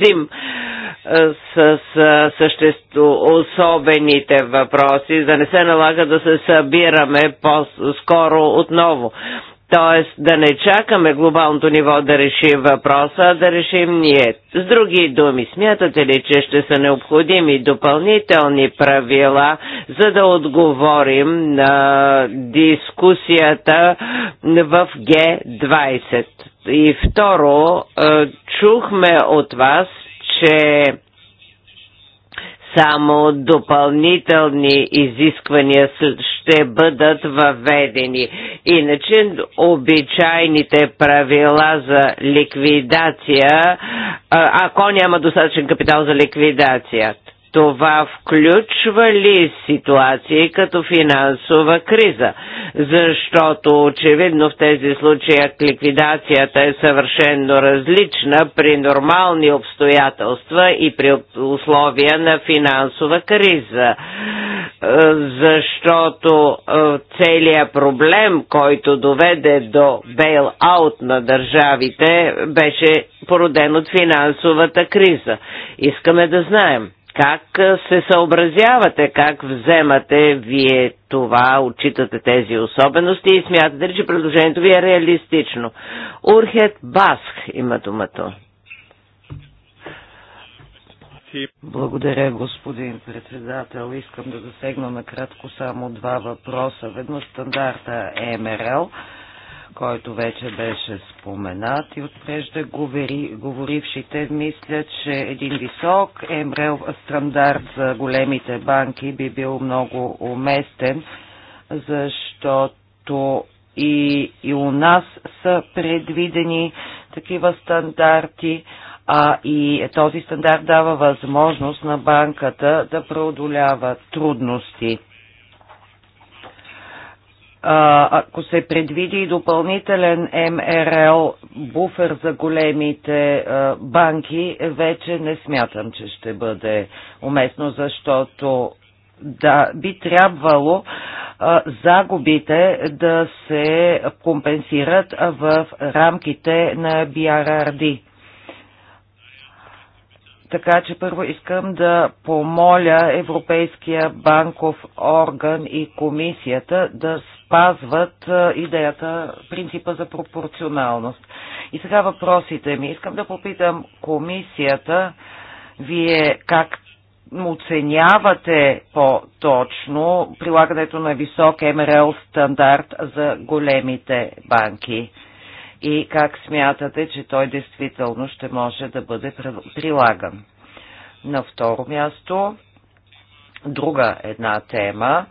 съобразим с същество, особените въпроси, да не се налага да се събираме по-скоро отново. Тоест да не чакаме глобалното ниво да решим въпроса, а да решим ние. С други думи, смятате ли, че ще са необходими допълнителни правила, за да отговорим на дискусията в Г20? И второ, е, чухме от вас, че само допълнителни изисквания ще бъдат въведени. Иначе обичайните правила за ликвидация, ако няма достатъчен капитал за ликвидацията това включва ли ситуации като финансова криза? Защото очевидно в тези случаи ликвидацията е съвършенно различна при нормални обстоятелства и при условия на финансова криза. Е, защото е, целият проблем, който доведе до бейл-аут на държавите, беше породен от финансовата криза. Искаме да знаем как се съобразявате, как вземате вие това, отчитате тези особености и смятате ли, че предложението ви е реалистично? Урхет Баск има думата. Благодаря, господин председател. Искам да засегна накратко само два въпроса. Ведно стандарта МРЛ. Е който вече беше споменат и от говорившите, мисля, че един висок МРЛ стандарт за големите банки би бил много уместен, защото и, и у нас са предвидени такива стандарти, а и този стандарт дава възможност на банката да преодолява трудности ако се предвиди и допълнителен МРЛ буфер за големите банки, вече не смятам, че ще бъде уместно, защото да, би трябвало а, загубите да се компенсират в рамките на BRRD. Така че първо искам да помоля Европейския банков орган и комисията да спазват идеята, принципа за пропорционалност. И сега въпросите ми. Искам да попитам комисията, вие как оценявате по-точно прилагането на висок МРЛ стандарт за големите банки? и как смятате, че той действително ще може да бъде прилаган. На второ място, друга една тема.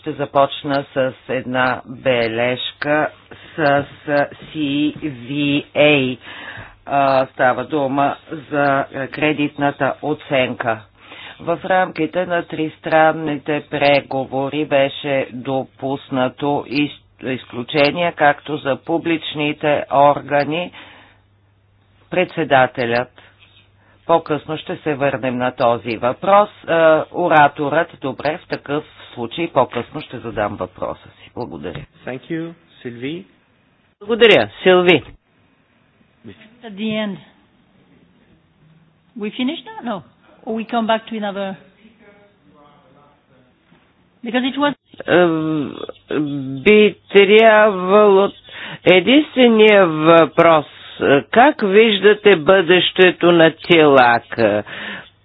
Ще започна с една бележка с CVA. Става дума за кредитната оценка. В рамките на тристранните преговори беше допуснато и изключения, както за публичните органи, председателят. По-късно ще се върнем на този въпрос. Е, ораторът, добре, в такъв случай по-късно ще задам въпроса си. Благодаря. Thank you, Силви. Благодаря, Силви. At the end. We finished now? No. Or we come back to another... Because it was е, би трябвало единствения въпрос как виждате бъдещето на Тилак?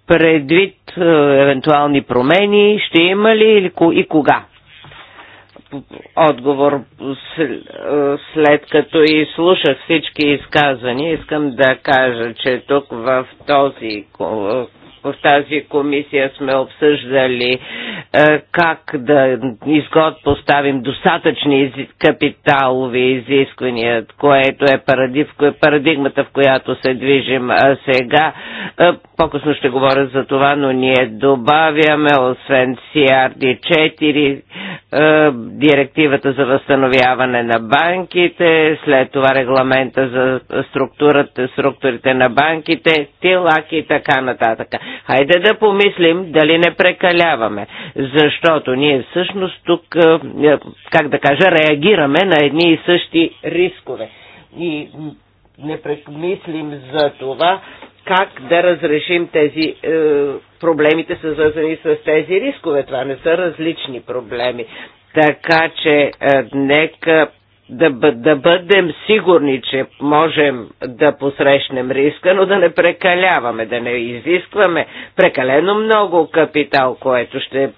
Предвид е, евентуални промени, ще има ли или и кога? Отговор е, след като изслушах всички изказвания, искам да кажа, че тук в този в тази комисия сме обсъждали е, как да изгод поставим достатъчни капиталови изисквания, което е парадигмата, в която се движим а сега. Е, по-късно ще говоря за това, но ние добавяме, освен CRD4, е, директивата за възстановяване на банките, след това регламента за структурата, структурите на банките, ТИЛАК и така нататък. Хайде да помислим дали не прекаляваме, защото ние всъщност тук, е, е, как да кажа, реагираме на едни и същи рискове. И не премислим за това как да разрешим тези е, проблемите, свързани с тези рискове. Това не са различни проблеми. Така че е, нека да, да бъдем сигурни, че можем да посрещнем риска, но да не прекаляваме, да не изискваме прекалено много капитал, което ще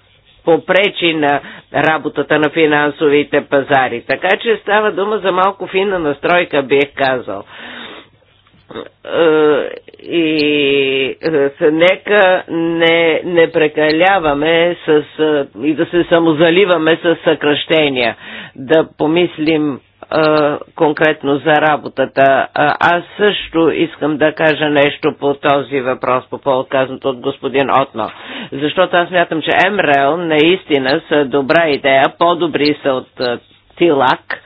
попречи на работата на финансовите пазари. Така че става дума за малко финна настройка, бих казал. Е, и е, нека не, не прекаляваме с, е, и да се самозаливаме с съкръщения, да помислим конкретно за работата. Аз също искам да кажа нещо по този въпрос, по повод казаното от господин Отно. Защото аз мятам, че МРЛ наистина са добра идея, по-добри са от ТИЛАК,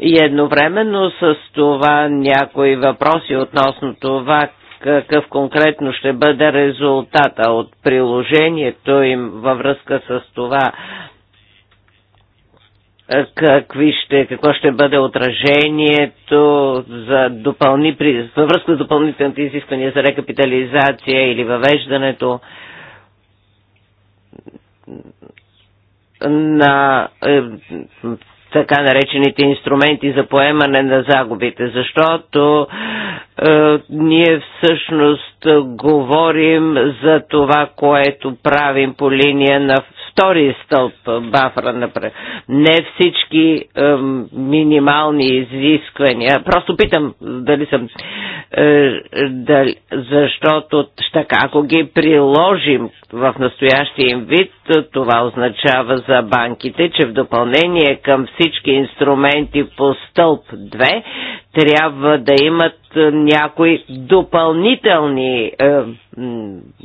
и едновременно с това някои въпроси относно това какъв конкретно ще бъде резултата от приложението им във връзка с това какви ще, какво ще бъде отражението за допълни, във връзка с допълнителните изисквания за рекапитализация или въвеждането на е, така наречените инструменти за поемане на загубите, защото е, ние всъщност е, говорим за това, което правим по линия на Втория стълб бафра напред. Не всички е, минимални изисквания. Просто питам дали съм. Е, дали, защото така, ако ги приложим в настоящия им вид, това означава за банките, че в допълнение към всички инструменти по стълб 2 трябва да имат някои допълнителни е,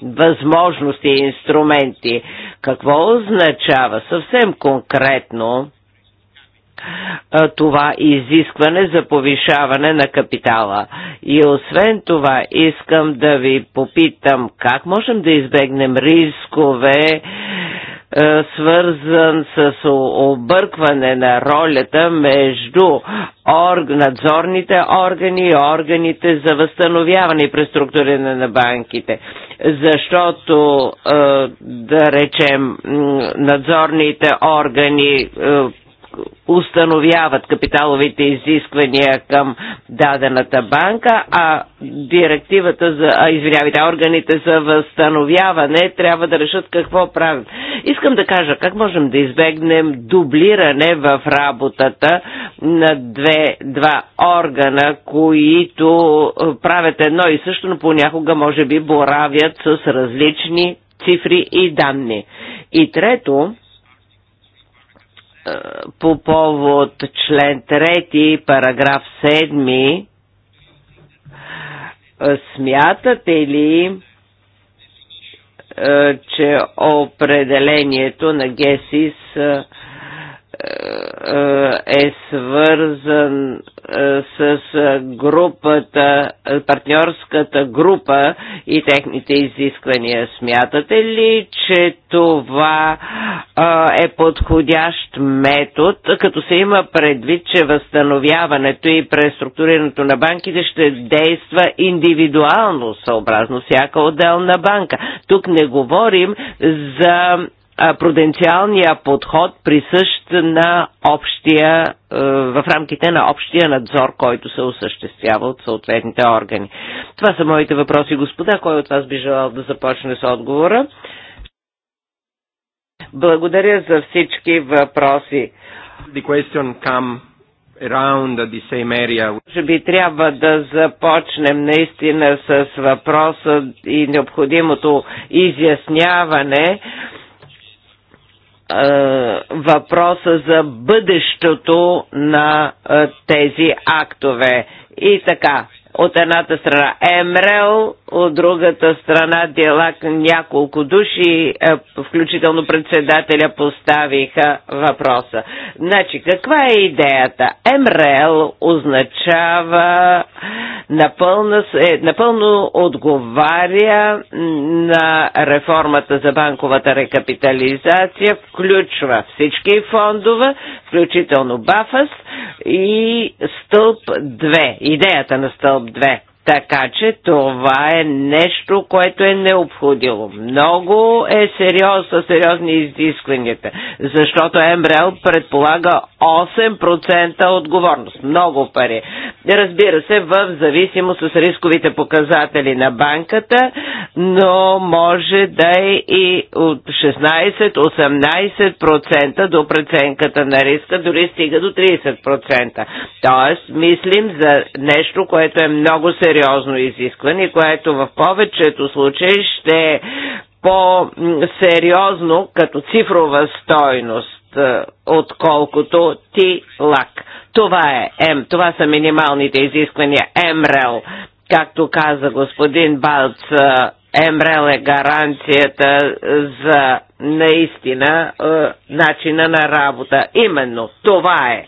възможности и инструменти. Какво означава съвсем конкретно е, това изискване за повишаване на капитала? И освен това искам да ви попитам как можем да избегнем рискове е, свързан с объркване на ролята между орг, надзорните органи и органите за възстановяване и преструктуриране на банките. Защото, е, да речем, надзорните органи е, установяват капиталовите изисквания към дадената банка, а директивата за, а, извинявайте, органите за възстановяване трябва да решат какво правят. Искам да кажа как можем да избегнем дублиране в работата на две, два органа, които правят едно и също, но понякога може би боравят с различни цифри и данни. И трето, е, по повод член 3, параграф 7, е, смятате ли, е, че определението на ГЕСИС е, е свързан е, с групата, е, партньорската група и техните изисквания. Смятате ли, че това е подходящ метод, като се има предвид, че възстановяването и преструктурирането на банките ще действа индивидуално, съобразно всяка отделна банка? Тук не говорим за пруденциалния подход присъщ на общия, е, в рамките на общия надзор, който се осъществява от съответните органи. Това са моите въпроси, господа. Кой от вас би желал да започне с отговора? Благодаря за всички въпроси. The question come around the same area. Може би трябва да започнем наистина с въпроса и необходимото изясняване е, въпроса за бъдещето на е, тези актове. И така, от едната страна МРЛ, от другата страна Делак, няколко души, е, включително председателя поставиха въпроса. Значи, каква е идеята? МРЛ означава напълно, е, напълно отговаря на реформата за банковата рекапитализация, включва всички фондове, включително БАФАС и стълб 2. Идеята на стълб ЕСОП 2. Така че това е нещо, което е необходимо. Много е сериоз, са сериозни изискванията, защото МРЛ предполага 8% отговорност. Много пари. Разбира се, в зависимост с рисковите показатели на банката, но може да е и от 16-18% до преценката на риска, дори стига до 30%. Тоест, мислим за нещо, което е много сериозно сериозно изискване, което в повечето случаи ще е по-сериозно като цифрова стойност е, отколкото ти лак. Това е М. Това са минималните изисквания. МРЕЛ, както каза господин Балц, е, МРЕЛ е гаранцията за наистина е, начина на работа. Именно това е.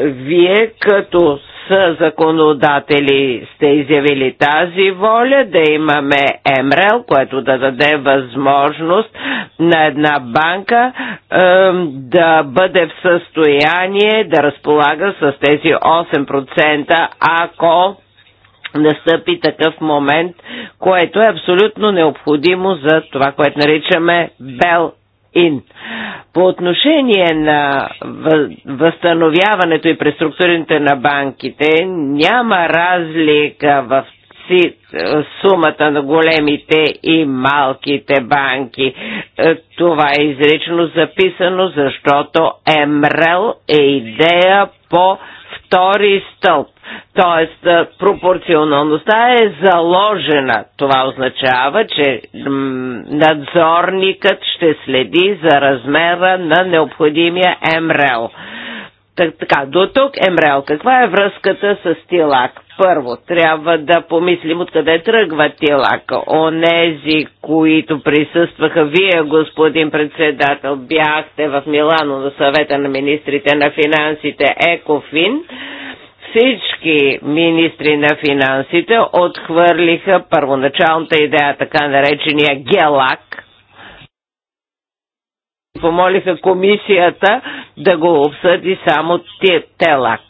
Вие като с законодатели сте изявили тази воля да имаме МРЛ, което да даде възможност на една банка е, да бъде в състояние да разполага с тези 8%, ако настъпи такъв момент, което е абсолютно необходимо за това, което наричаме бел ин. По отношение на възстановяването и преструктурирането на банките, няма разлика в си е, сумата на големите и малките банки. Е, това е изрично записано, защото МРЛ е идея по втори стълб. Тоест, е, пропорционалността е заложена. Това означава, че надзорникът ще следи за размера на необходимия МРЛ. Так, така, до тук Емрел. Каква е връзката с Тилак? Първо, трябва да помислим откъде тръгва Тилак. Онези, които присъстваха, вие, господин председател, бяхте в Милано на съвета на министрите на финансите Екофин всички министри на финансите отхвърлиха първоначалната идея, така наречения гелак, помолиха комисията да го обсъди само телак,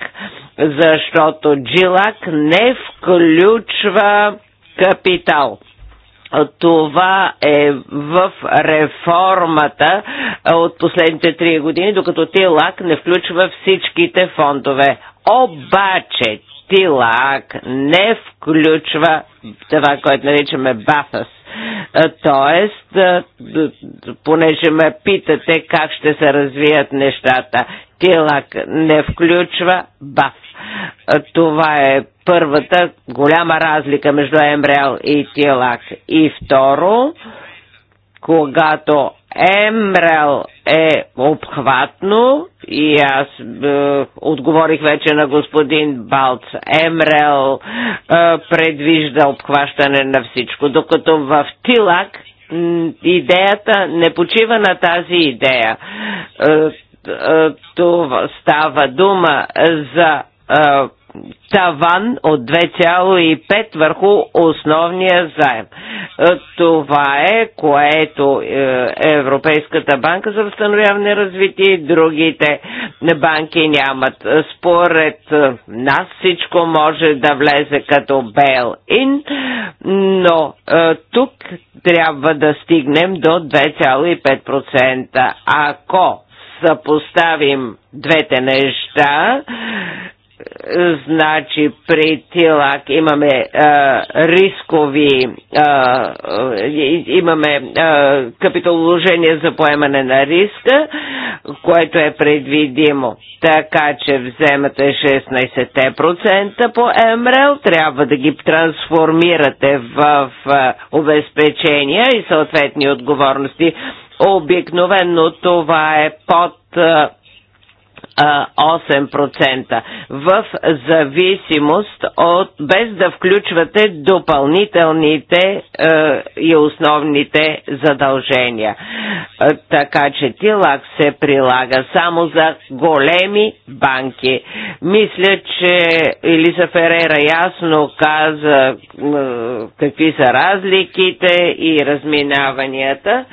защото джилак не включва капитал. Това е в реформата от последните три години, докато ТИЛАК не включва всичките фондове. Обаче ТИЛАК не включва това, което наричаме БАФАС Тоест, понеже ме питате как ще се развият нещата, Тилак не включва БАФ. Това е първата голяма разлика между ембриал и Тилак. И второ, когато Емрел е обхватно и аз е, отговорих вече на господин Балц. Емрел е, предвижда обхващане на всичко, докато в Тилак идеята не почива на тази идея. Е, е това става дума за е, таван от 2,5 върху основния заем. Е, това е, което е, Европейската банка за възстановяване и развитие и другите банки нямат. Според е, нас всичко може да влезе като бейл-ин, но тук трябва да стигнем до 2,5%. Ако съпоставим двете неща, значи при ТИЛАК имаме а, рискови, а, имаме а, капиталоложение за поемане на риска, което е предвидимо. Така че вземате 16% по МРЛ, трябва да ги трансформирате в обезпечения и съответни отговорности. Обикновено това е под 8% в зависимост от, без да включвате допълнителните е, и основните задължения. Е, така че ТИЛАК се прилага само за големи банки. Мисля, че Елиза Ферера ясно каза е, какви са разликите и разминаванията.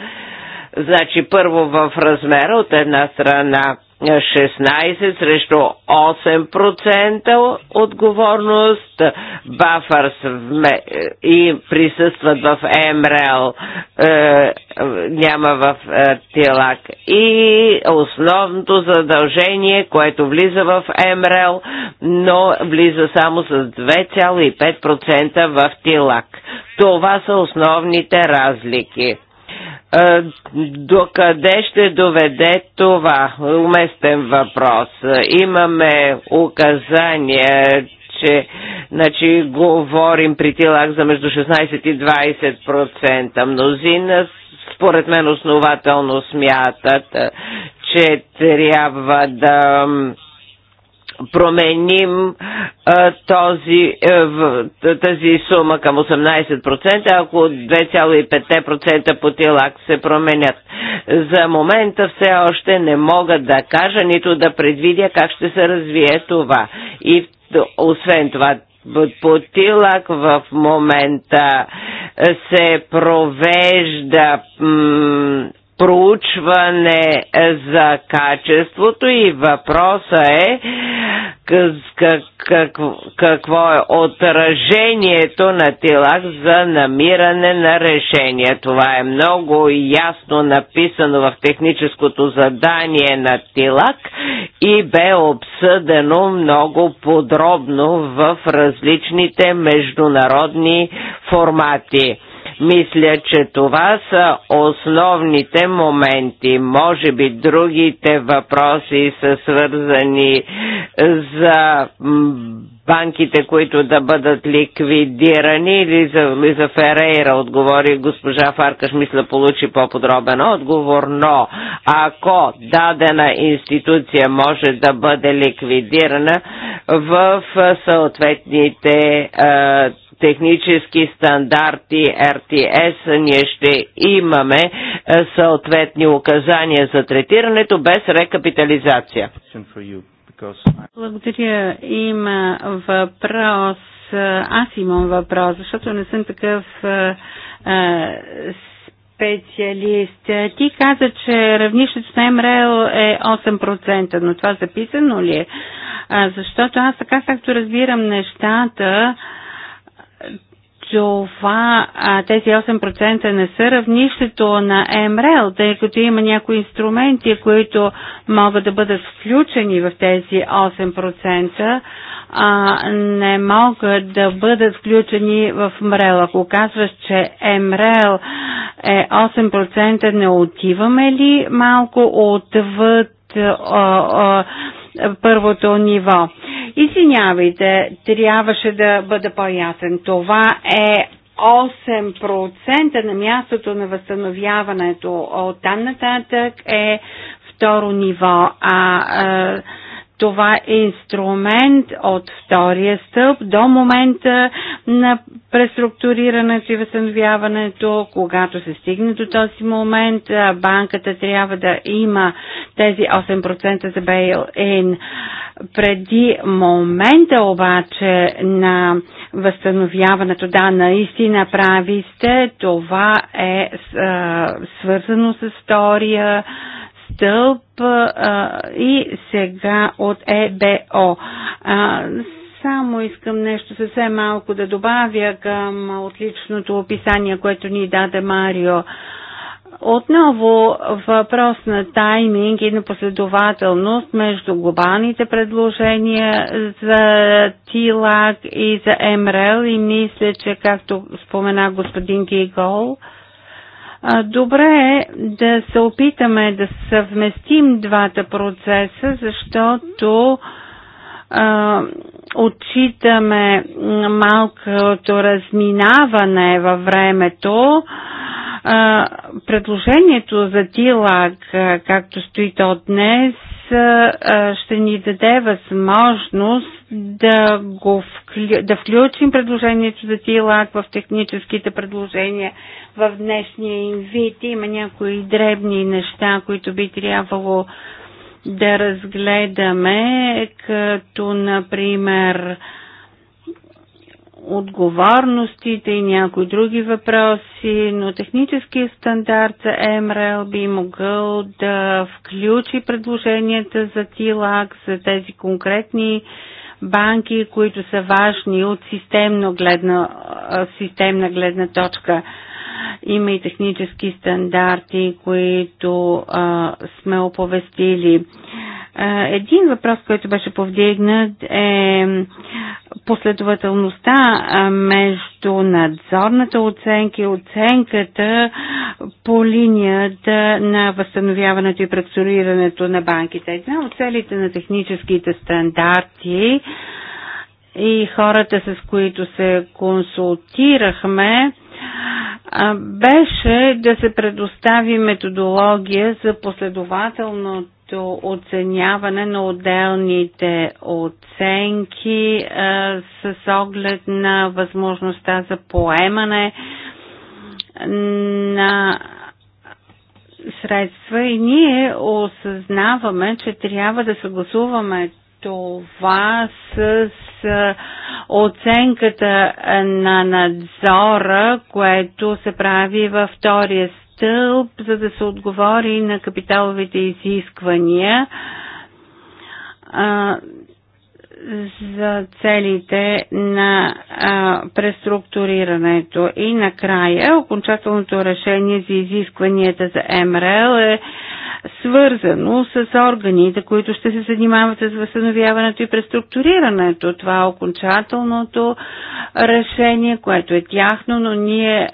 Значи първо в размера от една страна 16 срещу 8% отговорност. Бафърс и присъстват в МРЛ, е, няма в е, ТИЛАК. И основното задължение, което влиза в МРЛ, но влиза само с 2,5% в ТИЛАК. Това са основните разлики. Е, До къде ще доведе това? Уместен въпрос. Имаме указания, че значи, говорим при тилак за между 16 и 20%. Мнозина според мен основателно смятат, че трябва да променим този, е, тази сума към 18%, ако 2,5% по тилак се променят. За момента все още не мога да кажа, нито да предвидя как ще се развие това. И освен това, по тилак в момента се провежда проучване за качеството и въпроса е какво е отражението на Тилак за намиране на решение. Това е много ясно написано в техническото задание на Тилак и бе обсъдено много подробно в различните международни формати. Мисля, че това са основните моменти. Може би другите въпроси са свързани за банките, които да бъдат ликвидирани или за, или за Ферейра, отговори госпожа Фаркаш, мисля, получи по-подробен отговор, но ако дадена институция може да бъде ликвидирана в съответните е, технически стандарти RTS, ние ще имаме е, съответни указания за третирането без рекапитализация. Благодаря. Има въпрос. Аз имам въпрос, защото не съм такъв е, е, специалист. Ти каза, че равнището на МРЛ е 8%, но това записано ли е? Защото аз така, както разбирам нещата, това а, тези 8% не са равнището на МРЛ, тъй като има някои инструменти, които могат да бъдат включени в тези 8%, а не могат да бъдат включени в МРЛ. Ако казваш, че МРЛ е 8%, не отиваме ли малко отвъд а, а, първото ниво. Извинявайте, трябваше да бъда по-ясен. Това е 8% на мястото на възстановяването от там нататък е второ ниво, а, а това е инструмент от втория стълб до момента на преструктурирането и възстановяването. Когато се стигне до този момент, банката трябва да има тези 8% за бейл-ин. Преди момента обаче на възстановяването, да, наистина прави сте, това е, е свързано с втория стълб а, и сега от ЕБО. А, само искам нещо съвсем малко да добавя към отличното описание, което ни даде Марио. Отново въпрос на тайминг и на последователност между глобалните предложения за ТИЛАК и за МРЛ и мисля, че както спомена господин Гигол, Добре е да се опитаме да съвместим двата процеса, защото а, отчитаме малкото разминаване във времето. А, предложението за ТИЛАК, както стои то днес, ще ни даде възможност да, го вклю... да включим предложението за ТИЛАК в техническите предложения в днешния им вид. Има някои дребни неща, които би трябвало да разгледаме, като, например, отговорностите и някои други въпроси, но техническия стандарт за МРЛ би могъл да включи предложенията за ТИЛАК, за тези конкретни банки, които са важни от системно гледна, системна гледна точка. Има и технически стандарти, които а, сме оповестили. А, един въпрос, който беше повдигнат е последователността между надзорната оценка и оценката по линията на възстановяването и преструктурирането на банките. Една от целите на техническите стандарти и хората, с които се консултирахме, беше да се предостави методология за последователното оценяване на отделните оценки с оглед на възможността за поемане на средства и ние осъзнаваме, че трябва да съгласуваме това с е, оценката на надзора, което се прави във втория стълб, за да се отговори на капиталовите изисквания е, за целите на а, е, преструктурирането. И накрая окончателното решение за изискванията за МРЛ е свързано с органите, които ще се занимават с възстановяването и преструктурирането. Това е окончателното решение, което е тяхно, но ние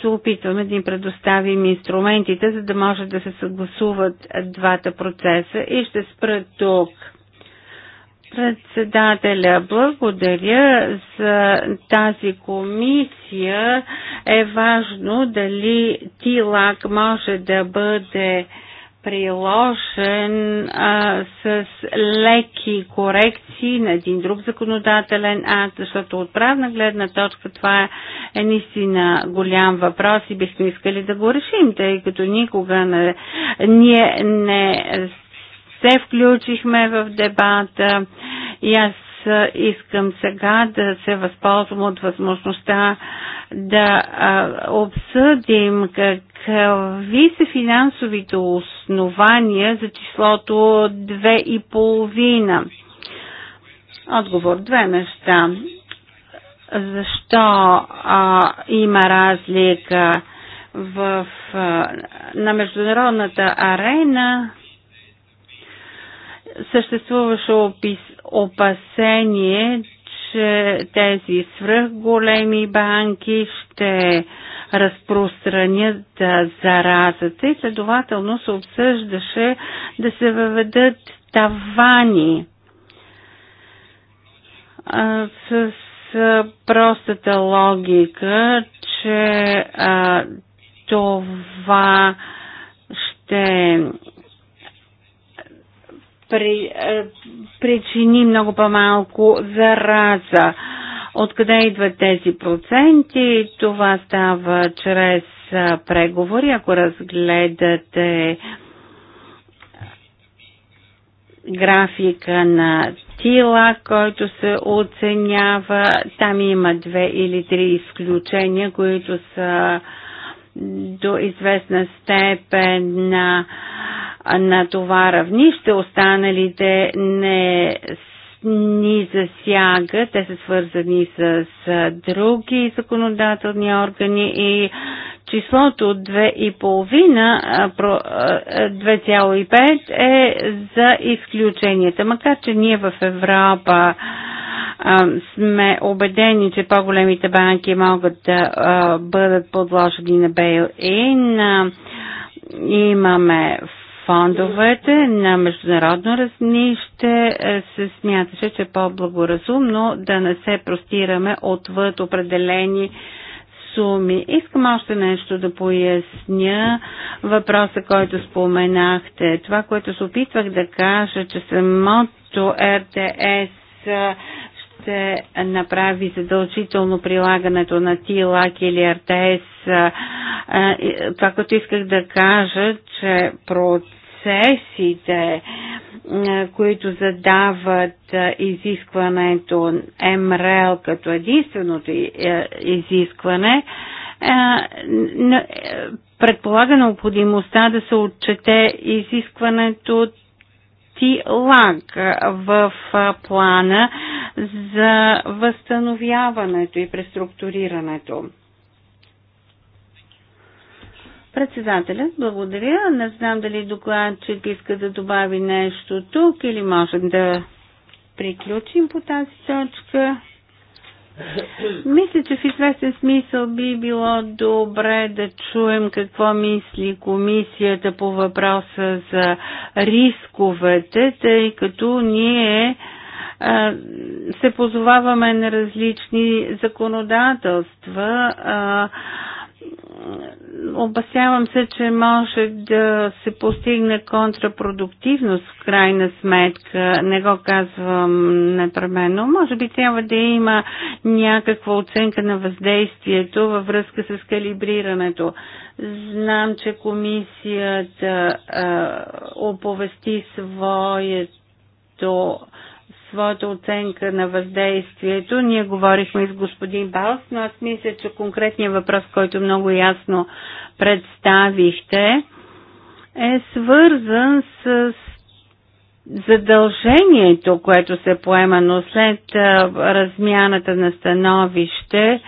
се опитваме да им предоставим инструментите, за да може да се съгласуват двата процеса и ще спра тук. Председателя, благодаря за тази комисия. Е важно дали ТИЛАК може да бъде приложен а, с леки корекции на един друг законодателен акт, защото от правна гледна точка това е наистина голям въпрос и бихме искали да го решим, тъй като никога не, ние не се включихме в дебата и аз аз искам сега да се възползвам от възможността да а, обсъдим какви са финансовите основания за числото 2,5. Отговор две неща. Защо а, има разлика в, а, на международната арена? съществуваше опис, опасение, че тези свръхголеми банки ще разпространят заразата и следователно се обсъждаше да се въведат тавани а, с а, простата логика, че а, това ще при, е, причини много по-малко зараза. Откъде идват тези проценти? Това става чрез е, преговори. Ако разгледате графика на Тила, който се оценява, там има две или три изключения, които са до известна степен на, на това равнище. Останалите не ни засяга, те са свързани с, с други законодателни органи и числото 2,5 е за изключенията. Макар, че ние в Европа сме убедени, че по-големите банки могат да бъдат подложени на бейл-ин. Имаме фондовете на международно разнище е, се смяташе, че е по-благоразумно да не се простираме отвъд определени суми. Искам още нещо да поясня въпроса, който споменахте. Това, което се опитвах да кажа, че самото РТС се направи задължително прилагането на ТИЛАК или РТС. Това, което исках да кажа, че процесите, които задават изискването МРЛ като единственото е, е, изискване, е, предполага необходимостта да се отчете изискването ТИЛАК в плана за възстановяването и преструктурирането. Председателят, благодаря. Не знам дали докладчик иска да добави нещо тук или можем да приключим по тази точка. Мисля, че в известен смисъл би било добре да чуем какво мисли комисията по въпроса за рисковете, тъй като ние се позоваваме на различни законодателства Обасявам се, че може да се постигне контрапродуктивност в крайна сметка. Не го казвам непременно. Може би трябва да има някаква оценка на въздействието във връзка с калибрирането. Знам, че комисията а, оповести своето своята оценка на въздействието. Ние говорихме с господин Балс, но аз мисля, че конкретният въпрос, който много ясно представихте, е свързан с задължението, което се поема, но след размяната на становище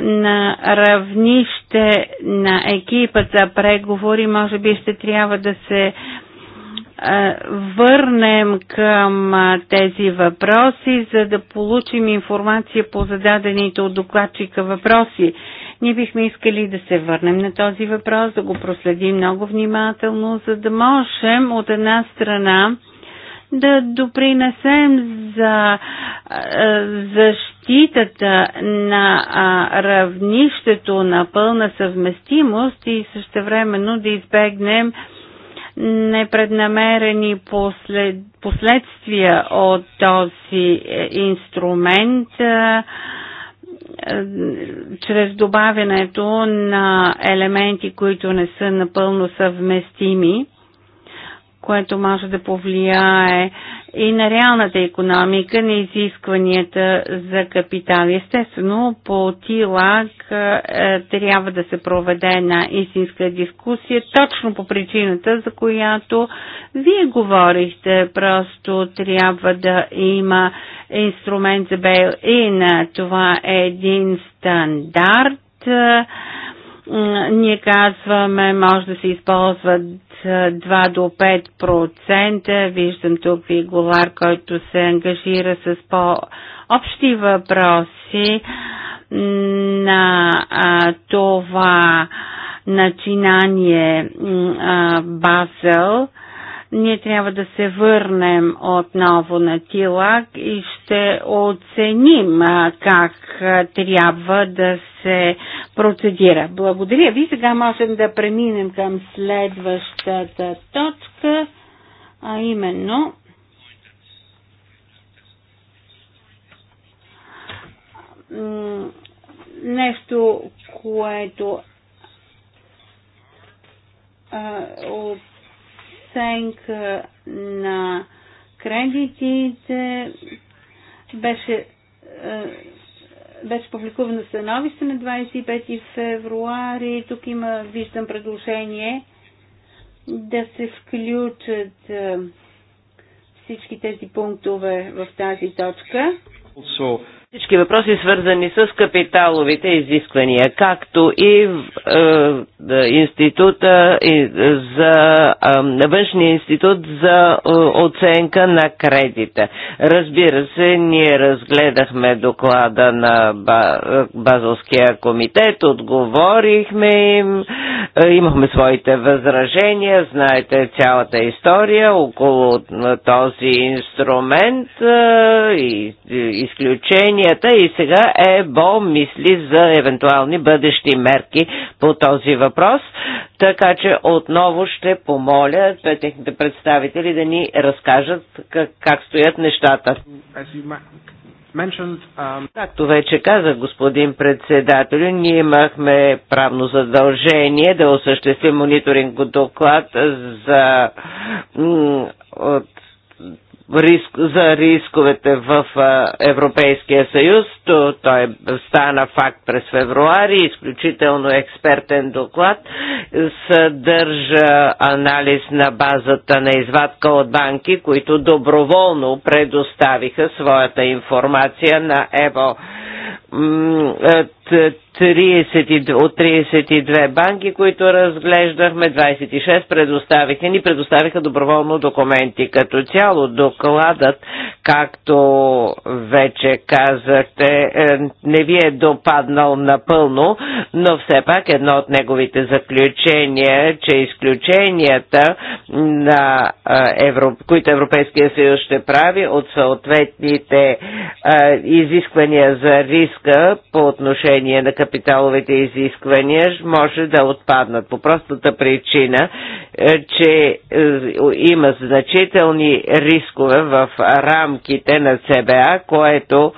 на равнище на екипа за преговори, може би ще трябва да се е, върнем към е, тези въпроси, за да получим информация по зададените от докладчика въпроси. Ние бихме искали да се върнем на този въпрос, да го проследим много внимателно, за да можем от една страна да допринесем за е, защитата на равнището на пълна съвместимост и същевременно да избегнем непреднамерени послед, последствия от този е, инструмент е, е, чрез добавянето на елементи, които не са напълно съвместими, което може да повлияе и на реалната економика на изискванията за капитал. Естествено, по ТИЛАК е, трябва да се проведе една истинска дискусия, точно по причината, за която вие говорихте. Просто трябва да има инструмент за бейл-ин. Това е един стандарт ние казваме, може да се използват 2 до 5%. Виждам тук Виголар, който се ангажира с по-общи въпроси на а, това начинание а, Базел. Ние трябва да се върнем отново на Тилак и ще оценим как трябва да се процедира. Благодаря ви. Сега можем да преминем към следващата точка, а именно нещо, което а, от оценка на кредитите беше, е, беше публикувано становище на 25 февруари. Тук има, виждам предложение да се включат е, всички тези пунктове в тази точка. Also, всички въпроси свързани с капиталовите изисквания, както и в, е, института и за е, външния институт за е, оценка на кредита. Разбира се, ние разгледахме доклада на Базовския комитет, отговорихме им, е, имахме своите възражения, знаете цялата история около е, този инструмент е, и, и изключение линията и сега ЕБО мисли за евентуални бъдещи мерки по този въпрос, така че отново ще помоля техните представители да ни разкажат как, как стоят нещата. Um, Както вече казах, господин председател, ние имахме правно задължение да осъществим мониторинг доклад за риск, за рисковете в Европейския съюз. То, той стана факт през февруари, изключително експертен доклад, съдържа анализ на базата на извадка от банки, които доброволно предоставиха своята информация на ЕВО от 32 банки, които разглеждахме, 26 предоставиха ни предоставиха доброволно документи. Като цяло докладът, както вече казахте, е, не ви е допаднал напълно, но все пак едно от неговите заключения е, че изключенията, на е, Европ... които Европейския съюз ще прави от съответните изисквания за риска по отношение на капиталите, капиталовите изисквания може да отпаднат по простата причина, е, че е, има значителни рискове в рамките на ЦБА, което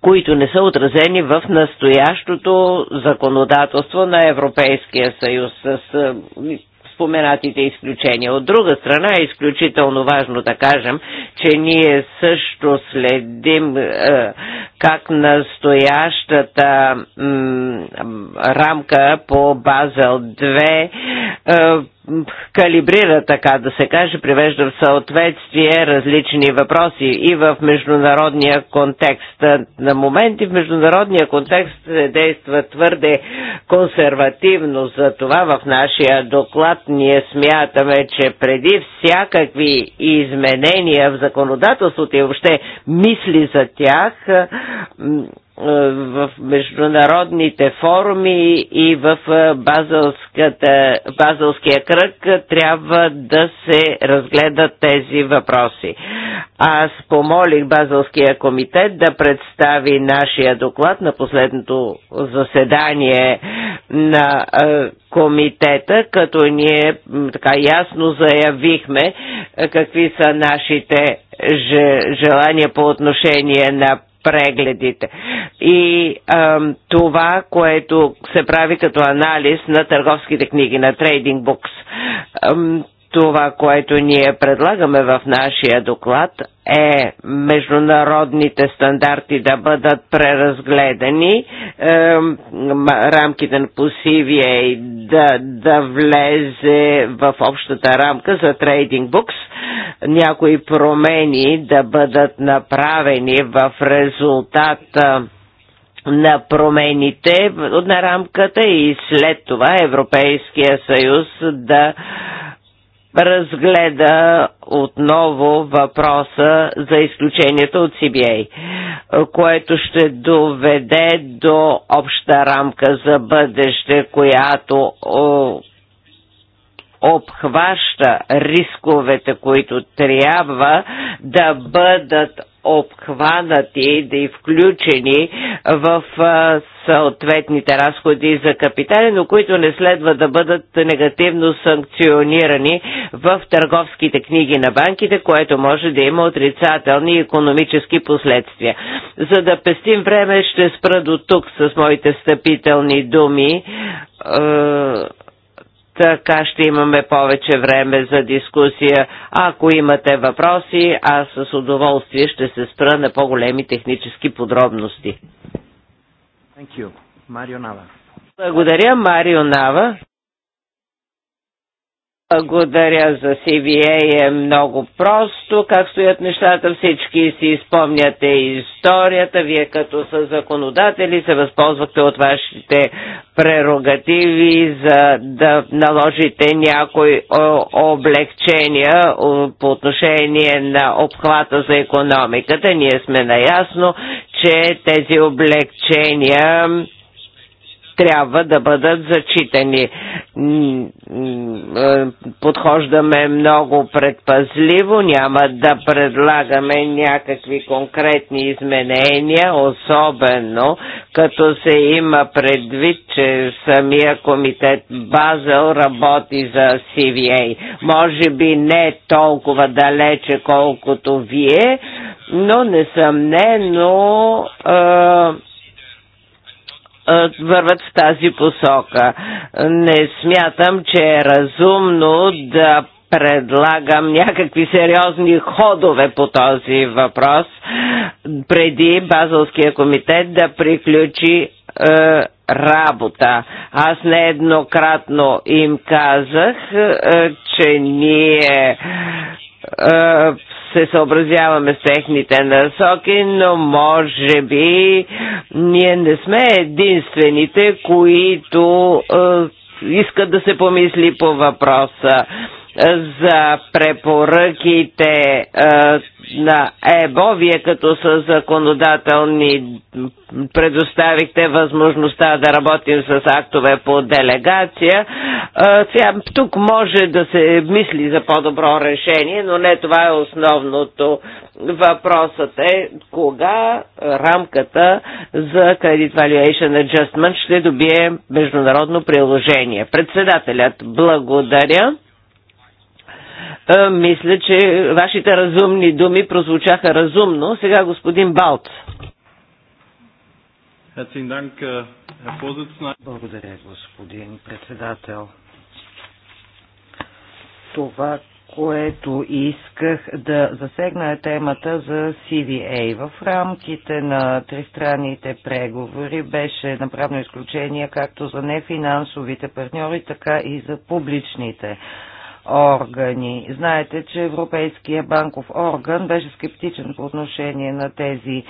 които не са отразени в настоящото законодателство на Европейския съюз. С е, споменатите изключения. От друга страна е изключително важно да кажем, че ние също следим е, как настоящата рамка по Базел 2 е, калибрира, така да се каже, привежда в съответствие различни въпроси и в международния контекст. На моменти в международния контекст се действа твърде консервативно, за това. в нашия доклад ние смятаме, че преди всякакви изменения в законодателството и въобще мисли за тях, е, в международните форуми и в е, базълския кръг трябва да се разгледат тези въпроси. Аз помолих базълския комитет да представи нашия доклад на последното заседание на е, комитета, като ние така ясно заявихме какви са нашите желания по отношение на прегледите. И а, това, което се прави като анализ на търговските книги, на трейдинг букс. Това, което ние предлагаме в нашия доклад е международните стандарти да бъдат преразгледани, е, рамките на посивие да, да влезе в общата рамка за трейдинг букс, някои промени да бъдат направени в резултат на промените на рамката и след това Европейския съюз да разгледа отново въпроса за изключението от CBA, което ще доведе до обща рамка за бъдеще, която обхваща рисковете, които трябва да бъдат обхванати, да и включени в съответните разходи за капитали, но които не следва да бъдат негативно санкционирани в търговските книги на банките, което може да има отрицателни економически последствия. За да пестим време, ще спра до тук с моите стъпителни думи така ще имаме повече време за дискусия. Ако имате въпроси, аз с удоволствие ще се спра на по-големи технически подробности. Марио Нава. Благодаря, Марио Нава. Благодаря за CVA е много просто. Как стоят нещата, всички си спомняте историята. Вие като са законодатели се възползвахте от вашите прерогативи за да наложите някои облегчения по отношение на обхвата за економиката. Ние сме наясно, че тези облегчения трябва да бъдат зачитани. Е, подхождаме много предпазливо, няма да предлагаме някакви конкретни изменения, особено като се има предвид, че самия комитет Базел работи за CVA. Може би не толкова далече, колкото вие, но несъмнено е, върват в тази посока. Не смятам, че е разумно да предлагам някакви сериозни ходове по този въпрос преди Базълския комитет да приключи е, работа. Аз нееднократно им казах, е, че ние е, се съобразяваме с техните насоки, но може би ние не сме единствените, които е, искат да се помисли по въпроса за препоръките е, на ЕБО, вие като са законодателни предоставихте възможността да работим с актове по делегация. Сега, тук може да се мисли за по-добро решение, но не това е основното. Въпросът е кога рамката за Credit Valuation Adjustment ще добие международно приложение. Председателят, благодаря. Мисля, че вашите разумни думи прозвучаха разумно. Сега господин Балт. Э, Благодаря, господин председател. Това, което исках да засегна е темата за CVA. В рамките на тристранните преговори беше направено изключение както за нефинансовите партньори, така и за публичните партньори органи. Знаете, че Европейския банков орган беше скептичен по отношение на тези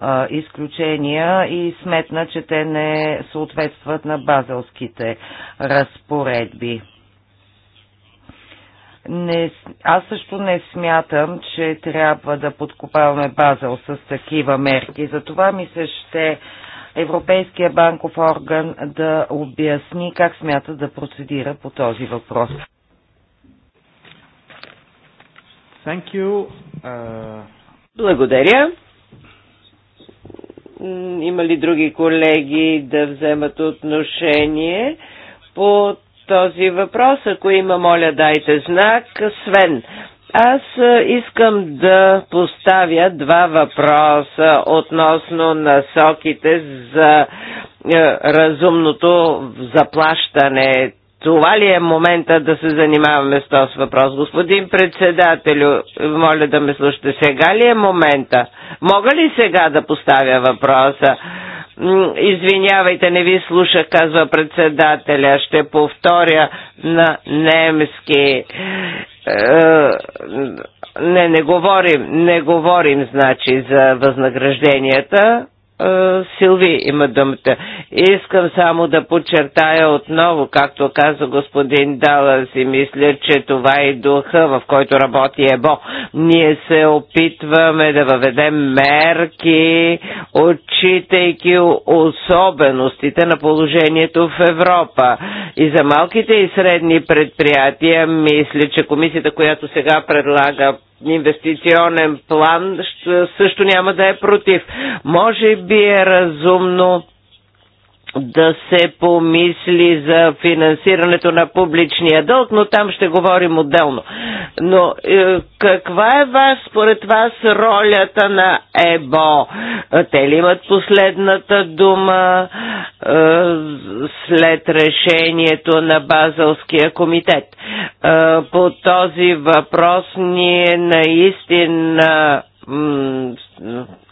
а, изключения и сметна, че те не съответстват на базелските разпоредби. Не, аз също не смятам, че трябва да подкопаваме Базел с такива мерки. Затова ми се ще Европейския банков орган да обясни как смята да процедира по този въпрос. Thank you. Uh... Благодаря. Има ли други колеги да вземат отношение по този въпрос? Ако има, моля, дайте знак. Свен, аз искам да поставя два въпроса относно насоките за разумното заплащане това ли е момента да се занимаваме с този въпрос? Господин председателю, моля да ме слушате, сега ли е момента? Мога ли сега да поставя въпроса? Извинявайте, не ви слушах, казва председателя. Ще повторя на немски. Е, не, не говорим, не говорим, значи, за възнагражденията е, Силви има думата. Искам само да подчертая отново, както каза господин Далас и мисля, че това е духа, в който работи ЕБО. Ние се опитваме да въведем мерки, отчитайки особеностите на положението в Европа. И за малките и средни предприятия, мисля, че комисията, която сега предлага инвестиционен план също няма да е против. Може би е разумно да се помисли за финансирането на публичния дълг, но там ще говорим отделно. Но е, каква е вас, според вас, ролята на ЕБО? Те ли имат последната дума е, след решението на Базълския комитет? Е, по този въпрос ние наистина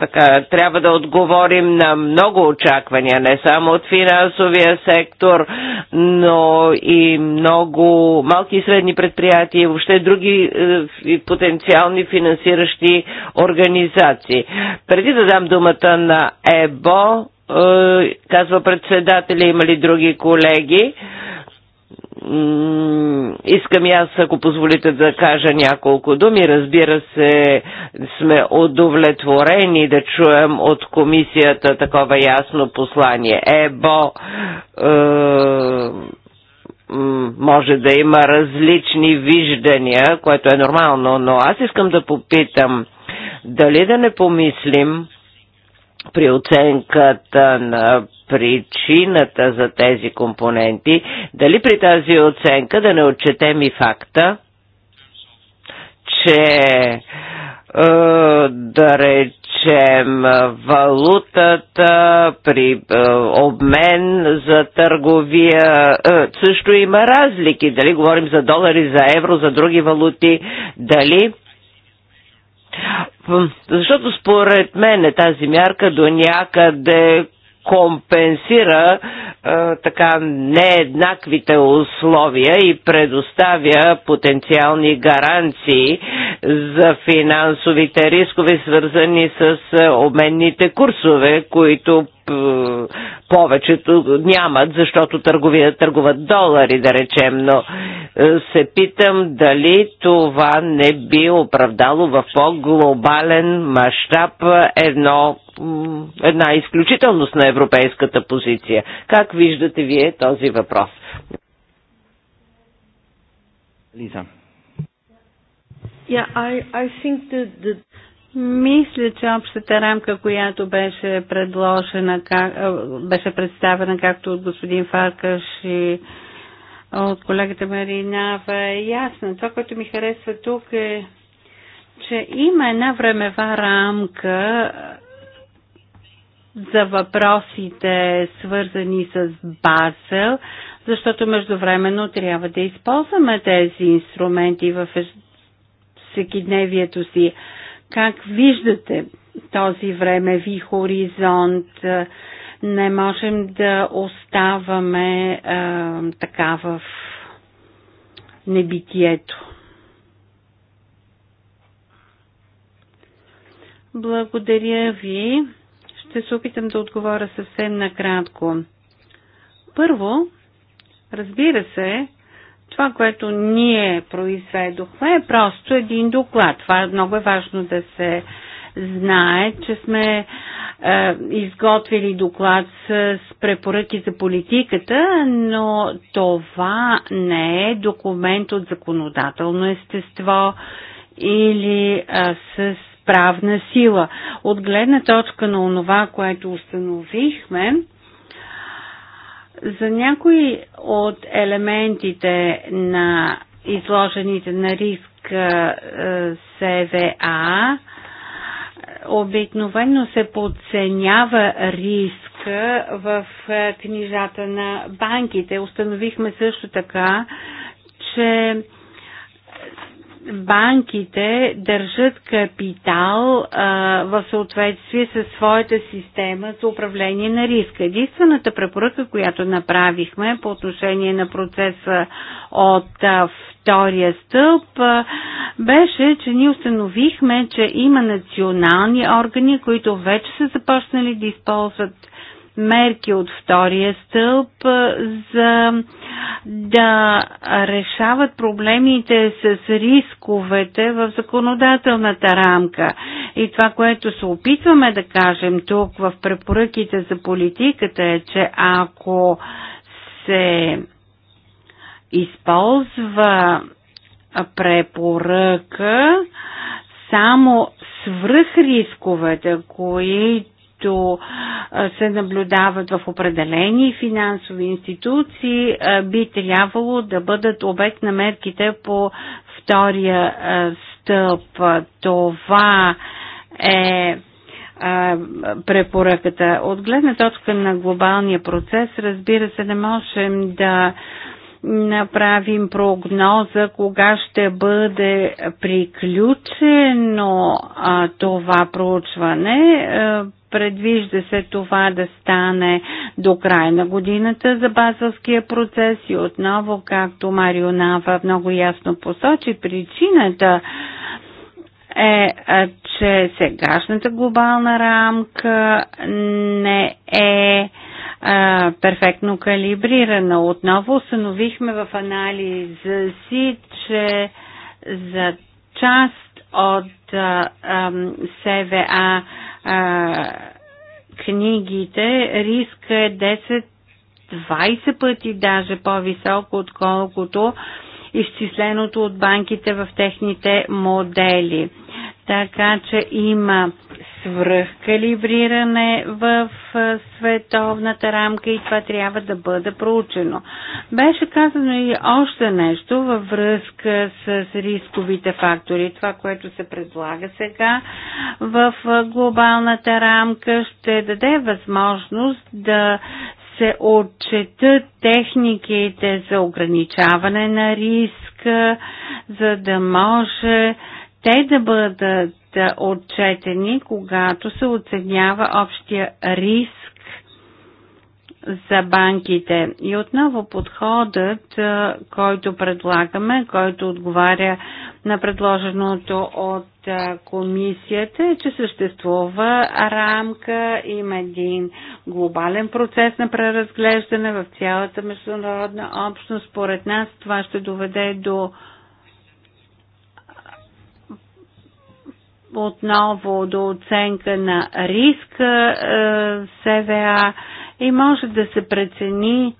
така, трябва да отговорим на много очаквания, не само от финансовия сектор, но и много малки и средни предприятия и въобще други е, потенциални финансиращи организации. Преди да дам думата на ЕБО, е, казва председателя, има ли други колеги? Е, искам и аз, ако позволите да кажа няколко думи. Разбира се, сме удовлетворени да чуем от комисията такова ясно послание. Ебо, е, може да има различни виждания, което е нормално, но аз искам да попитам, дали да не помислим при оценката на причината за тези компоненти, дали при тази оценка да не отчетем и факта, че е, да речем валутата при е, обмен за търговия е, също има разлики. Дали говорим за долари, за евро, за други валути, дали защото според мен тази мярка до някъде компенсира а, е, така нееднаквите условия и предоставя потенциални гаранции за финансовите рискове, свързани с е, обменните курсове, които е, повечето нямат, защото търговия, търгуват долари, да речем, но се питам дали това не би оправдало в по-глобален мащаб едно една изключителност на европейската позиция. Как виждате вие този въпрос? Лиза. Yeah, I, I the... Мисля, че общата рамка, която беше предложена, как, беше представена както от господин Фаркаш и от колегата Маринава е ясна. Това, което ми харесва тук е, че има една времева рамка, за въпросите, свързани с Базел, защото междувременно трябва да използваме тези инструменти в всекидневието си. Как виждате този времеви хоризонт? Не можем да оставаме е, така в небитието. Благодаря ви. Ще се опитам да отговоря съвсем накратко. Първо, разбира се, това, което ние произведохме е просто един доклад. Това е много е важно да се знае, че сме е, изготвили доклад с, с препоръки за политиката, но това не е документ от законодателно естество или е, с правна сила. От гледна точка на онова, което установихме, за някои от елементите на изложените на риск е, СВА, обикновено се подценява риск в е, книжата на банките. Установихме също така, че банките държат капитал а, в съответствие със своята система за управление на риска. Единствената препоръка, която направихме по отношение на процеса от а, втория стълб, а, беше, че ние установихме, че има национални органи, които вече са започнали да използват мерки от втория стълб, за да решават проблемите с рисковете в законодателната рамка. И това, което се опитваме да кажем тук в препоръките за политиката е, че ако се използва препоръка само свръхрисковете, които които се наблюдават в определени финансови институции, би трябвало да бъдат обект на мерките по втория стълб. Това е препоръката. От гледна точка на глобалния процес, разбира се, не можем да направим прогноза кога ще бъде приключено а, това проучване. А, е, предвижда се това да стане до края на годината за базовския процес и отново, както Марио Нава много ясно посочи, причината е, че сегашната глобална рамка не е а, перфектно калибрирана. Отново установихме в анализа си, че за част от а, а, СВА а, книгите риска е 10-20 пъти даже по високо отколкото изчисленото от банките в техните модели така че има свръхкалибриране в световната рамка и това трябва да бъде проучено. Беше казано и още нещо във връзка с рисковите фактори. Това, което се предлага сега в глобалната рамка, ще даде възможност да се отчетат техниките за ограничаване на риска, за да може те да бъдат отчетени, когато се оценява общия риск за банките. И отново подходът, който предлагаме, който отговаря на предложеното от комисията, е, че съществува рамка, има един глобален процес на преразглеждане в цялата международна общност. Според нас това ще доведе до отново до оценка на риска е, СВА и може да се прецени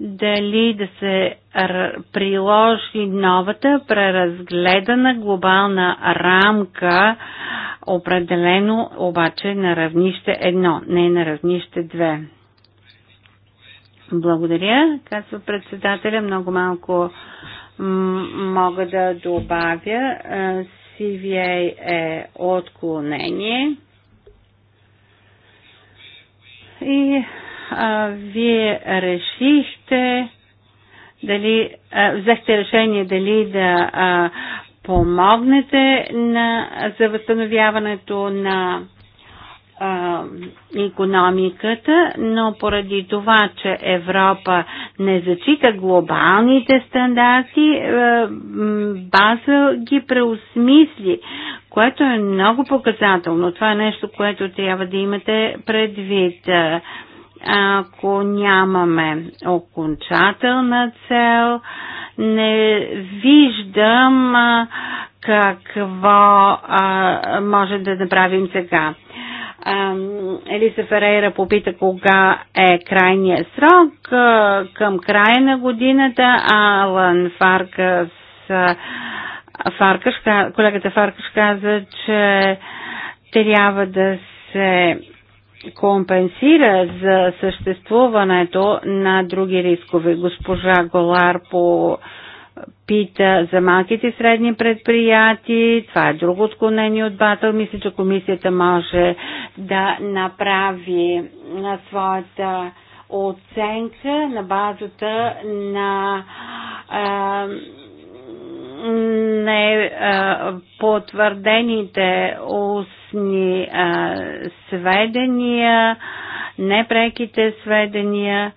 дали да се приложи новата преразгледана глобална рамка, определено обаче на равнище 1, не на равнище 2. Благодаря, казва председателя. Много малко мога да добавя. Е, CVA е отклонение. И а, вие решихте дали а, взехте решение дали да а, помогнете на, за възстановяването на а, економиката, но поради това, че Европа не зачита глобалните стандарти, а, е, база ги преосмисли, което е много показателно. Това е нещо, което трябва да имате предвид. Е, ако нямаме окончателна цел, не виждам какво а, може да направим сега. Елиса Ферейра попита кога е крайния срок. Към края на годината а Алан Фаркас, Фаркаш, колегата Фаркаш каза, че трябва да се компенсира за съществуването на други рискове. Госпожа Голар по пита за малките и средни предприятия. Това е друго отклонение от Батъл. Мисля, че комисията може да направи на своята оценка на базата на а, не а, потвърдените устни а, сведения, непреките сведения.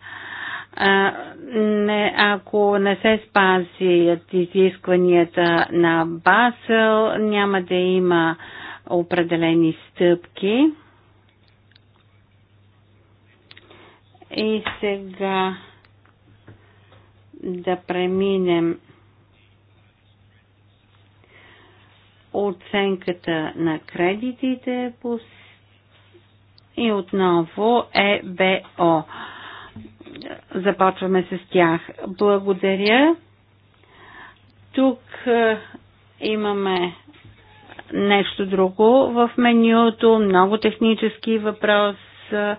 А, не, ако не се спазят изискванията на Басел, няма да има определени стъпки. И сега да преминем оценката на кредитите и отново ЕБО започваме с тях. Благодаря. Тук е, имаме нещо друго в менюто, много технически въпрос, е,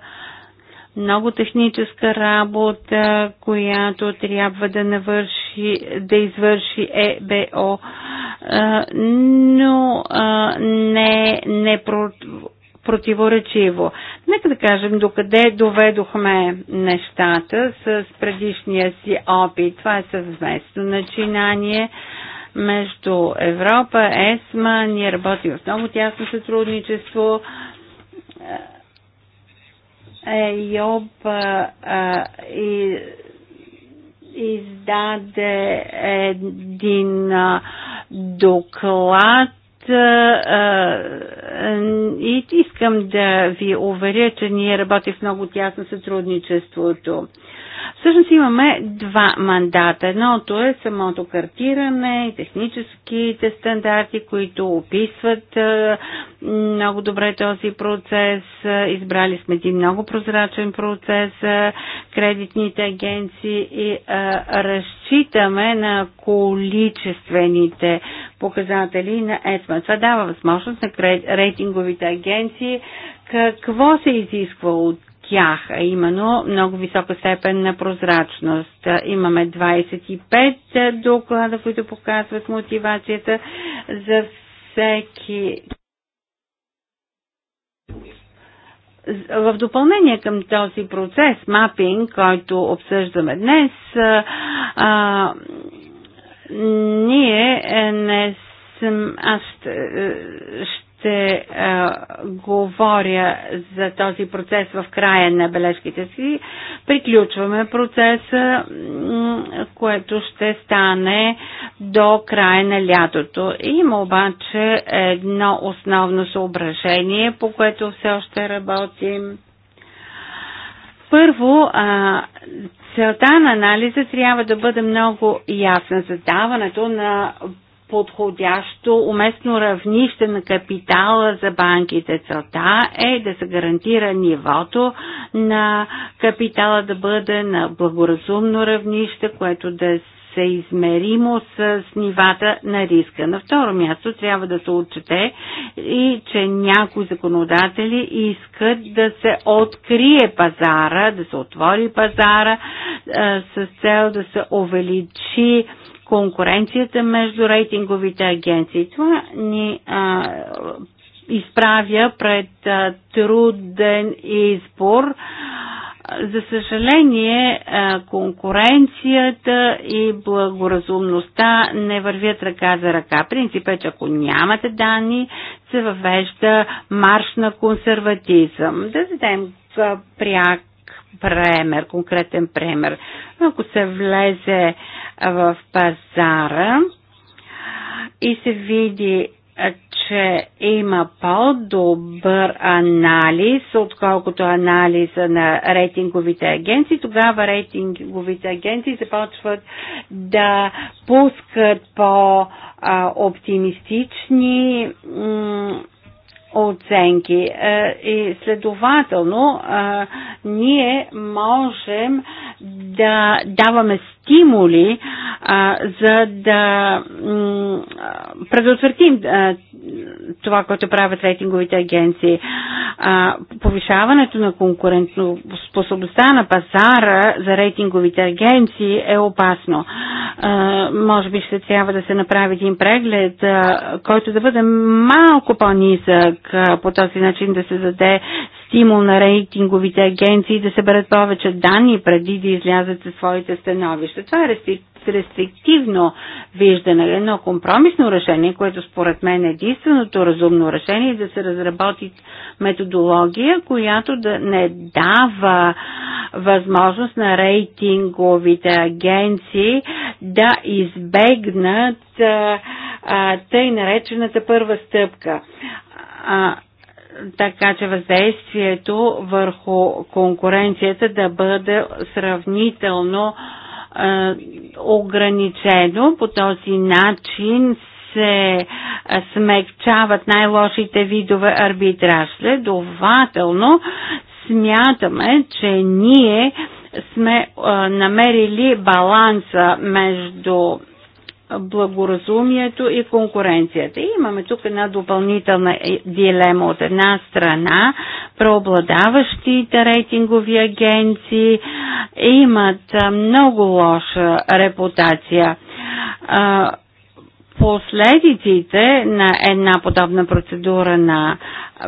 много техническа работа, която трябва да навърши, да извърши ЕБО, е, но не, не противоречиво. Нека да кажем докъде доведохме нещата с предишния си опит. Това е съвместно начинание между Европа, ЕСМА, ние работим в много тясно сътрудничество. е, и издаде един доклад и искам да ви уверя, че ние работим в много тясно сътрудничеството. Всъщност имаме два мандата. Едното е самото картиране и техническите стандарти, които описват много добре този процес. Избрали сме един много прозрачен процес за кредитните агенции и разчитаме на количествените показатели на ЕСМА. Това дава възможност на рейтинговите агенции какво се изисква от тях, а именно много висока степен на прозрачност. Имаме 25 доклада, които показват мотивацията за всеки. В допълнение към този процес, мапинг, който обсъждаме днес, а, ние не съм, аз ще, ще а, е, говоря за този процес в края на бележките си. Приключваме процеса, което ще стане до края на лятото. Има обаче едно основно съображение, по което все още работим. Първо, целта на анализа трябва да бъде много ясна. Задаването на подходящо, уместно равнище на капитала за банките. Целта е да се гарантира нивото на капитала да бъде на благоразумно равнище, което да е съизмеримо с нивата на риска. На второ място трябва да се отчете и че някои законодатели искат да се открие пазара, да се отвори пазара е, с цел да се увеличи конкуренцията между рейтинговите агенции. Това ни а, изправя пред а, труден избор за съжаление, конкуренцията и благоразумността не вървят ръка за ръка. Принцип е, че ако нямате данни, се въвежда марш на консерватизъм. Да зададем пряк пример, конкретен пример. Ако се влезе в пазара и се види, че има по-добър анализ, отколкото анализа на рейтинговите агенции, тогава рейтинговите агенции започват да пускат по-оптимистични оценки. Е, и следователно, е, ние можем да даваме стимули, е, за да предотвратим това, което правят рейтинговите агенции. Повишаването на способността на пазара за рейтинговите агенции е опасно. Може би ще трябва да се направи един преглед, който да бъде малко по-нисък по този начин да се даде стимул на рейтинговите агенции да съберат повече данни преди да излязат със своите становища. Това е рестриктивно виждане, едно компромисно решение, което според мен е единственото разумно решение е да се разработи методология, която да не дава възможност на рейтинговите агенции да избегнат а, тъй наречената първа стъпка а, така че въздействието върху конкуренцията да бъде сравнително а, ограничено. По този начин се смекчават най-лошите видове арбитраж. Следователно, смятаме, че ние сме а, намерили баланса между благоразумието и конкуренцията. И имаме тук една допълнителна е, дилема. От една страна, преобладаващите рейтингови агенции имат много лоша репутация. Последиците на една подобна процедура на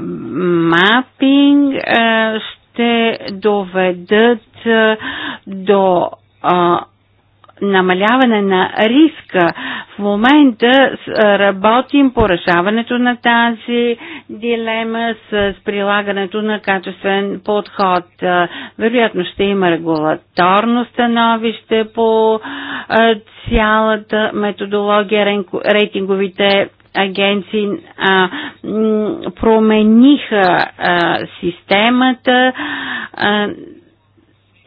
мапинг ще доведат до намаляване на риска. В момента работим по решаването на тази дилема с прилагането на качествен подход. Вероятно ще има регулаторно становище по цялата методология, рейтинговите агенции а, промениха а, системата. А,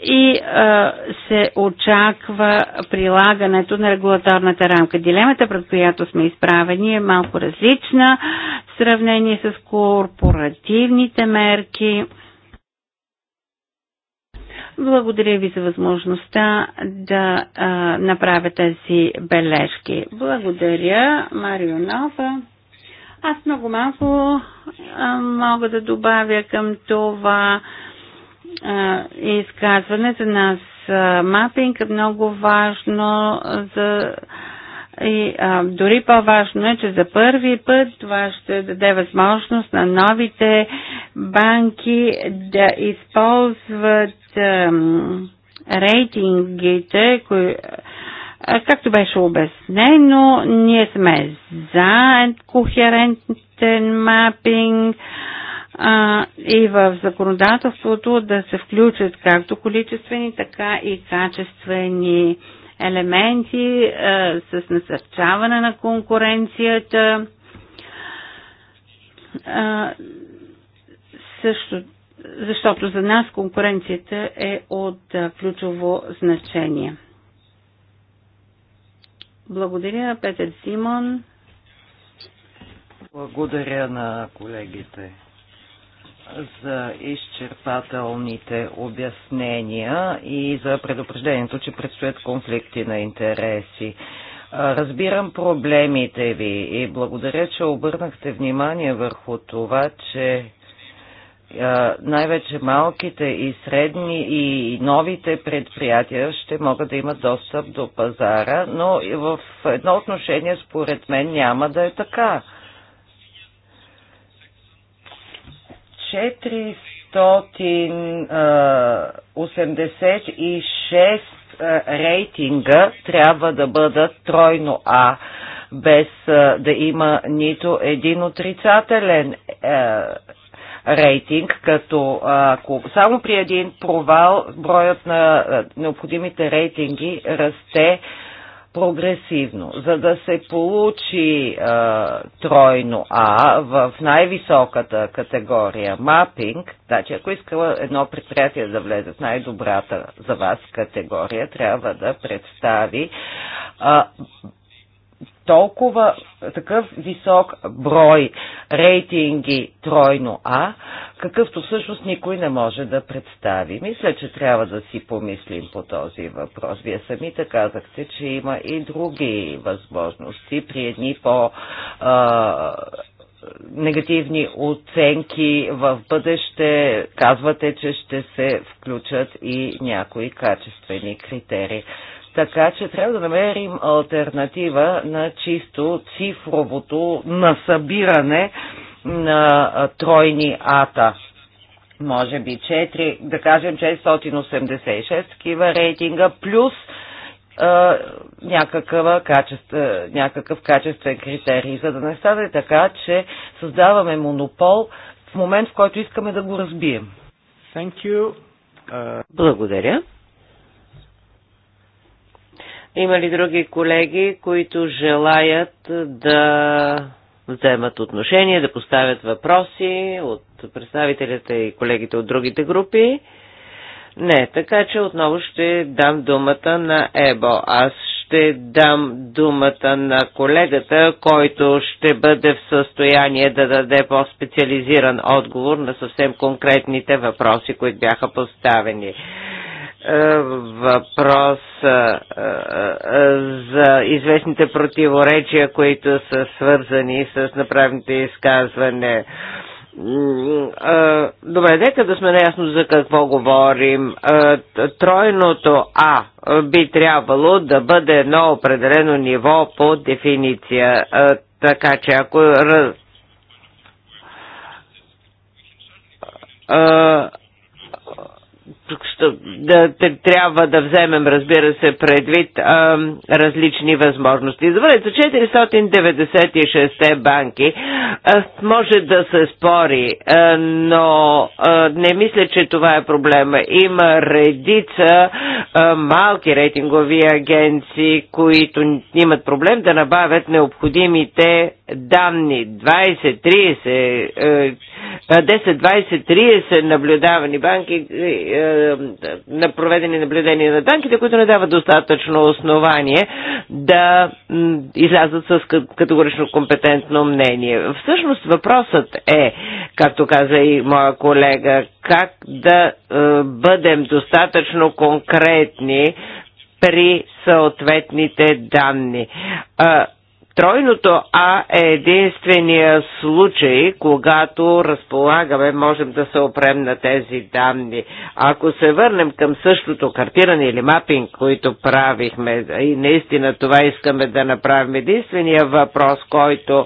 и а, се очаква прилагането на регулаторната рамка. Дилемата, пред която сме изправени, е малко различна в сравнение с корпоративните мерки. Благодаря ви за възможността да а, направя тези бележки. Благодаря, Марио Нова. Аз много малко а, мога да добавя към това. А, изказването на мапинг е много важно за и а, дори по-важно е, че за първи път това ще даде възможност на новите банки да използват а, рейтингите, кои, а, както беше обяснено, ние сме за кохерентен мапинг. А, а, и в законодателството да се включат както количествени, така и качествени елементи а, с насърчаване на конкуренцията. А, също, защото за нас конкуренцията е от а, ключово значение. Благодаря, Петър Симон. Благодаря на колегите за изчерпателните обяснения и за предупреждението, че предстоят конфликти на интереси. Разбирам проблемите ви и благодаря, че обърнахте внимание върху това, че най-вече малките и средни и новите предприятия ще могат да имат достъп до пазара, но в едно отношение според мен няма да е така 486 рейтинга трябва да бъдат тройно А, без да има нито един отрицателен рейтинг, като ако само при един провал броят на необходимите рейтинги расте прогресивно. За да се получи а, тройно А в най-високата категория мапинг, значи ако искала едно предприятие да влезе в най-добрата за вас категория, трябва да представи а, толкова такъв висок брой рейтинги тройно А, какъвто всъщност никой не може да представи. Мисля, че трябва да си помислим по този въпрос. Вие самите казахте, че има и други възможности при едни по а, негативни оценки в бъдеще. Казвате, че ще се включат и някои качествени критерии. Така че трябва да намерим альтернатива на чисто цифровото насъбиране на тройни ата може би 4, да кажем 686 такива рейтинга, плюс някакъва качество, някакъв качествен критерий, за да не стане така, че създаваме монопол в момент, в който искаме да го разбием. Thank you. Uh... Благодаря. Има ли други колеги, които желаят да вземат отношение, да поставят въпроси от представителите и колегите от другите групи? Не, така че отново ще дам думата на Ебо. Аз ще дам думата на колегата, който ще бъде в състояние да даде по-специализиран отговор на съвсем конкретните въпроси, които бяха поставени. Е, въпрос е, е, за известните противоречия, които са свързани с направените изказване. Добре, нека да сме наясно за какво говорим. Тройното А би трябвало да бъде едно определено ниво по дефиниция. Така че ако да, трябва да вземем, разбира се, предвид а, различни възможности. Забравете, 496 банки а, може да се спори, а, но а, не мисля, че това е проблема. Има редица а, малки рейтингови агенции, които имат проблем да набавят необходимите данни. 20, 30, 10, 20, 30 наблюдавани банки е, на проведени наблюдения на данките, които не дават достатъчно основание да излязат с категорично компетентно мнение. Всъщност въпросът е, както каза и моя колега, как да е, бъдем достатъчно конкретни при съответните данни тройното А е единствения случай, когато разполагаме, можем да се опрем на тези данни. Ако се върнем към същото картиране или мапинг, които правихме, и наистина това искаме да направим, единствения въпрос, който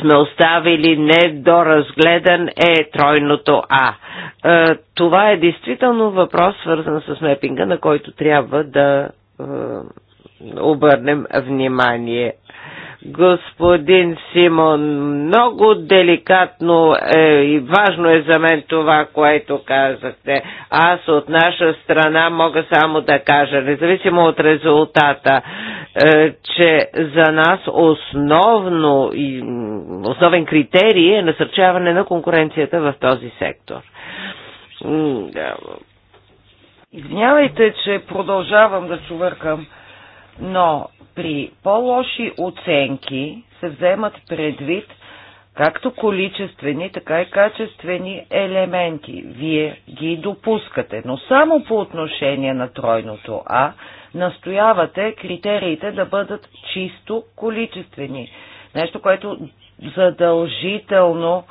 сме оставили недоразгледан е тройното А. Е, това е действително въпрос, свързан с мепинга, на който трябва да е, обърнем внимание. Господин Симон, много деликатно е, и важно е за мен това, което казахте. Аз от наша страна мога само да кажа, независимо от резултата, е, че за нас основно и основен критерий е насърчаване на конкуренцията в този сектор. Извинявайте, че продължавам да чувъркам но при по-лоши оценки се вземат предвид както количествени, така и качествени елементи. Вие ги допускате, но само по отношение на тройното А настоявате критериите да бъдат чисто количествени. Нещо, което задължително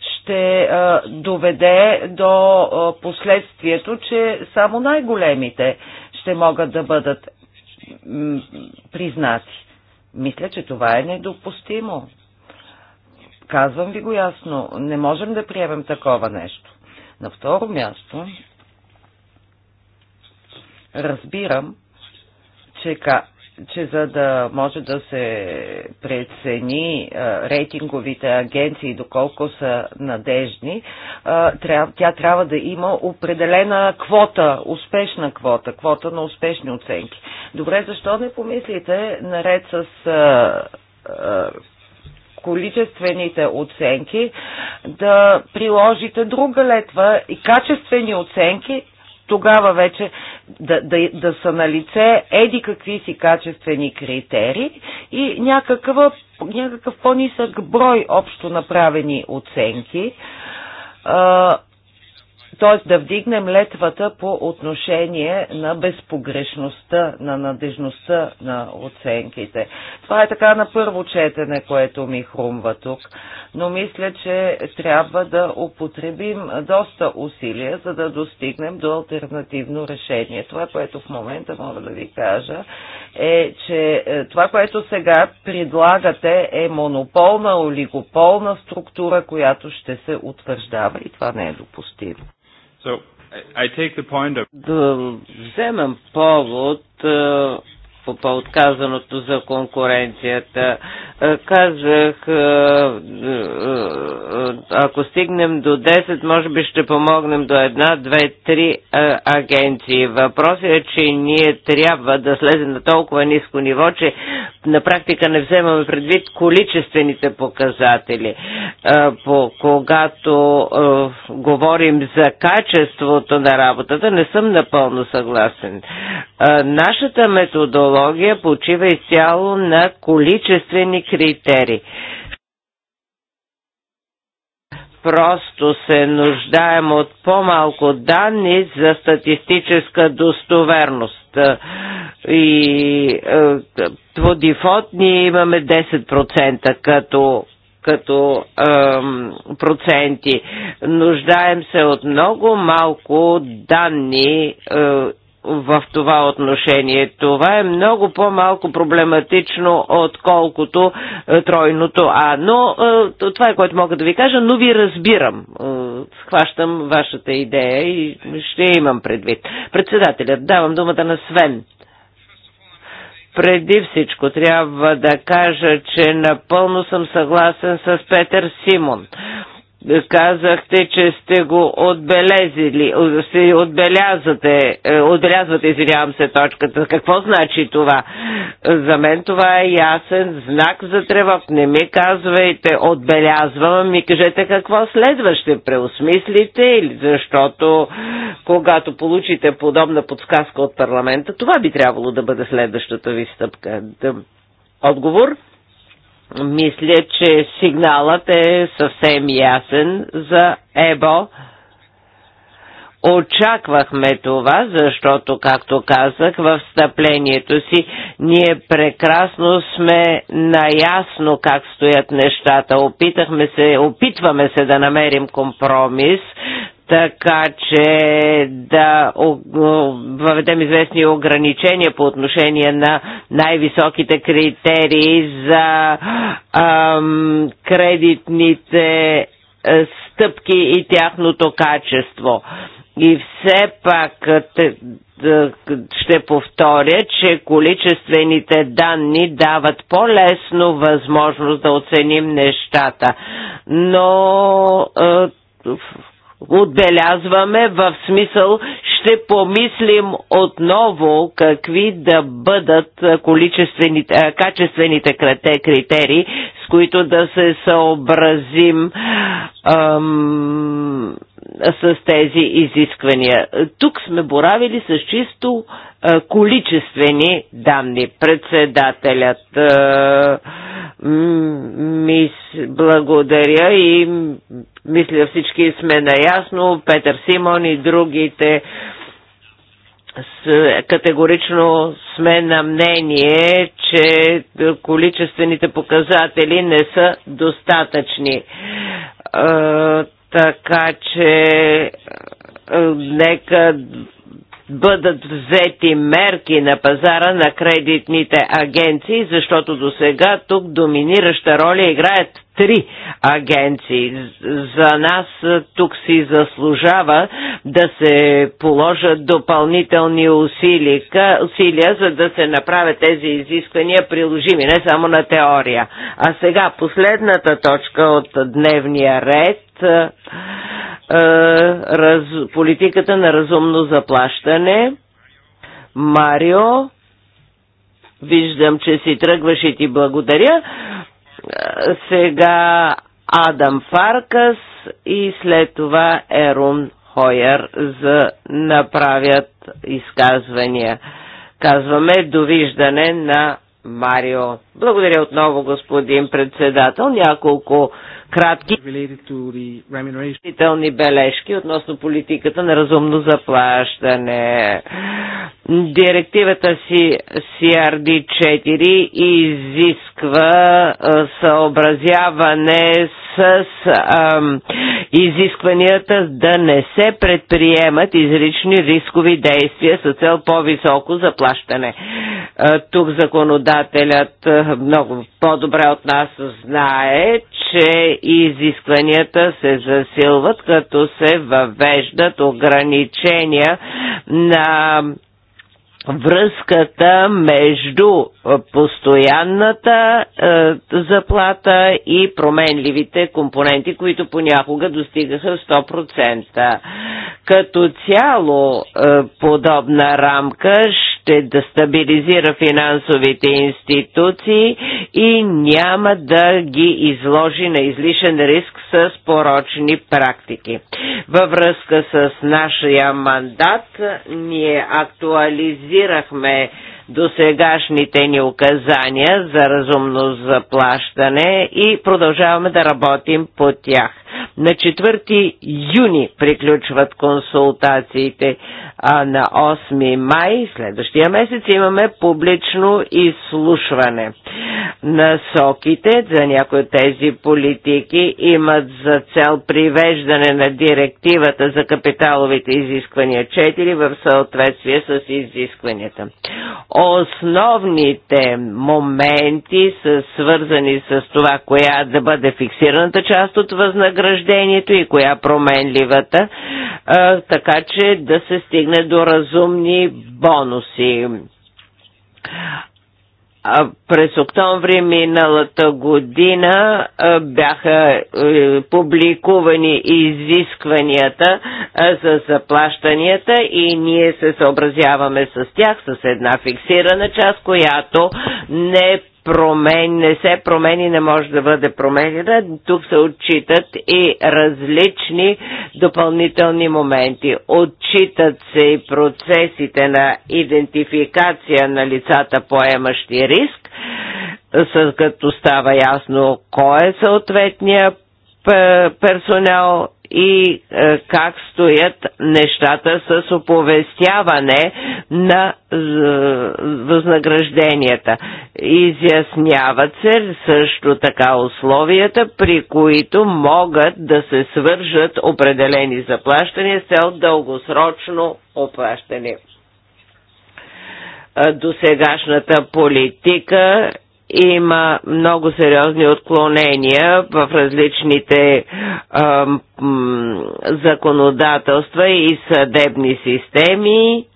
ще а, доведе до а, последствието, че само най-големите ще могат да бъдат признати. Мисля, че това е недопустимо. Казвам ви го ясно, не можем да приемем такова нещо. На второ място, разбирам, че че за да може да се прецени рейтинговите агенции, доколко са надежни, тя трябва да има определена квота, успешна квота, квота на успешни оценки. Добре, защо не помислите, наред с количествените оценки, да приложите друга летва и качествени оценки тогава вече да, да, да са на лице еди какви си качествени критерии и някакъв, някакъв по-нисък брой общо направени оценки. А, т.е. да вдигнем летвата по отношение на безпогрешността, на надежността на оценките. Това е така на първо четене, което ми хрумва тук, но мисля, че трябва да употребим доста усилия, за да достигнем до альтернативно решение. Това, което в момента мога да ви кажа, е, че е, това, което сега предлагате е монополна, олигополна структура, която ще се утвърждава и това не е допустимо. So, I take the point of... Да вземем повод по повод казаното за конкуренцията. Е, казах, е, е, ако стигнем до 10, може би ще помогнем до една, две, три агенции. Въпросът е, че ние трябва да слезем на толкова ниско ниво, че на практика не вземаме предвид количествените показатели. По, когато говорим за качеството на работата, не съм напълно съгласен. Нашата методология психология почива изцяло на количествени критерии просто се нуждаем от по-малко данни за статистическа достоверност. Е, и е, по дефолт ние имаме 10% като като е, проценти. Нуждаем се от много малко данни е, в това отношение. Това е много по-малко проблематично, отколкото е, тройното А. Но е, това е което мога да ви кажа, но ви разбирам. Схващам е, вашата идея и ще имам предвид. Председателят, давам думата на Свен. Преди всичко трябва да кажа, че напълно съм съгласен с Петър Симон казахте, че сте го отбелезили, се отбелязвате, е, отбелязвате, извинявам се, точката. Какво значи това? За мен това е ясен знак за тревог. Не ми казвайте, отбелязвам, ми кажете какво следва. Ще преосмислите защото когато получите подобна подсказка от парламента, това би трябвало да бъде следващата ви стъпка. Отговор? Мисля, че сигналът е съвсем ясен за ЕБО Очаквахме това, защото, както казах в встъплението си, ние прекрасно сме наясно как стоят нещата. Опитахме се, опитваме се да намерим компромис, така че да въведем известни ограничения по отношение на най-високите критерии за ам, кредитните е, стъпки и тяхното качество. И все пак ще повторя, че количествените данни дават по-лесно възможност да оценим нещата. Но отбелязваме в смисъл ще помислим отново какви да бъдат количествените, качествените критерии, с които да се съобразим. Ам с тези изисквания. Тук сме боравили с чисто а, количествени данни. Председателят а, мис, благодаря и мисля всички сме наясно, Петър Симон и другите с, категорично сме на мнение, че количествените показатели не са достатъчни така че е, нека бъдат взети мерки на пазара на кредитните агенции, защото до сега тук доминираща роля играят три агенции. За нас тук си заслужава да се положат допълнителни усилия, за да се направят тези изисквания приложими, не само на теория. А сега последната точка от дневния ред е, раз, политиката на разумно заплащане. Марио, виждам, че си тръгваш и ти благодаря сега Адам Фаркас и след това Ерун Хойер за направят изказвания. Казваме довиждане на Марио. Благодаря отново, господин председател. Няколко кратки Рителни бележки относно политиката на разумно заплащане. Директивата си CRD4 изисква съобразяване с а, изискванията да не се предприемат изрични рискови действия с цел по-високо заплащане. Тук законодателят много по-добре от нас знае, че изискванията се засилват, като се въвеждат ограничения на връзката между постоянната е, заплата и променливите компоненти, които понякога достигаха 100%. Като цяло е, подобна рамка ще да стабилизира финансовите институции и няма да ги изложи на излишен риск с порочни практики. Във връзка с нашия мандат ние актуализирахме досегашните ни указания за разумно заплащане и продължаваме да работим по тях. На 4 юни приключват консултациите. А на 8 май, следващия месец, имаме публично изслушване. Насоките за някои от тези политики имат за цел привеждане на директивата за капиталовите изисквания 4 в съответствие с изискванията. Основните моменти са свързани с това, коя да бъде фиксираната част от възнаграждението и коя променливата, така че да се стигне стигне до разумни бонуси през октомври миналата година бяха е, публикувани изискванията за заплащанията и ние се съобразяваме с тях с една фиксирана част, която не промен, не се промени, не може да бъде променена. Тук се отчитат и различни допълнителни моменти. Отчитат се и процесите на идентификация на лицата, поемащи риск, като става ясно кой е съответния персонал и е, как стоят нещата с оповестяване на е, възнагражденията. Изясняват се също така условията, при които могат да се свържат определени заплащания с цел дългосрочно оплащане е, до сегашната политика има много сериозни отклонения в различните м, законодателства и съдебни системи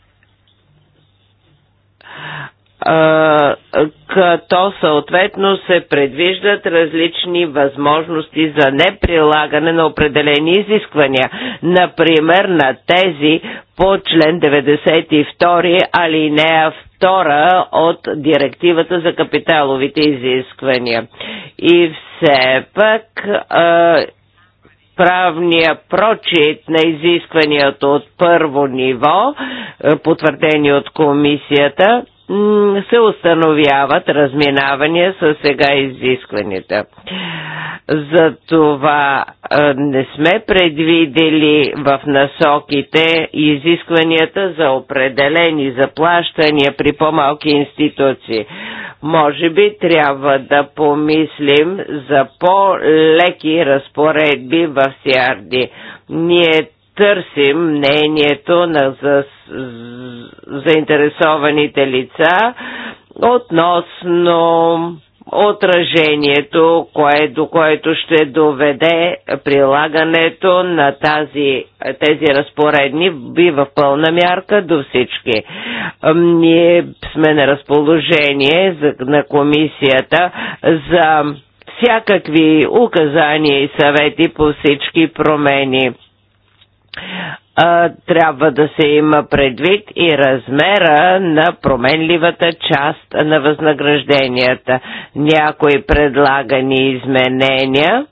като съответно се предвиждат различни възможности за неприлагане на определени изисквания, например на тези по член 92 алинея 2 от директивата за капиталовите изисквания. И все пък правния прочит на изискванията от първо ниво, потвърдени от комисията, се установяват разминавания с сега изискванията. Затова не сме предвидели в насоките изискванията за определени заплащания при по-малки институции. Може би трябва да помислим за по-леки разпоредби в Сиарди. Ние търсим мнението на за, заинтересованите лица относно отражението, кое, до което ще доведе прилагането на тази, тези разпоредни би в пълна мярка до всички. Ние сме на разположение на комисията за всякакви указания и съвети по всички промени трябва да се има предвид и размера на променливата част на възнагражденията. Някои предлагани изменения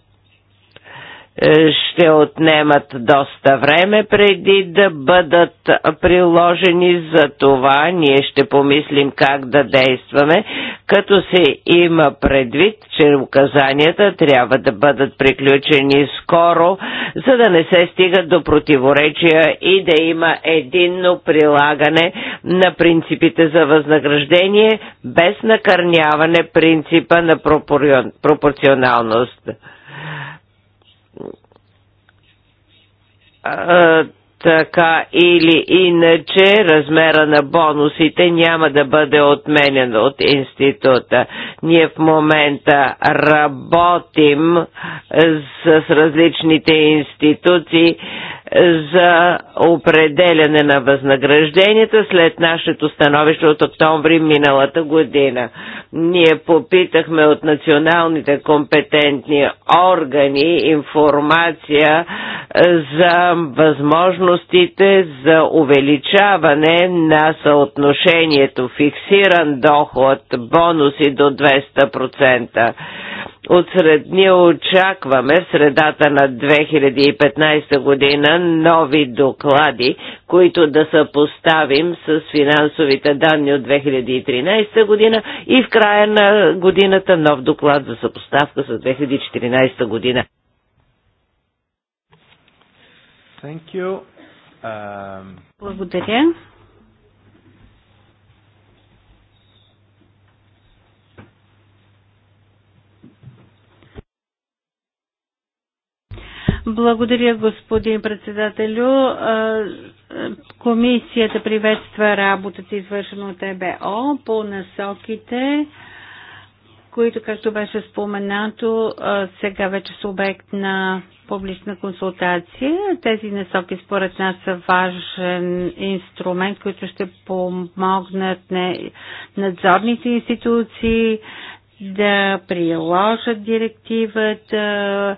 е, ще отнемат доста време преди да бъдат приложени. За това ние ще помислим как да действаме, като се има предвид, че указанията трябва да бъдат приключени скоро, за да не се стигат до противоречия и да има единно прилагане на принципите за възнаграждение без накърняване принципа на пропорционалност. така или иначе размера на бонусите няма да бъде отменен от института. Ние в момента работим с различните институции за определяне на възнагражденията след нашето становище от октомври миналата година. Ние попитахме от националните компетентни органи информация е, за възможностите за увеличаване на съотношението фиксиран доход, бонуси до 200%. Отсред ние очакваме в средата на 2015 година нови доклади, които да съпоставим с финансовите данни от 2013 година и в края на годината нов доклад за съпоставка с 2014 година. Thank you. Um... Благодаря. Благодаря, господин председателю. Комисията приветства работата, извършена от ЕБО по насоките, които, както беше споменато, сега вече са обект на публична консултация. Тези насоки според нас са важен инструмент, който ще помогнат на надзорните институции да приложат директивата,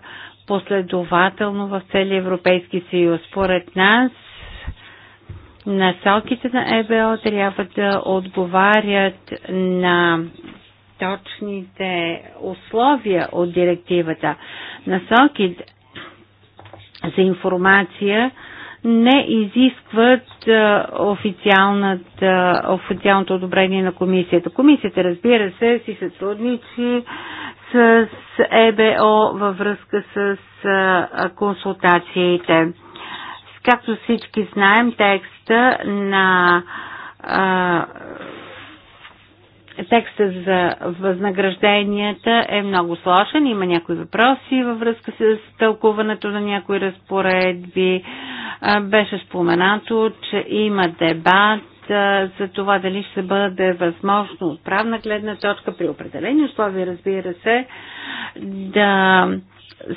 последователно в целия Европейски съюз. Според нас насоките на ЕБО трябва да отговарят на точните условия от директивата. Насоки за информация не изискват официалното одобрение на комисията. Комисията, разбира се, си сътрудничи с ЕБО във връзка с консултациите. Както всички знаем, текста на а, текста за възнагражденията е много сложен. Има някои въпроси във връзка с тълкуването на някои разпоредби. Беше споменато, че има дебат за това дали ще бъде възможно от правна гледна точка при определени условия, разбира се, да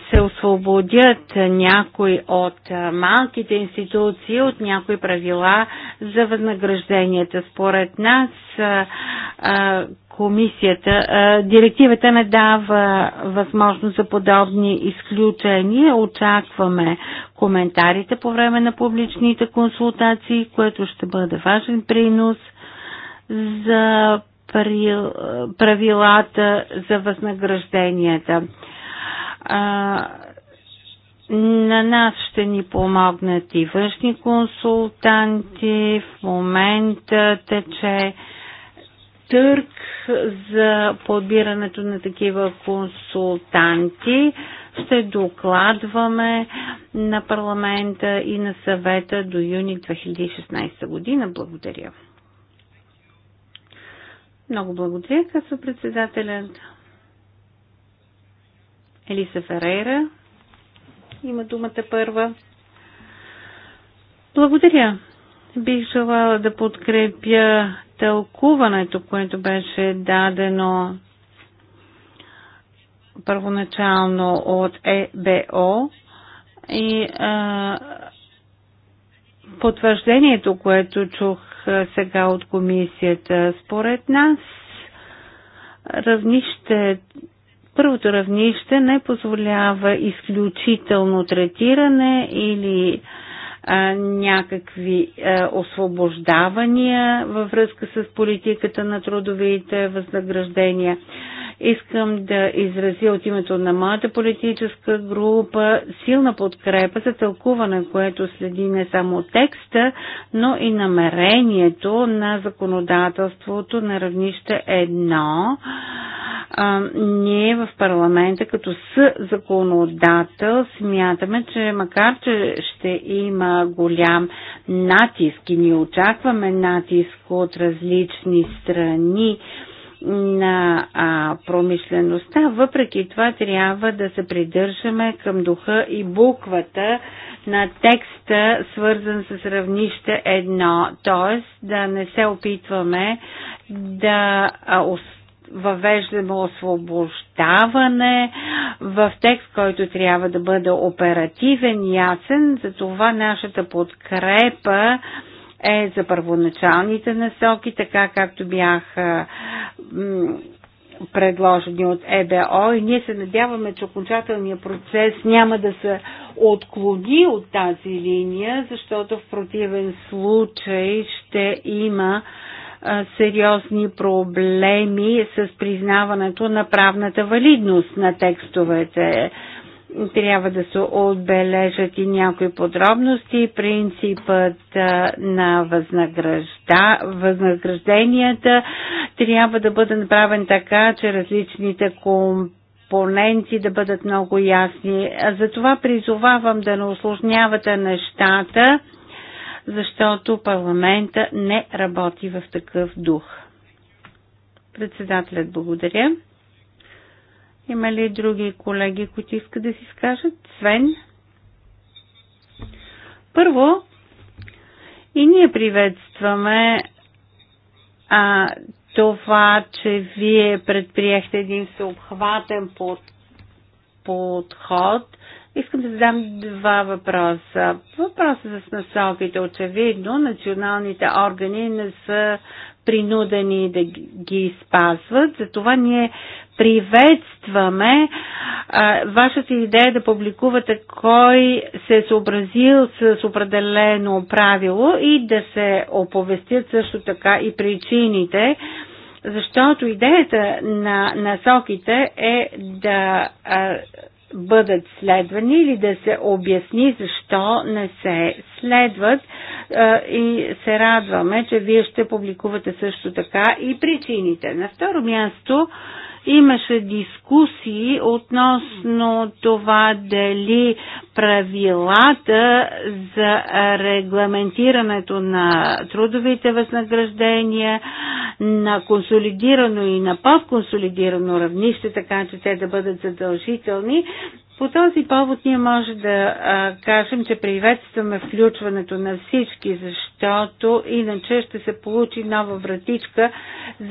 се освободят някои от малките институции от някои правила за възнагражденията. Според нас комисията, директивата не дава възможност за подобни изключения. Очакваме коментарите по време на публичните консултации, което ще бъде важен принос за правилата за възнагражденията. А, на нас ще ни помогнат и външни консултанти. В момента тече търк за подбирането на такива консултанти. Ще докладваме на парламента и на съвета до юни 2016 година. Благодаря. Много благодаря, казва председателят. Елиса Ферейра има думата първа. Благодаря. Бих желала да подкрепя тълкуването, което беше дадено първоначално от ЕБО и а, потвърждението, което чух сега от комисията. Според нас равнище Първото равнище не позволява изключително третиране или а, някакви а, освобождавания във връзка с политиката на трудовите възнаграждения. Искам да изразя от името на моята политическа група силна подкрепа за тълкуване, което следи не само текста, но и намерението на законодателството на равнище едно. А, ние в парламента като с законодател смятаме, че макар, че ще има голям натиск и ние очакваме натиск от различни страни, на а, промишлеността, въпреки това трябва да се придържаме към духа и буквата на текста, свързан с равнище едно, т.е. да не се опитваме да въвеждаме освобождаване в текст, който трябва да бъде оперативен, ясен, затова нашата подкрепа е за първоначалните насоки, така както бяха предложени от ЕБО и ние се надяваме, че окончателният процес няма да се отклони от тази линия, защото в противен случай ще има сериозни проблеми с признаването на правната валидност на текстовете трябва да се отбележат и някои подробности. Принципът на възнагражда, възнагражденията трябва да бъде направен така, че различните компоненти да бъдат много ясни. Затова призовавам да не осложнявате нещата, защото парламента не работи в такъв дух. Председателят благодаря. Има ли други колеги, които искат да си скажат? Свен? Първо, и ние приветстваме а, това, че вие предприехте един всеобхватен под, подход Искам да задам два въпроса. Въпросът за насоките. Очевидно, националните органи не са принудени да ги спазват. Затова ние приветстваме а, вашата идея да публикувате кой се е съобразил с определено правило и да се оповестят също така и причините, защото идеята на насоките е да а, бъдат следвани или да се обясни защо не се следват и се радваме, че вие ще публикувате също така и причините. На второ място Имаше дискусии относно това дали правилата за регламентирането на трудовите възнаграждения на консолидирано и на подконсолидирано равнище, така че те да бъдат задължителни, по този повод ние може да а, кажем, че приветстваме включването на всички, защото иначе ще се получи нова вратичка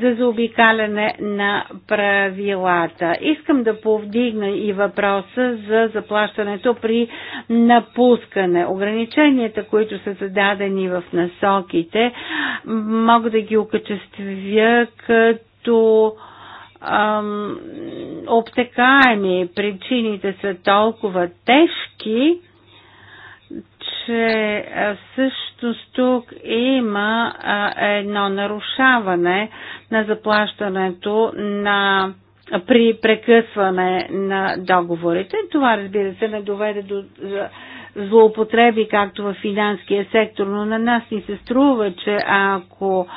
за заобикаляне на правилата. Искам да повдигна и въпроса за заплащането при напускане. Ограниченията, които са зададени в насоките, мога да ги окачествя като ам, обтекаеми. Причините са толкова тежки, че всъщност тук има а, едно нарушаване на заплащането на при прекъсване на договорите. Това, разбира се, не доведе до злоупотреби, както в финанския сектор, но на нас ни се струва, че ако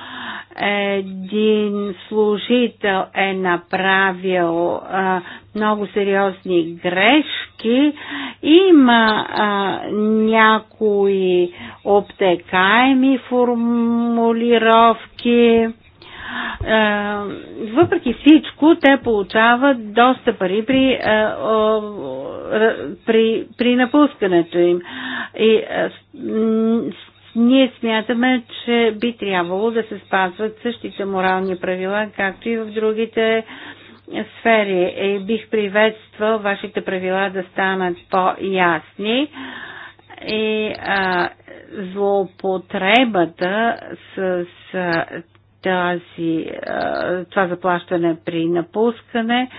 един служител е направил а, много сериозни грешки, има а, някои обтекаеми формулировки, е, въпреки всичко, те получават доста пари при, е, при, при напускането им. И е, ние смятаме, че би трябвало да се спазват същите морални правила, както и в другите сфери. И бих приветствал вашите правила да станат по-ясни и а, злоупотребата с, с тази, това заплащане при напускане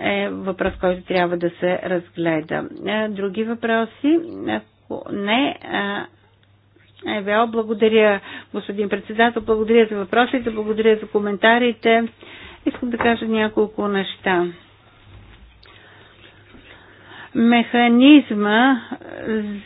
е въпрос, който трябва да се разгледа. Други въпроси? Ако не, ЕВО, благодаря, господин председател, благодаря за въпросите, благодаря за коментарите. Искам да кажа няколко неща. Механизма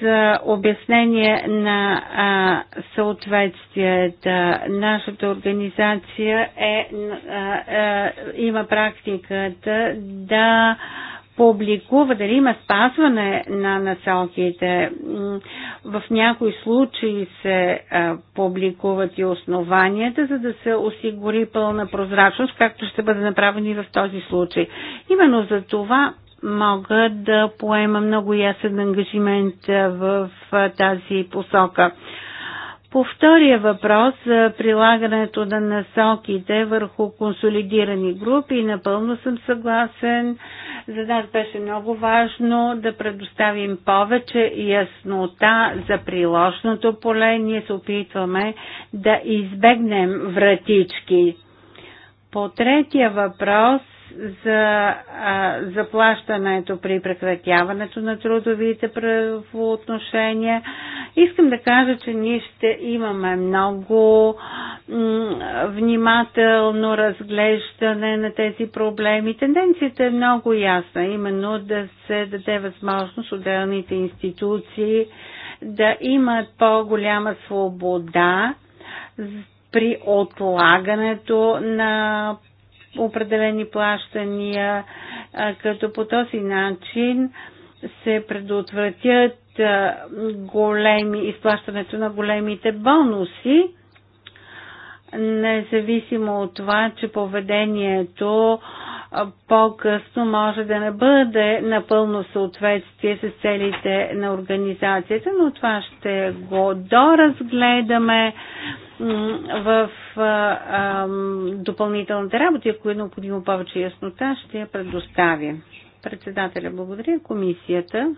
за обяснение на а, съответствията. Нашата организация е, а, а, има практиката да публикува, дали има спазване на насоките. В някои случаи се а, публикуват и основанията, за да се осигури пълна прозрачност, както ще бъде направени в този случай. Именно за това мога да поема много ясен ангажимент в тази посока. По втория въпрос за прилагането на насоките върху консолидирани групи, напълно съм съгласен. За нас беше много важно да предоставим повече яснота за приложното поле. Ние се опитваме да избегнем вратички. По третия въпрос за а, заплащането при прекратяването на трудовите правоотношения. Искам да кажа, че ние ще имаме много внимателно разглеждане на тези проблеми. Тенденцията е много ясна, именно да се даде възможност отделните институции да имат по-голяма свобода при отлагането на определени плащания, като по този начин се предотвратят големи, изплащането на големите бонуси, независимо от това, че поведението по-късно може да не бъде напълно съответствие с целите на организацията, но това ще го доразгледаме в допълнителната работа, допълнителните работи, ако е необходимо повече яснота, ще я предоставя. Председателя благодаря. Комисията.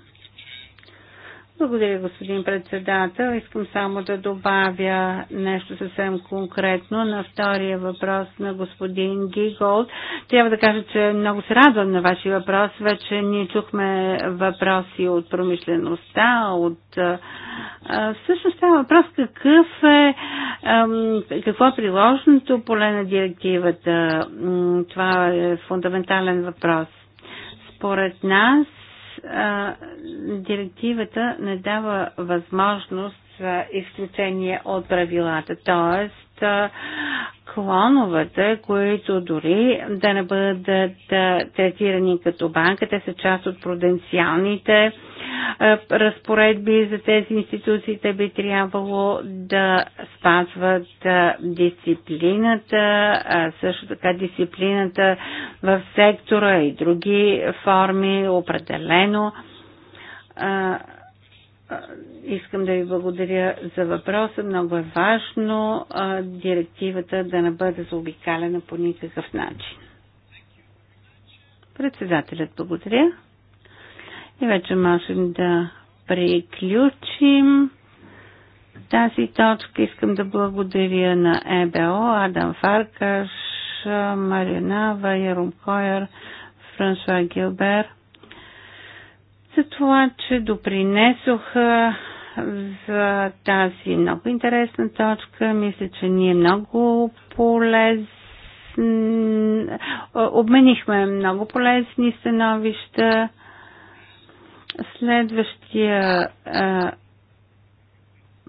Благодаря, господин председател. Искам само да добавя нещо съвсем конкретно на втория въпрос на господин Гиголд. Трябва да кажа, че много се радвам на вашия въпрос. Вече ние чухме въпроси от промишлеността, от... Всъщност става въпрос какъв е, какво е приложното поле на директивата. Това е фундаментален въпрос. Според нас а, директивата не дава възможност за изключение от правилата. Тоест, клоновете, които дори да не бъдат третирани като банка, те са част от пруденциалните разпоредби за тези институции. Те би трябвало да спазват дисциплината, също така дисциплината в сектора и други форми, определено Искам да ви благодаря за въпроса. Много е важно а, директивата да не бъде заобикалена по никакъв начин. Председателят благодаря. И вече можем да приключим тази точка. Искам да благодаря на ЕБО, Адам Фаркаш, Маринава, Ярум Койер, Франсуа Гилбер – за това, че допринесоха за тази много интересна точка. Мисля, че ние много полезно обменихме много полезни становища. Следващия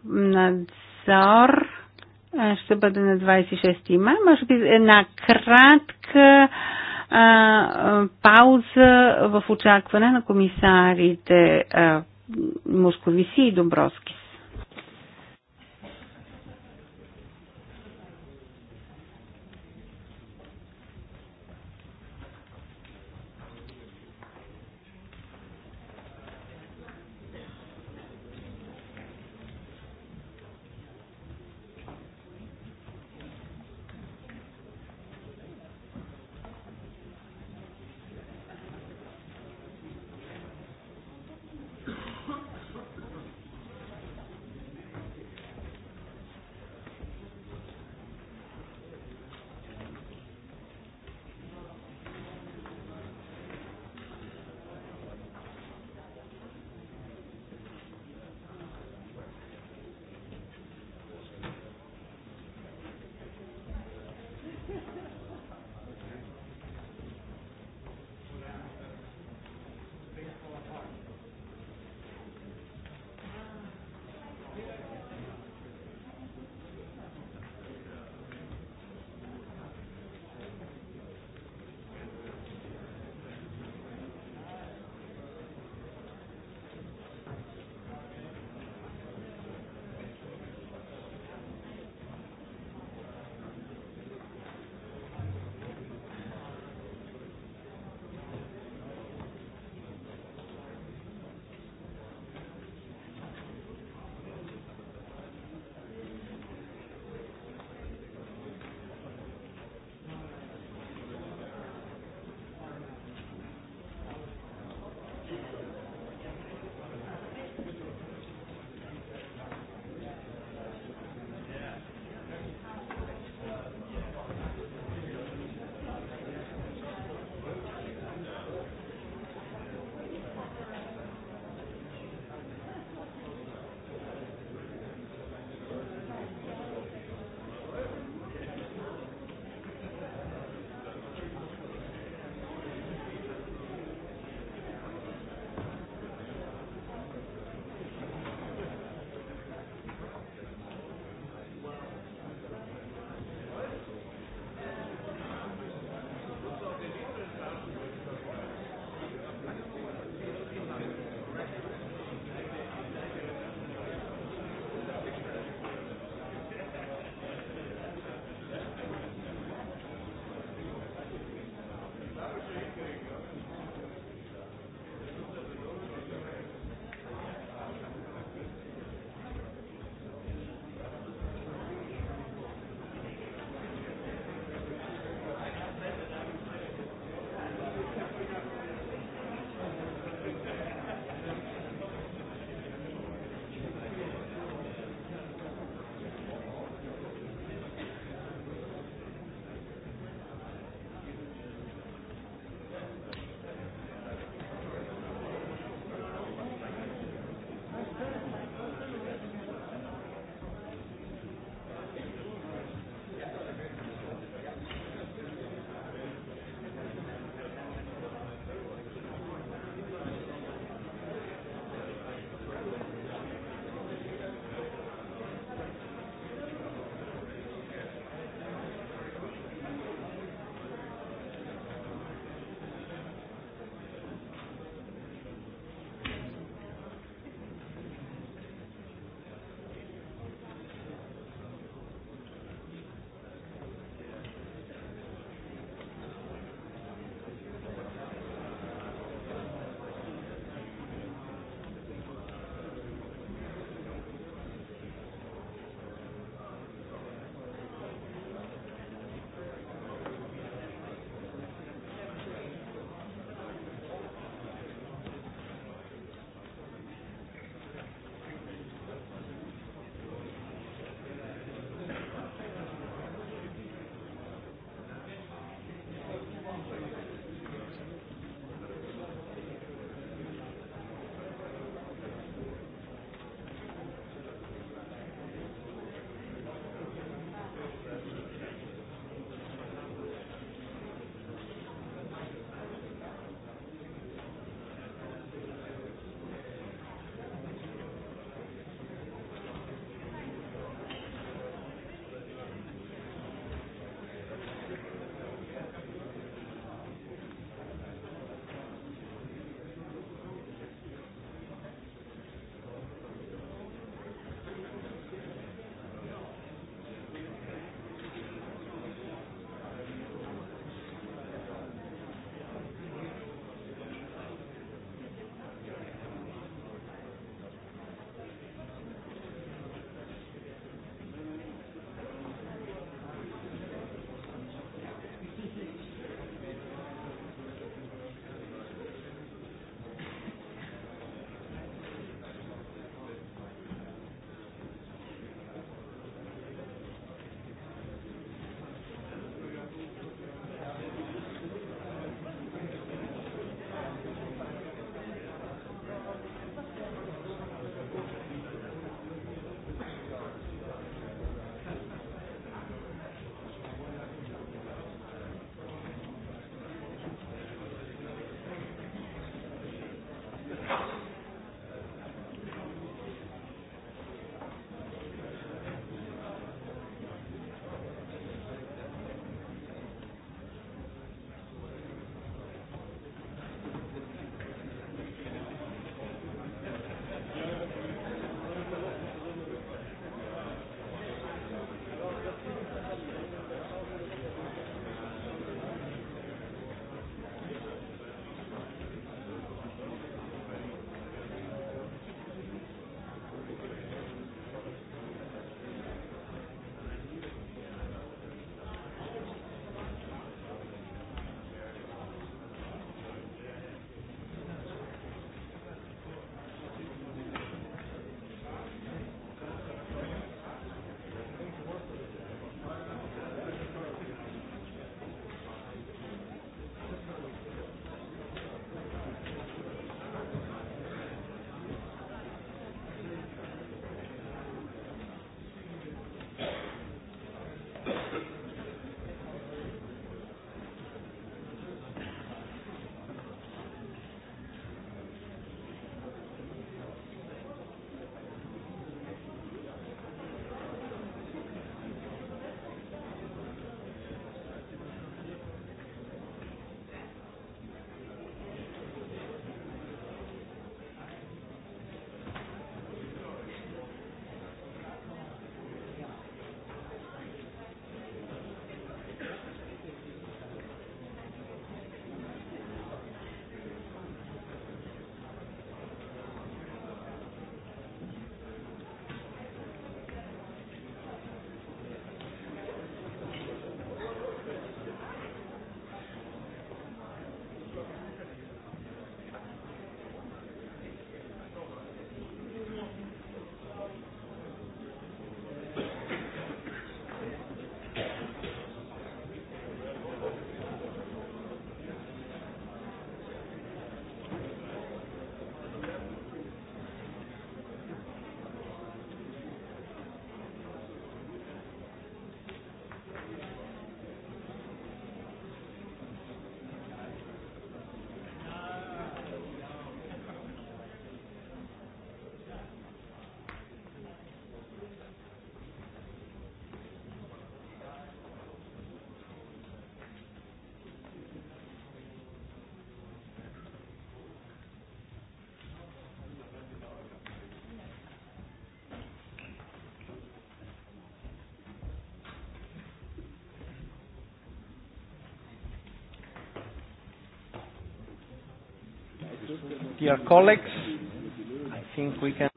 надзор ще бъде на 26 май. Може би една кратка а, пауза в очакване на комисарите а, Московиси и Добровски.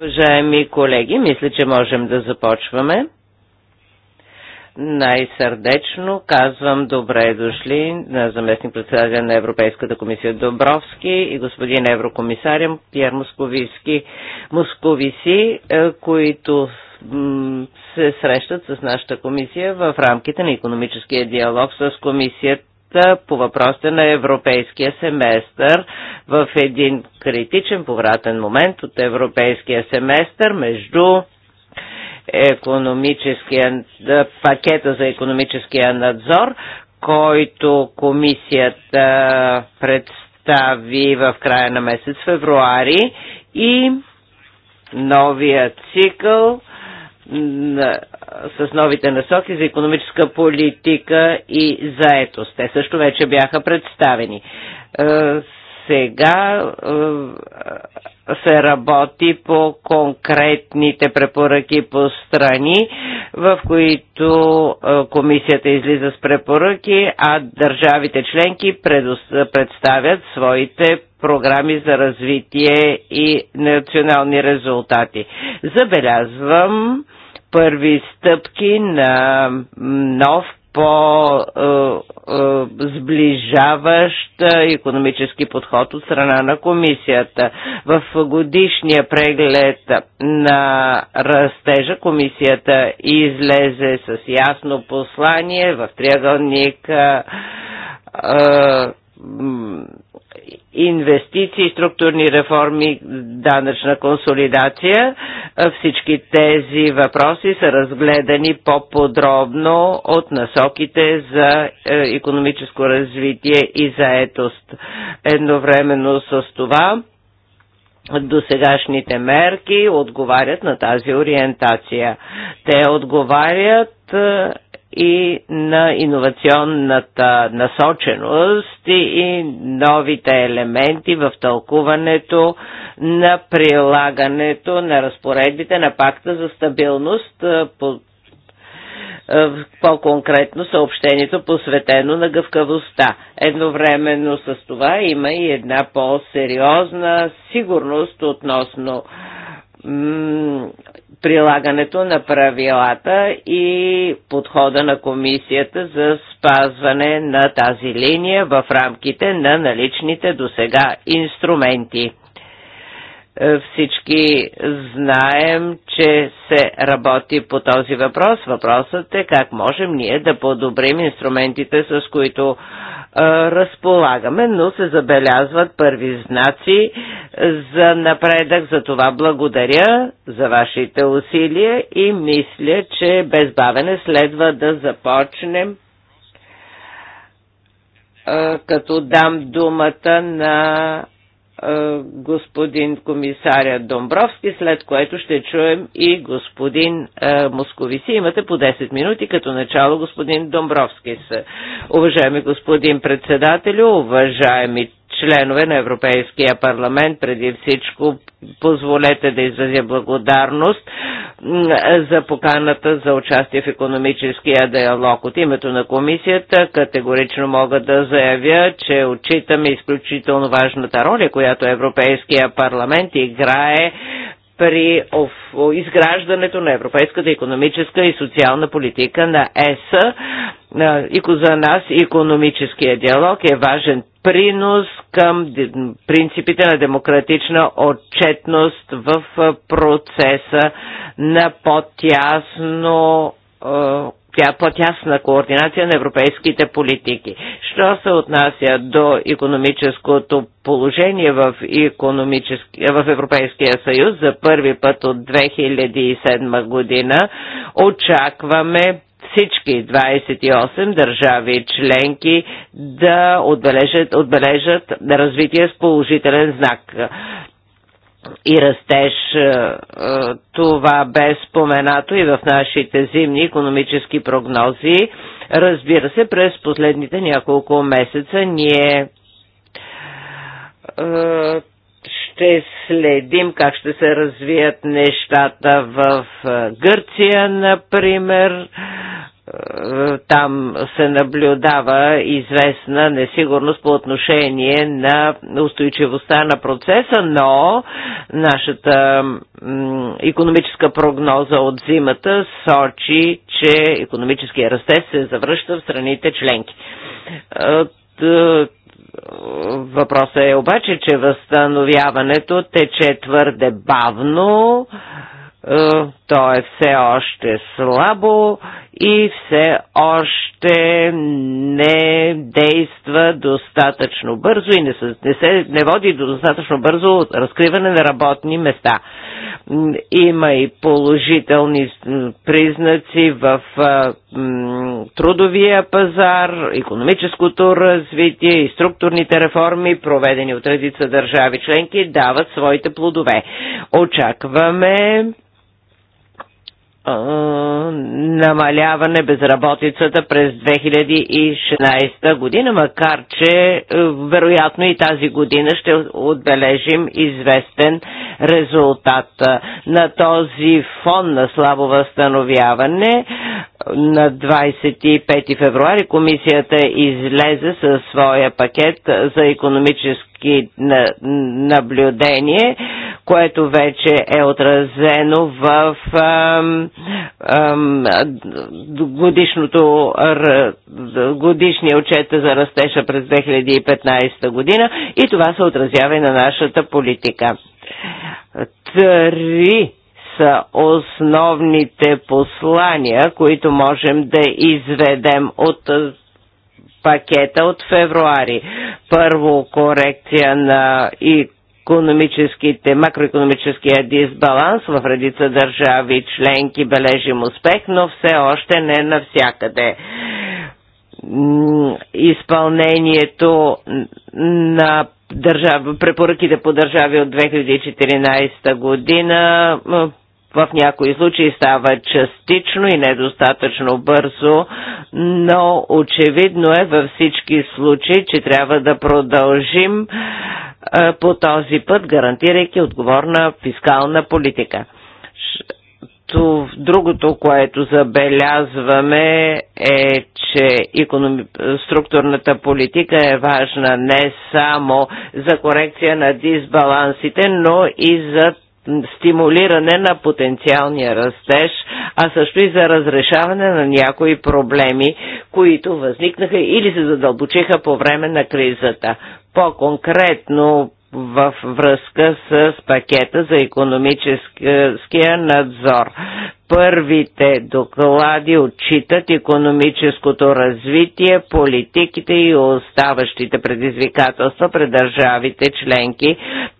Уважаеми колеги, мисля, че можем да започваме. Най-сърдечно казвам добре дошли на заместник председателя на Европейската комисия Добровски и господин еврокомисарям Пьер Московиски, Московиси, е, които се срещат с нашата комисия в рамките на економическия диалог с комисията по въпросите на европейския семестър в един критичен повратен момент от европейския семестър между економическия пакета за економическия надзор, който комисията представи в края на месец февруари и новия цикъл с новите насоки за економическа политика и заетост. Те също вече бяха представени. Е, сега е, се работи по конкретните препоръки по страни, в които е, комисията излиза с препоръки, а държавите членки предоставят своите програми за развитие и национални резултати. Забелязвам първи стъпки на нов по-сближаващ е, е, економически подход от страна на комисията. В годишния преглед на растежа комисията излезе с ясно послание в триъгълник е, инвестиции, структурни реформи, данъчна консолидация. Всички тези въпроси са разгледани по-подробно от насоките за е, економическо развитие и заетост. Едновременно с това досегашните мерки отговарят на тази ориентация. Те отговарят е, и на иновационната насоченост и новите елементи в тълкуването на прилагането на разпоредбите на пакта за стабилност по по-конкретно съобщението посветено на гъвкавостта. Едновременно с това има и една по-сериозна сигурност относно прилагането на правилата и подхода на комисията за спазване на тази линия в рамките на наличните до сега инструменти е, всички знаем, че се работи по този въпрос. Въпросът е как можем ние да подобрим инструментите, с които разполагаме, но се забелязват първи знаци за напредък. За това благодаря за вашите усилия и мисля, че без бавене следва да започнем като дам думата на е, господин комисаря Домбровски, след което ще чуем и господин е, Московиси. Имате по 10 минути, като начало господин Домбровски. Уважаеми господин председателю, уважаеми членове на Европейския парламент. Преди всичко позволете да изразя благодарност за поканата за участие в економическия диалог. От името на комисията категорично мога да заявя, че отчитаме изключително важната роля, която Европейския парламент играе при изграждането на европейската економическа и социална политика на ЕС. и За нас економическия диалог е важен принос към принципите на демократична отчетност в процеса на по-тясно по-тясна координация на европейските политики. Що се отнася до економическото положение в, економически, в Европейския съюз за първи път от 2007 година, очакваме всички 28 държави членки да отбележат, отбележат развитие с положителен знак и растеж. Е, е, това бе споменато и в нашите зимни економически прогнози. Разбира се, през последните няколко месеца ние е, ще следим как ще се развият нещата в Гърция, например, там се наблюдава известна несигурност по отношение на устойчивостта на процеса, но нашата економическа прогноза от зимата сочи, че економическия растеж се завръща в страните членки. Е, въпросът е обаче, че възстановяването тече твърде бавно е, то е все още слабо и все още не действа достатъчно бързо и не, се, не, се, не води до достатъчно бързо разкриване на работни места. Има и положителни признаци в трудовия пазар, економическото развитие и структурните реформи, проведени от редица държави членки, дават своите плодове. Очакваме намаляване безработицата през 2016 година, макар че е, вероятно и тази година ще отбележим известен резултат. На този фон на слабо възстановяване е, на 25 февруари комисията излезе със своя пакет за економически политически наблюдение, което вече е отразено в годишното, годишния отчет за растежа през 2015 година и това се отразява и на нашата политика. Три са основните послания, които можем да изведем от пакета от февруари. Първо корекция на и економическите, макроекономическия дисбаланс в редица държави членки бележим успех, но все още не навсякъде. Изпълнението на държав, препоръките по държави от 2014 година в някои случаи става частично и недостатъчно бързо, но очевидно е във всички случаи, че трябва да продължим е, по този път, гарантирайки отговорна фискална политика. Другото, което забелязваме е, че структурната политика е важна не само за корекция на дисбалансите, но и за стимулиране на потенциалния растеж, а също и за разрешаване на някои проблеми, които възникнаха или се задълбочиха по време на кризата. По-конкретно в връзка с пакета за економическия надзор. Първите доклади отчитат економическото развитие, политиките и оставащите предизвикателства пред държавите членки,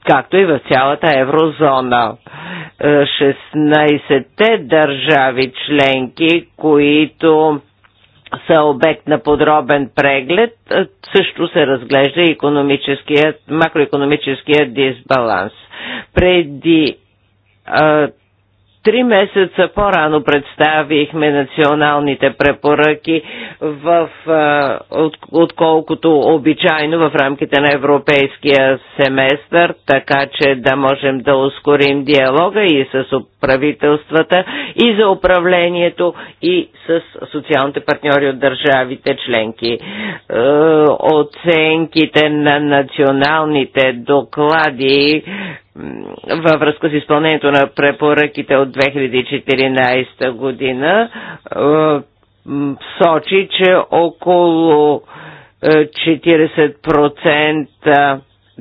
както и в цялата еврозона. 16-те е, държави членки, които са обект на подробен преглед, също се разглежда економическият, макроекономическият дисбаланс. Преди а, Три месеца по-рано представихме националните препоръки в, от, отколкото обичайно в рамките на европейския семестър, така че да можем да ускорим диалога и с правителствата и за управлението и с социалните партньори от държавите членки. Е, оценките на националните доклади във връзка с изпълнението на препоръките от 2014 година е, сочи, че около 40%, е,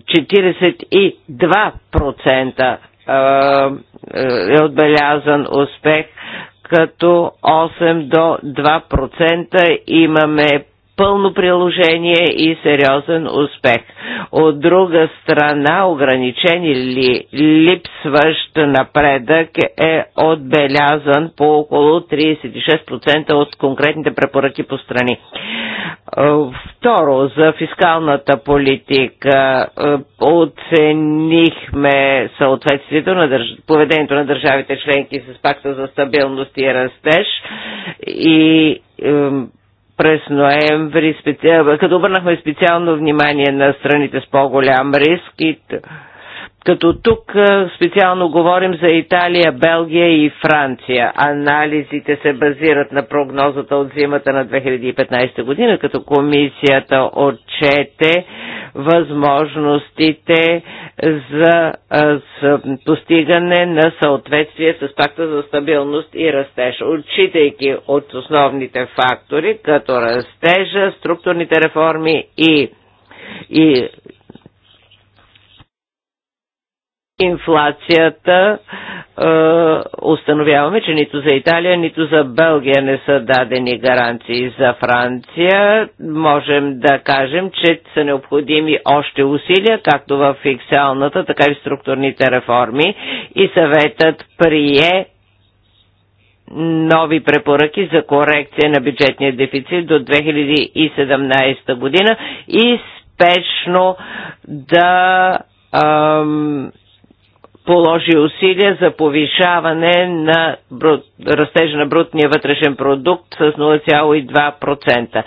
42% е отбелязан успех, като 8 до 2% имаме пълно приложение и сериозен успех. От друга страна, ограничен или липсващ напредък е отбелязан по около 36% от конкретните препоръки по страни. Е, второ, за фискалната политика е, оценихме съответствието на държ... поведението на държавите членки с пакта за стабилност и растеж и е, през ноември, специ... като обърнахме специално внимание на страните с по-голям риск и като тук специално говорим за Италия, Белгия и Франция. Анализите се базират на прогнозата от зимата на 2015 година, като комисията отчете възможностите за, за постигане на съответствие с пакта за стабилност и растеж, отчитайки от основните фактори, като растежа, структурните реформи и и инфлацията е, установяваме, че нито за Италия, нито за Белгия не са дадени гаранции за Франция. Можем да кажем, че са необходими още усилия, както в фиксалната, така и в структурните реформи и съветът прие нови препоръки за корекция на бюджетния дефицит до 2017 година и спешно да ам, положи усилия за повишаване на брут, растежа на брутния вътрешен продукт с 0,2%.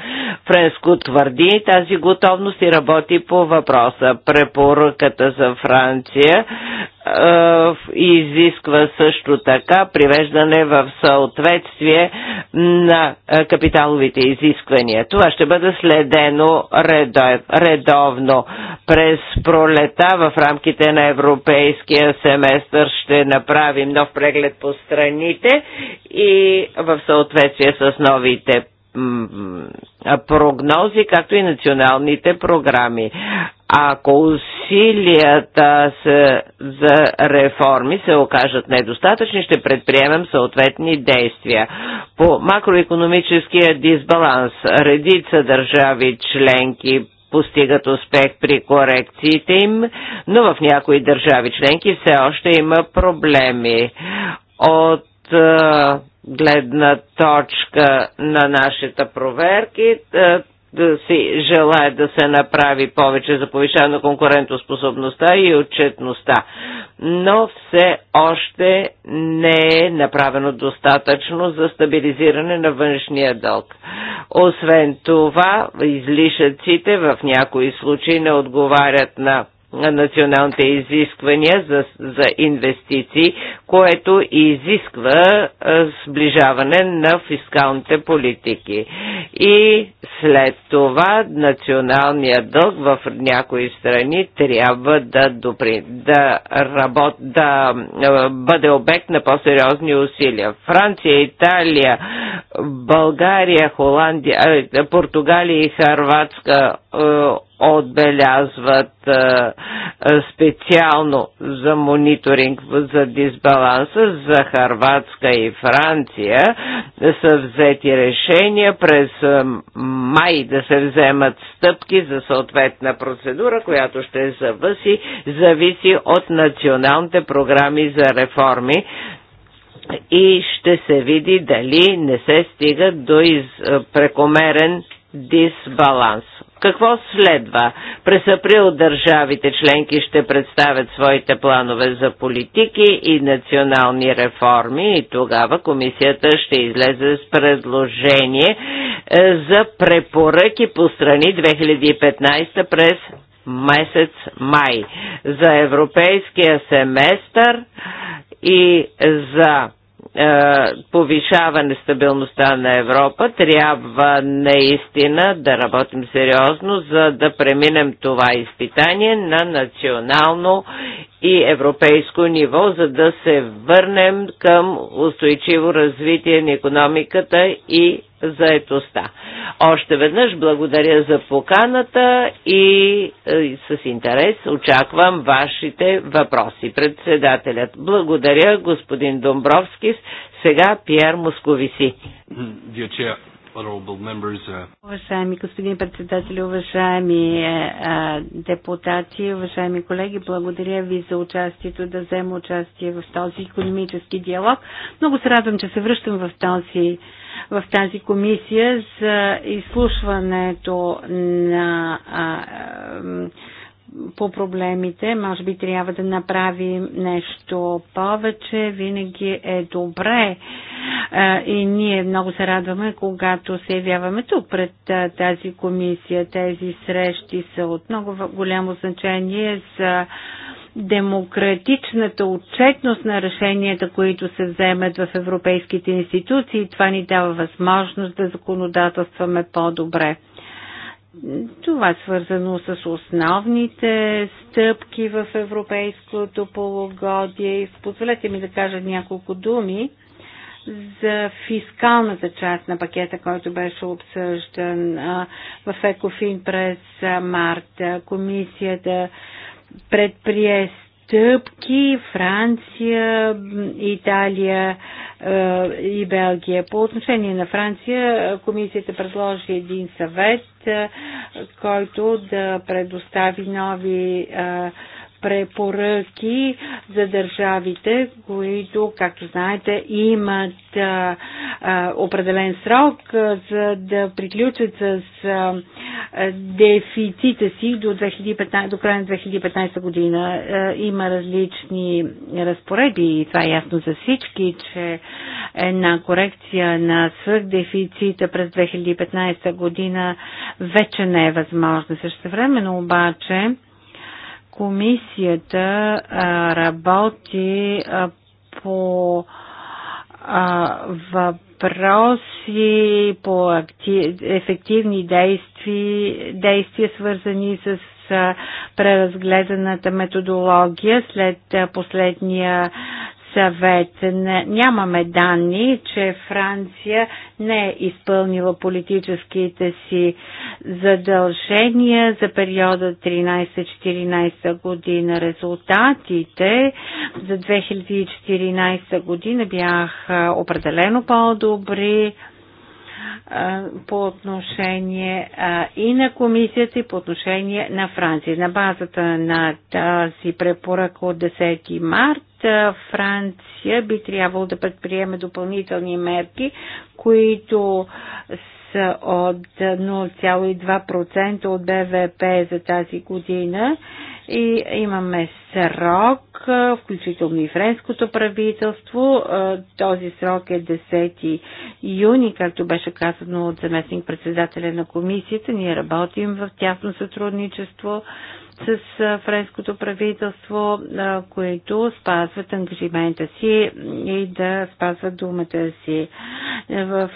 Френско твърди тази готовност и работи по въпроса. Препоръката за Франция и е, изисква също така привеждане в съответствие на е, капиталовите изисквания. Това ще бъде следено редовно. През пролета в рамките на европейския семестър ще направим нов преглед по страните и в съответствие с новите прогнози, както и националните програми. Ако усилията за реформи се окажат недостатъчни, ще предприемем съответни действия. По макроекономическия дисбаланс редица държави членки постигат успех при корекциите им, но в някои държави членки все още има проблеми. От гледна точка на нашите проверки, да си желая да се направи повече за повишаване на конкурентоспособността и отчетността. Но все още не е направено достатъчно за стабилизиране на външния дълг. Освен това, излишъците в някои случаи не отговарят на националните изисквания за, за инвестиции, което изисква сближаване на фискалните политики. И след това националният дълг в някои страни трябва да, допри, да, работ, да бъде обект на по-сериозни усилия. Франция, Италия, България, Холандия, Португалия и Харватска отбелязват специално за мониторинг за дисбаланса за Харватска и Франция са взети решения през май да се вземат стъпки за съответна процедура, която ще завъси, зависи от националните програми за реформи и ще се види дали не се стига до из, прекомерен дисбаланс. Какво следва? През април държавите членки ще представят своите планове за политики и национални реформи и тогава комисията ще излезе с предложение е, за препоръки по страни 2015 през месец май за европейския семестър и за е, повишаване стабилността на Европа, трябва наистина да работим сериозно, за да преминем това изпитание на национално и европейско ниво, за да се върнем към устойчиво развитие на економиката и заедостта. Още веднъж благодаря за поканата е, и с интерес очаквам вашите въпроси. Председателят, благодаря господин Домбровски. Сега Пьер Московиси. Uh, уважаеми господин председател, уважаеми е, е, депутати, уважаеми колеги, благодаря ви за участието, да взема участие в този економически диалог. Много се радвам, че се връщам в този в тази комисия за изслушването на а, по проблемите. Може би трябва да направим нещо повече. Винаги е добре а, и ние много се радваме, когато се явяваме тук пред а, тази комисия. Тези срещи са от много голямо значение за демократичната отчетност на решенията, които се вземат в европейските институции. Това ни дава възможност да законодателстваме по-добре. Това е свързано с основните стъпки в европейското полугодие. позволете ми да кажа няколко думи за фискалната част на пакета, който беше обсъждан в Екофин през март. Комисията предприе стъпки Франция, Италия е, и Белгия. По отношение на Франция, комисията предложи един съвет, е, който да предостави нови е, препоръки за държавите, които, както знаете, имат а, а, определен срок а, за да приключат с а, дефицита си до, 2015, до края на 2015 година. А, има различни разпоредби и това е ясно за всички, че една корекция на свърхдефицита през 2015 година вече не е възможна. Също обаче, Комисията работи по въпроси, по актив, ефективни действия, действия свързани с преразгледаната методология след последния съвет. Нямаме данни, че Франция не е изпълнила политическите си задължения за периода 13-14 година. Резултатите за 2014 година бяха определено по-добри по отношение и на комисията, и по отношение на Франция. На базата на тази препоръка от 10 март Франция би трябвало да предприеме допълнителни мерки, които са от 0,2% от БВП за тази година и имаме срок, включително и френското правителство. Този срок е 10 юни, както беше казано от заместник председателя на комисията. Ние работим в тясно сътрудничество с френското правителство, които спазват ангажимента си и да спазват думата си. В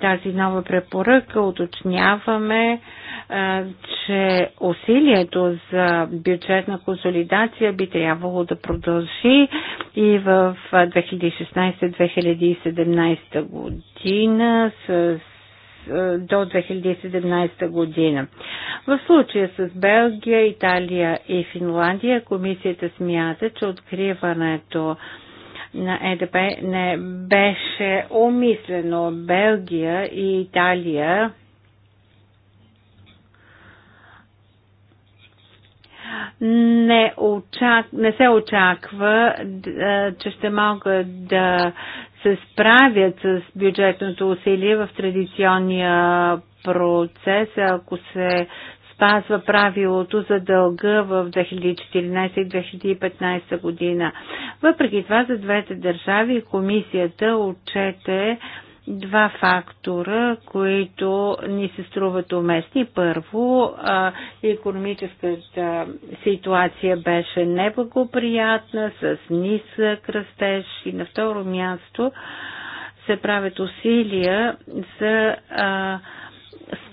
тази нова препоръка уточняваме че усилието за бюджетна консолидация би трябвало да продължи и в 2016-2017 година с до 2017 година. В случая с Белгия, Италия и Финландия комисията смята, че откриването на ЕДП не беше умислено. Белгия и Италия не, очак... не се очаква, че ще могат да се справят с бюджетното усилие в традиционния процес, ако се спазва правилото за дълга в 2014 и 2015 година. Въпреки това, за двете държави комисията отчете два фактора, които ни се струват уместни. Първо, економическата ситуация беше неблагоприятна, с нисък растеж и на второ място се правят усилия за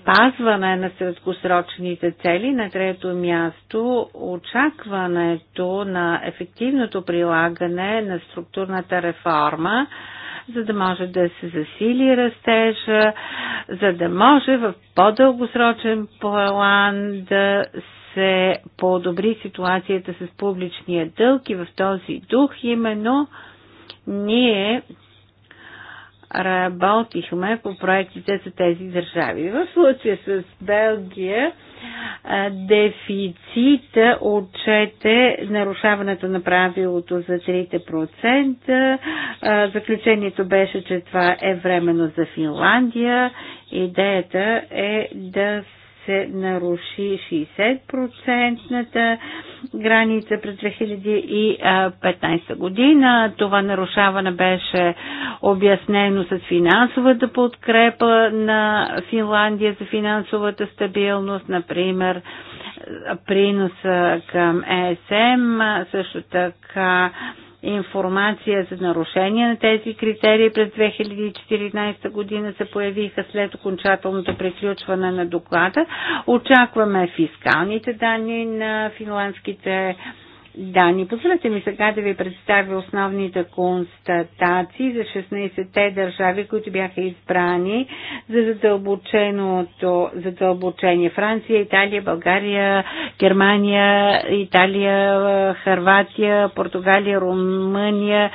спазване на средкосрочните цели. На трето място очакването на ефективното прилагане на структурната реформа за да може да се засили растежа, за да може в по-дългосрочен план да се подобри ситуацията с публичния дълг и в този дух именно ние работихме по проектите за тези държави. В случая с Белгия дефицита отчете нарушаването на правилото за 3%. Заключението беше, че това е временно за Финландия. Идеята е да се наруши 60 граница през 2015 година. Това нарушаване беше обяснено с финансовата подкрепа на Финландия за финансовата стабилност, например приноса към ЕСМ, също така информация за нарушение на тези критерии през 2014 година се появиха след окончателното приключване на доклада. Очакваме фискалните данни на финландските да, ни Позволете ми сега да ви представя основните констатации за 16-те държави, които бяха избрани за задълбоченото задълбочение. Франция, Италия, България, Германия, Италия, Харватия, Португалия, Румъния,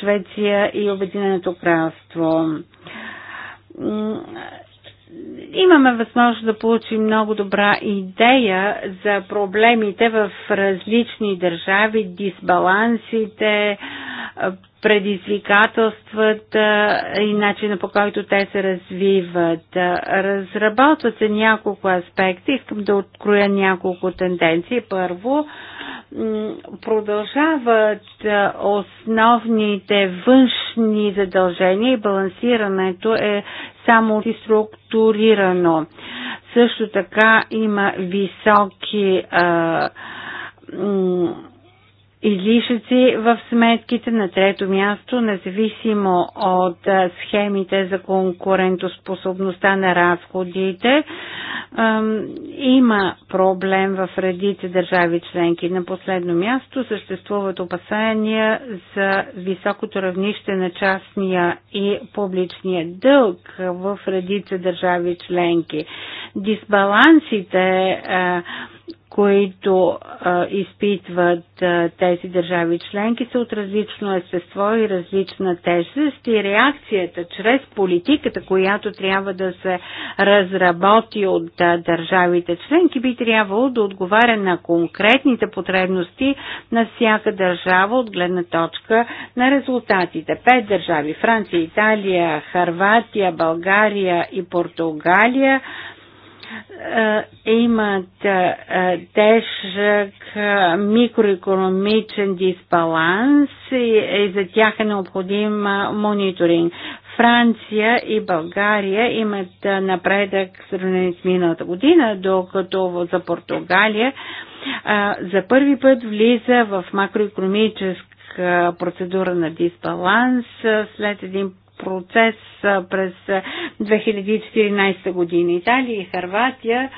Швеция и Обединеното кралство имаме възможност да получим много добра идея за проблемите в различни държави, дисбалансите, предизвикателствата и начина по който те се развиват. Разработват се няколко аспекта. Искам да откроя няколко тенденции. Първо, продължават основните външни задължения и балансирането е само структурирано. Също така има високи а, излишъци в сметките. На трето място, независимо от схемите за конкурентоспособността на разходите, има проблем в редите държави членки. На последно място съществуват опасения за високото равнище на частния и публичния дълг в редица държави членки. Дисбалансите които а, изпитват а, тези държави членки, са от различно естество и различна тежест и реакцията чрез политиката, която трябва да се разработи от а, държавите членки, би трябвало да отговаря на конкретните потребности на всяка държава от гледна точка на резултатите. Пет държави Франция, Италия, Харватия, България и Португалия е, имат е, тежък е, микроекономичен дисбаланс и за тях е необходим мониторинг. Франция и България имат напредък в сравнение с миналата година, докато за Португалия за първи път влиза в макроекономическа процедура на дисбаланс след един процес през 2014 година. Италия и Харватия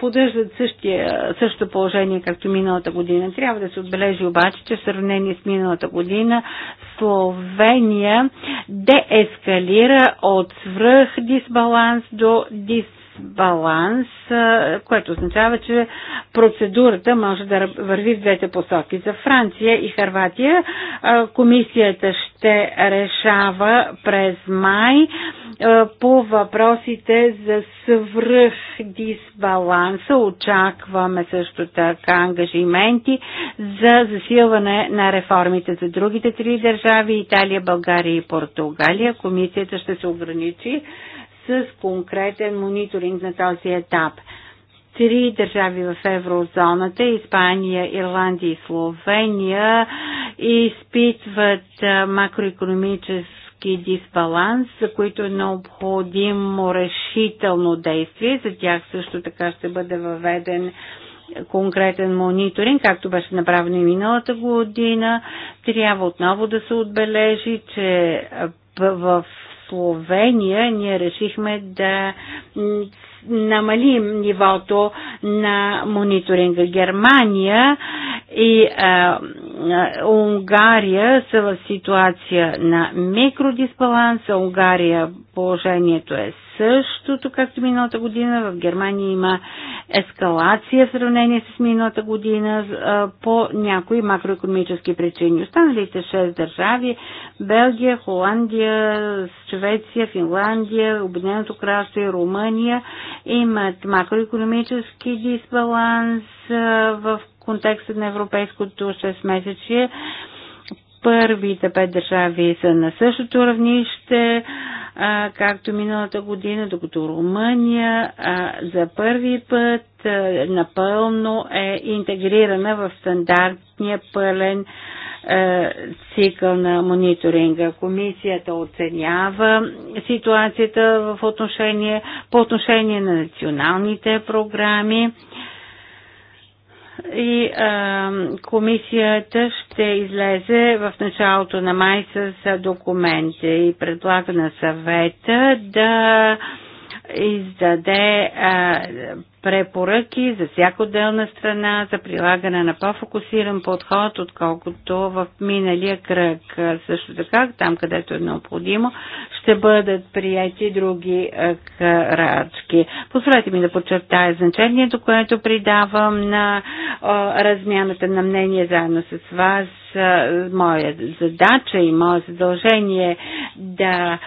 поддържат същия, същото положение, както миналата година. Трябва да се отбележи обаче, че в сравнение с миналата година Словения деескалира от свръх дисбаланс до дисбаланс баланс, което означава, че процедурата може да върви в двете посоки. За Франция и Харватия комисията ще решава през май по въпросите за свръх дисбаланса. Очакваме също така ангажименти за засилване на реформите за другите три държави Италия, България и Португалия. Комисията ще се ограничи с конкретен мониторинг на този етап. Три държави в еврозоната Испания, Ирландия и Словения изпитват макроекономически дисбаланс, за които е необходимо решително действие. За тях също така ще бъде въведен конкретен мониторинг, както беше направено и миналата година. Трябва отново да се отбележи, че в Словения ние решихме да намалим нивото на мониторинга. Германия и а, а, Унгария са в ситуация на микродисбаланс, Унгария положението е същото, както миналата година. В Германия има ескалация в сравнение с миналата година по някои макроекономически причини. Останалите 6 държави Белгия, Холандия, Швеция, Финландия, Обединеното кралство и Румъния имат макроекономически дисбаланс в контекста на европейското 6 месече Първите пет държави са на същото равнище, а, както миналата година, докато Румъния а, за първи път а, напълно е интегрирана в стандартния пълен а, цикъл на мониторинга. Комисията оценява ситуацията в отношение, по отношение на националните програми. А, и а, комисията ще излезе в началото на май с документи и предлага на съвета да издаде а, препоръки за всяка отделна страна за прилагане на по-фокусиран подход, отколкото в миналия кръг. Също така, там където е необходимо, ще бъдат прияти други крачки. Позволете ми да подчертая значението, което придавам на размяната на мнение заедно с вас моя задача и мое задължение е да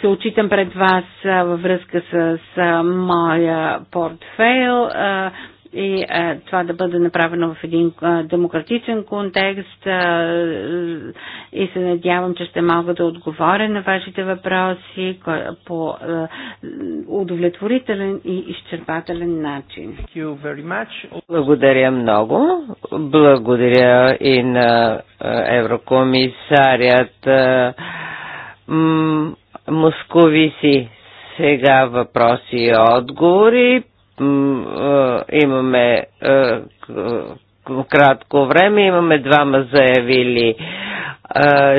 се очитам пред вас във връзка с моя портфел а, и а, това да бъде направено в един а, демократичен контекст а, и се надявам, че ще мога да отговоря на вашите въпроси по а, удовлетворителен и изчерпателен начин. Благодаря много. Благодаря и на еврокомисарят Московиси. Сега въпроси и отговори имаме кратко време, имаме двама заявили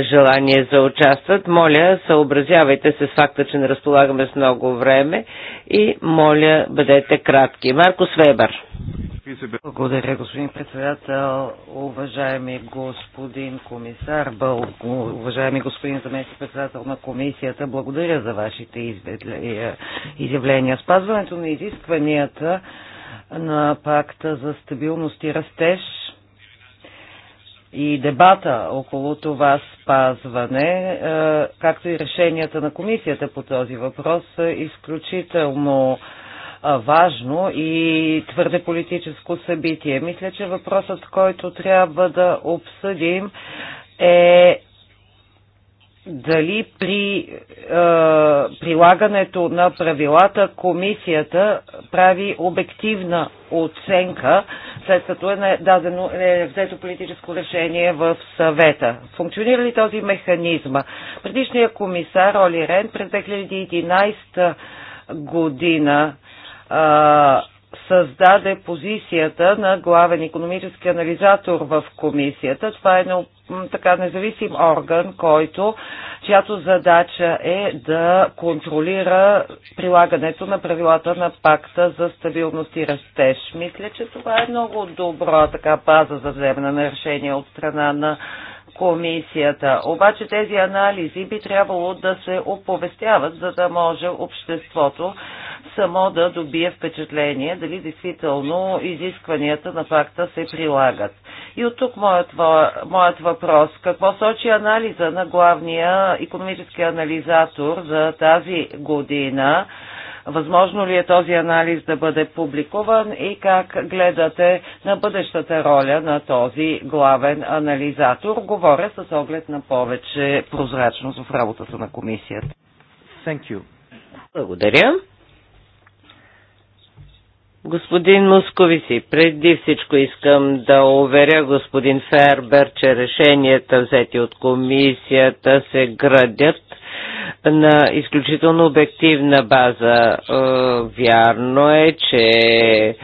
желание за участват. Моля, съобразявайте се с факта, че не разполагаме с много време и моля, бъдете кратки. Марко Свебър. Благодаря, господин председател, уважаеми господин комисар, бъл, уважаеми господин заместник председател на комисията. Благодаря за вашите е, изявления. Спазването на изискванията на пакта за стабилност и растеж и дебата около това спазване, е, както и решенията на комисията по този въпрос са изключително е, важно и твърде политическо събитие. Мисля, че въпросът, който трябва да обсъдим е дали при е, прилагането на правилата комисията прави обективна оценка, след като е, дадено, е взето политическо решение в съвета. Функционира ли този механизма? Предишният комисар Оли Рен през 2011 година е, създаде позицията на главен економически анализатор в комисията. Това е така независим орган, който, чиято задача е да контролира прилагането на правилата на пакта за стабилност и растеж. Мисля, че това е много добра така база за вземане на решение от страна на комисията. Обаче тези анализи би трябвало да се оповестяват, за да може обществото само да добие впечатление дали действително изискванията на факта се прилагат. И от тук моят, моят въпрос. Какво сочи анализа на главния економически анализатор за тази година? Възможно ли е този анализ да бъде публикуван и как гледате на бъдещата роля на този главен анализатор? Говоря с оглед на повече прозрачност в работата на комисията. Thank you. Благодаря. Господин Московиси, преди всичко искам да уверя господин Фербер, че решенията взети от комисията се градят на изключително обективна база. Е, вярно е, че е,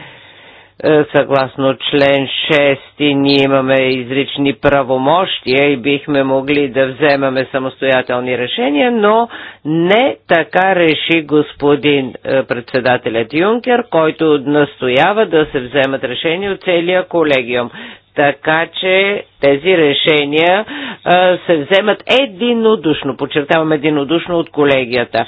съгласно член 6 ние имаме изрични правомощия и бихме могли да вземаме самостоятелни решения, но не така реши господин е, председателят Юнкер, който настоява да се вземат решения от целия колегиум. Така че тези решения а, се вземат единодушно, подчертавам единодушно от колегията.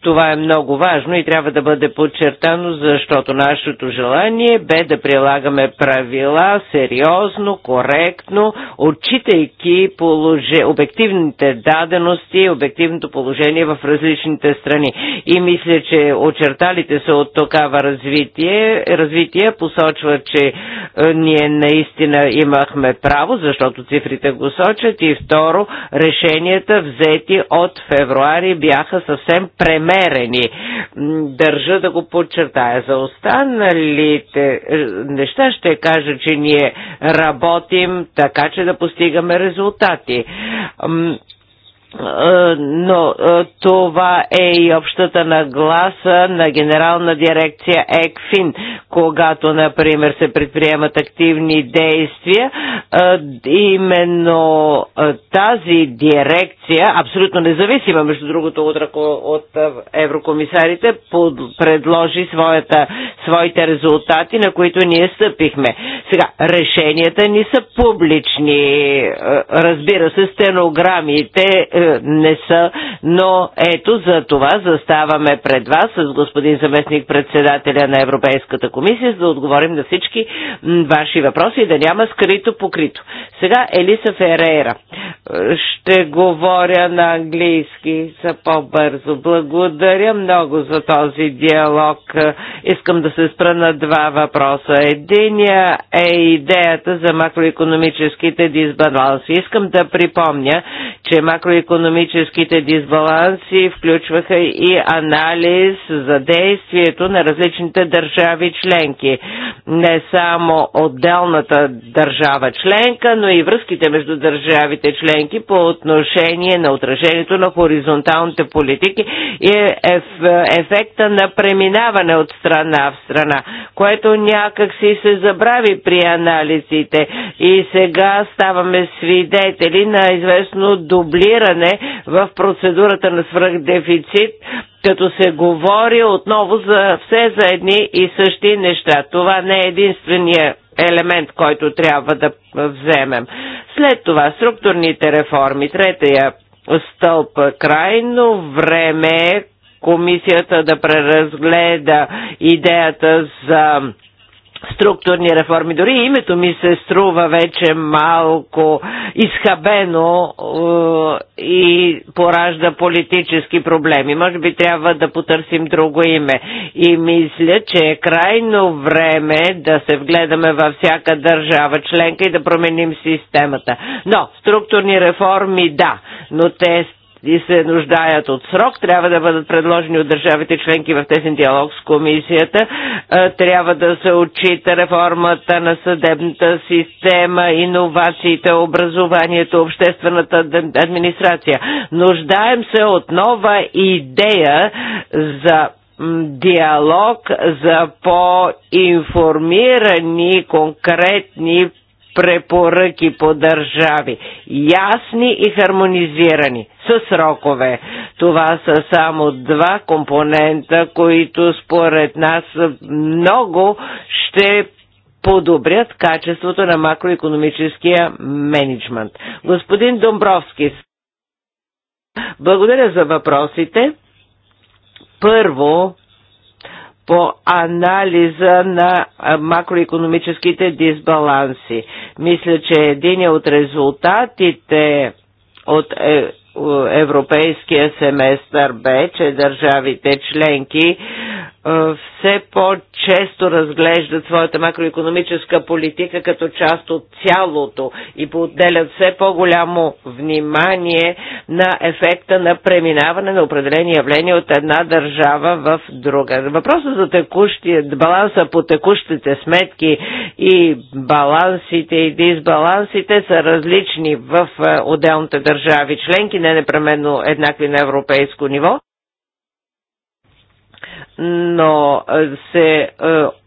Това е много важно и трябва да бъде подчертано, защото нашето желание бе да прилагаме правила сериозно, коректно, отчитайки положе, обективните дадености, обективното положение в различните страни. И мисля, че очерталите се от такава развитие, развитие посочва, че ние не наистина имахме право, защото цифрите го сочат и второ, решенията взети от февруари бяха съвсем премерени. Държа да го подчертая. За останалите е, неща ще кажа, че ние работим така, че да постигаме резултати. Е, но е, това е и общата нагласа на генерална дирекция ЕКФИН, когато, например, се предприемат активни действия. Е, именно тази дирекция, абсолютно независима, между другото, от, от еврокомисарите, предложи своята, своите резултати, на които ние стъпихме. Сега, решенията ни са публични. Разбира се, стенограмите е, не са, но ето за това заставаме пред вас с господин заместник председателя на Европейската комисия, за да отговорим на всички ваши въпроси и да няма скрито покрито. Сега Елиса Ферейра. Е, ще говоря на английски за по-бързо. Благодаря много за този диалог. Е, искам да се спра на два въпроса. Единия е идеята за макроекономическите дисбаланси. Искам да припомня, че макроекономическите економическите дисбаланси включваха и анализ за действието на различните държави членки. Не само отделната държава членка, но и връзките между държавите членки по отношение на отражението на хоризонталните политики и ефекта на преминаване от страна в страна, което някак си се забрави при анализите. И сега ставаме свидетели на известно дублиране включване в процедурата на свръхдефицит, като се говори отново за все за едни и същи неща. Това не е единствения елемент, който трябва да вземем. След това структурните реформи, третия стълб, крайно време е комисията да преразгледа идеята за структурни реформи. Дори името ми се струва вече малко изхабено е, и поражда политически проблеми. Може би трябва да потърсим друго име. И мисля, че е крайно време да се вгледаме във всяка държава членка и да променим системата. Но структурни реформи да, но те и се нуждаят от срок, трябва да бъдат предложени от държавите членки в тесен диалог с комисията, е, трябва да се отчита реформата на съдебната система, иновациите, образованието, обществената администрация. Нуждаем се от нова идея за диалог за по-информирани конкретни препоръки по държави, ясни и хармонизирани, с срокове. Това са само два компонента, които според нас много ще подобрят качеството на макроекономическия менеджмент. Господин Домбровски, благодаря за въпросите. Първо, по анализа на макроекономическите дисбаланси. Мисля, че един от резултатите от е, европейския семестър бе, че държавите членки все по-често разглеждат своята макроекономическа политика като част от цялото и поотделят все по-голямо внимание на ефекта на преминаване на определени явления от една държава в друга. Въпросът за текущия, баланса по текущите сметки и балансите и дисбалансите са различни в отделните държави членки, не непременно еднакви на европейско ниво но е, се е,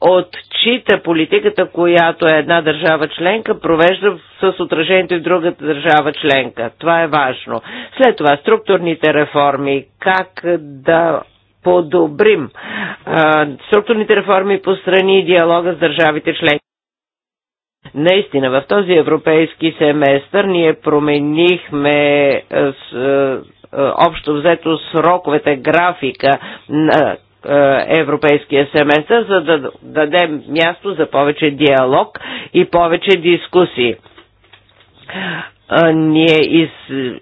отчита политиката, която е една държава членка провежда с отражението и в другата държава членка. Това е важно. След това структурните реформи, как да подобрим е, структурните реформи по страни и диалога с държавите членки. Наистина, в този европейски семестър ние променихме общо взето сроковете, графика, на е, европейския семестър, за да дадем място за повече диалог и повече дискусии е, ние из,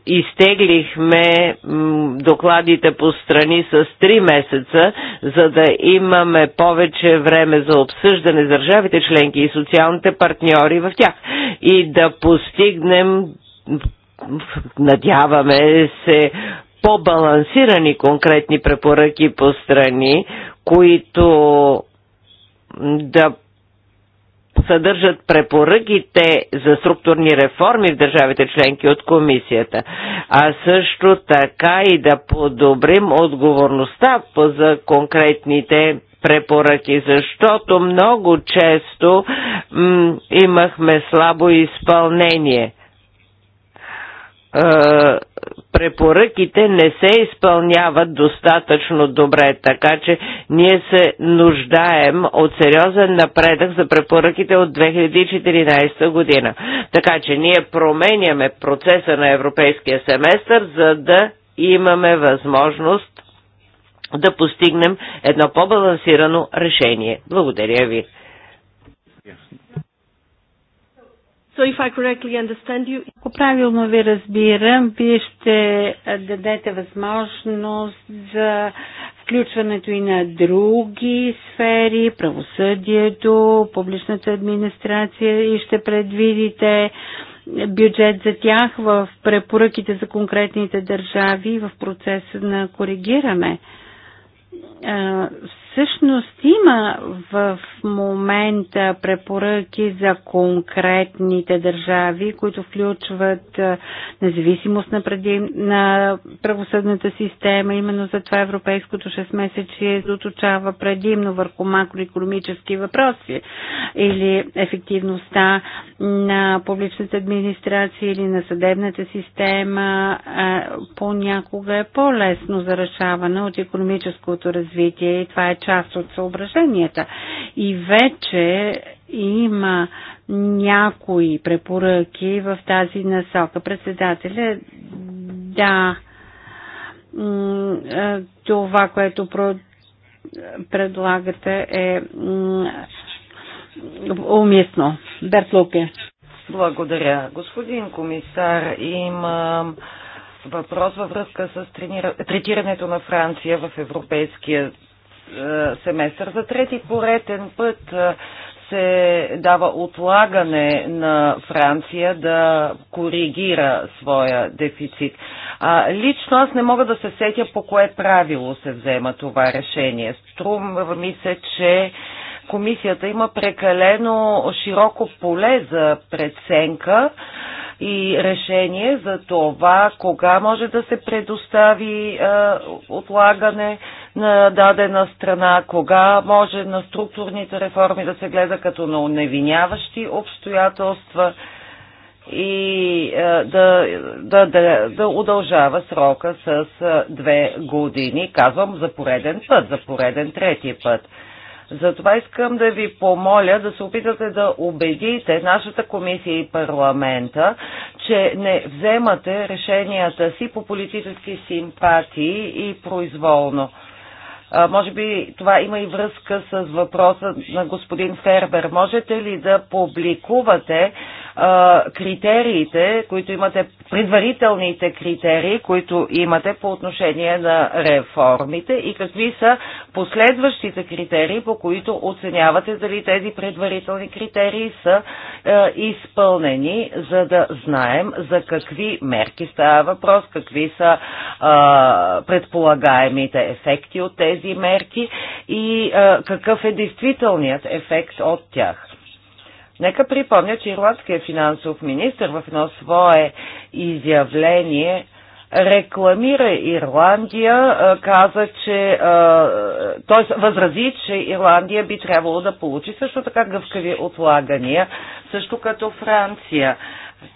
изтеглихме докладите по страни с 3 месеца, за да имаме повече време за обсъждане с държавите членки и социалните партньори в тях и да постигнем надяваме се по-балансирани конкретни препоръки по страни, които да съдържат препоръките за структурни реформи в държавите членки от комисията, а също така и да подобрим отговорността за конкретните препоръки, защото много често м, имахме слабо изпълнение препоръките не се изпълняват достатъчно добре, така че ние се нуждаем от сериозен напредък за препоръките от 2014 година. Така че ние променяме процеса на европейския семестър, за да имаме възможност да постигнем едно по-балансирано решение. Благодаря ви. So if I correctly understand you... Ако правилно ви разбирам, вие ще дадете възможност за включването и на други сфери, правосъдието, публичната администрация и ще предвидите бюджет за тях в препоръките за конкретните държави в процеса на коригиране. Е, всъщност има в момента препоръки за конкретните държави, които включват е, независимост на, преди, на правосъдната система. Именно за това европейското 6 месечи доточава предимно върху макроекономически въпроси или ефективността на публичната администрация или на съдебната система е, понякога е по-лесно за решаване от економическото развитие развитие и това е част от съображенията. И вече има някои препоръки в тази насока. Председателя, да, това, което предлагате е уместно. Берт Луке. Благодаря. Господин комисар, имам въпрос във връзка с тренира... третирането на Франция в европейския е, семестър. За трети пореден път е, се дава отлагане на Франция да коригира своя дефицит. А, лично аз не мога да се сетя по кое правило се взема това решение. Струмва ми се, че комисията има прекалено широко поле за преценка и решение за това кога може да се предостави е, отлагане на дадена страна, кога може на структурните реформи да се гледа като на уневиняващи обстоятелства и е, да, да, да, да удължава срока с е, две години, казвам за пореден път, за пореден трети път. Затова искам да ви помоля да се опитате да убедите нашата комисия и парламента, че не вземате решенията си по политически симпатии и произволно. А, може би това има и връзка с въпроса на господин Фербер. Можете ли да публикувате а, критериите, които имате, предварителните критерии, които имате по отношение на реформите и какви са последващите критерии, по които оценявате дали тези предварителни критерии са а, изпълнени, за да знаем за какви мерки става въпрос, какви са а, предполагаемите ефекти от тези мерки и а, какъв е действителният ефект от тях. Нека припомня, че ирландският финансов министр в едно свое изявление рекламира Ирландия, каза, че т.е. възрази, че Ирландия би трябвало да получи също така гъвкави отлагания, също като Франция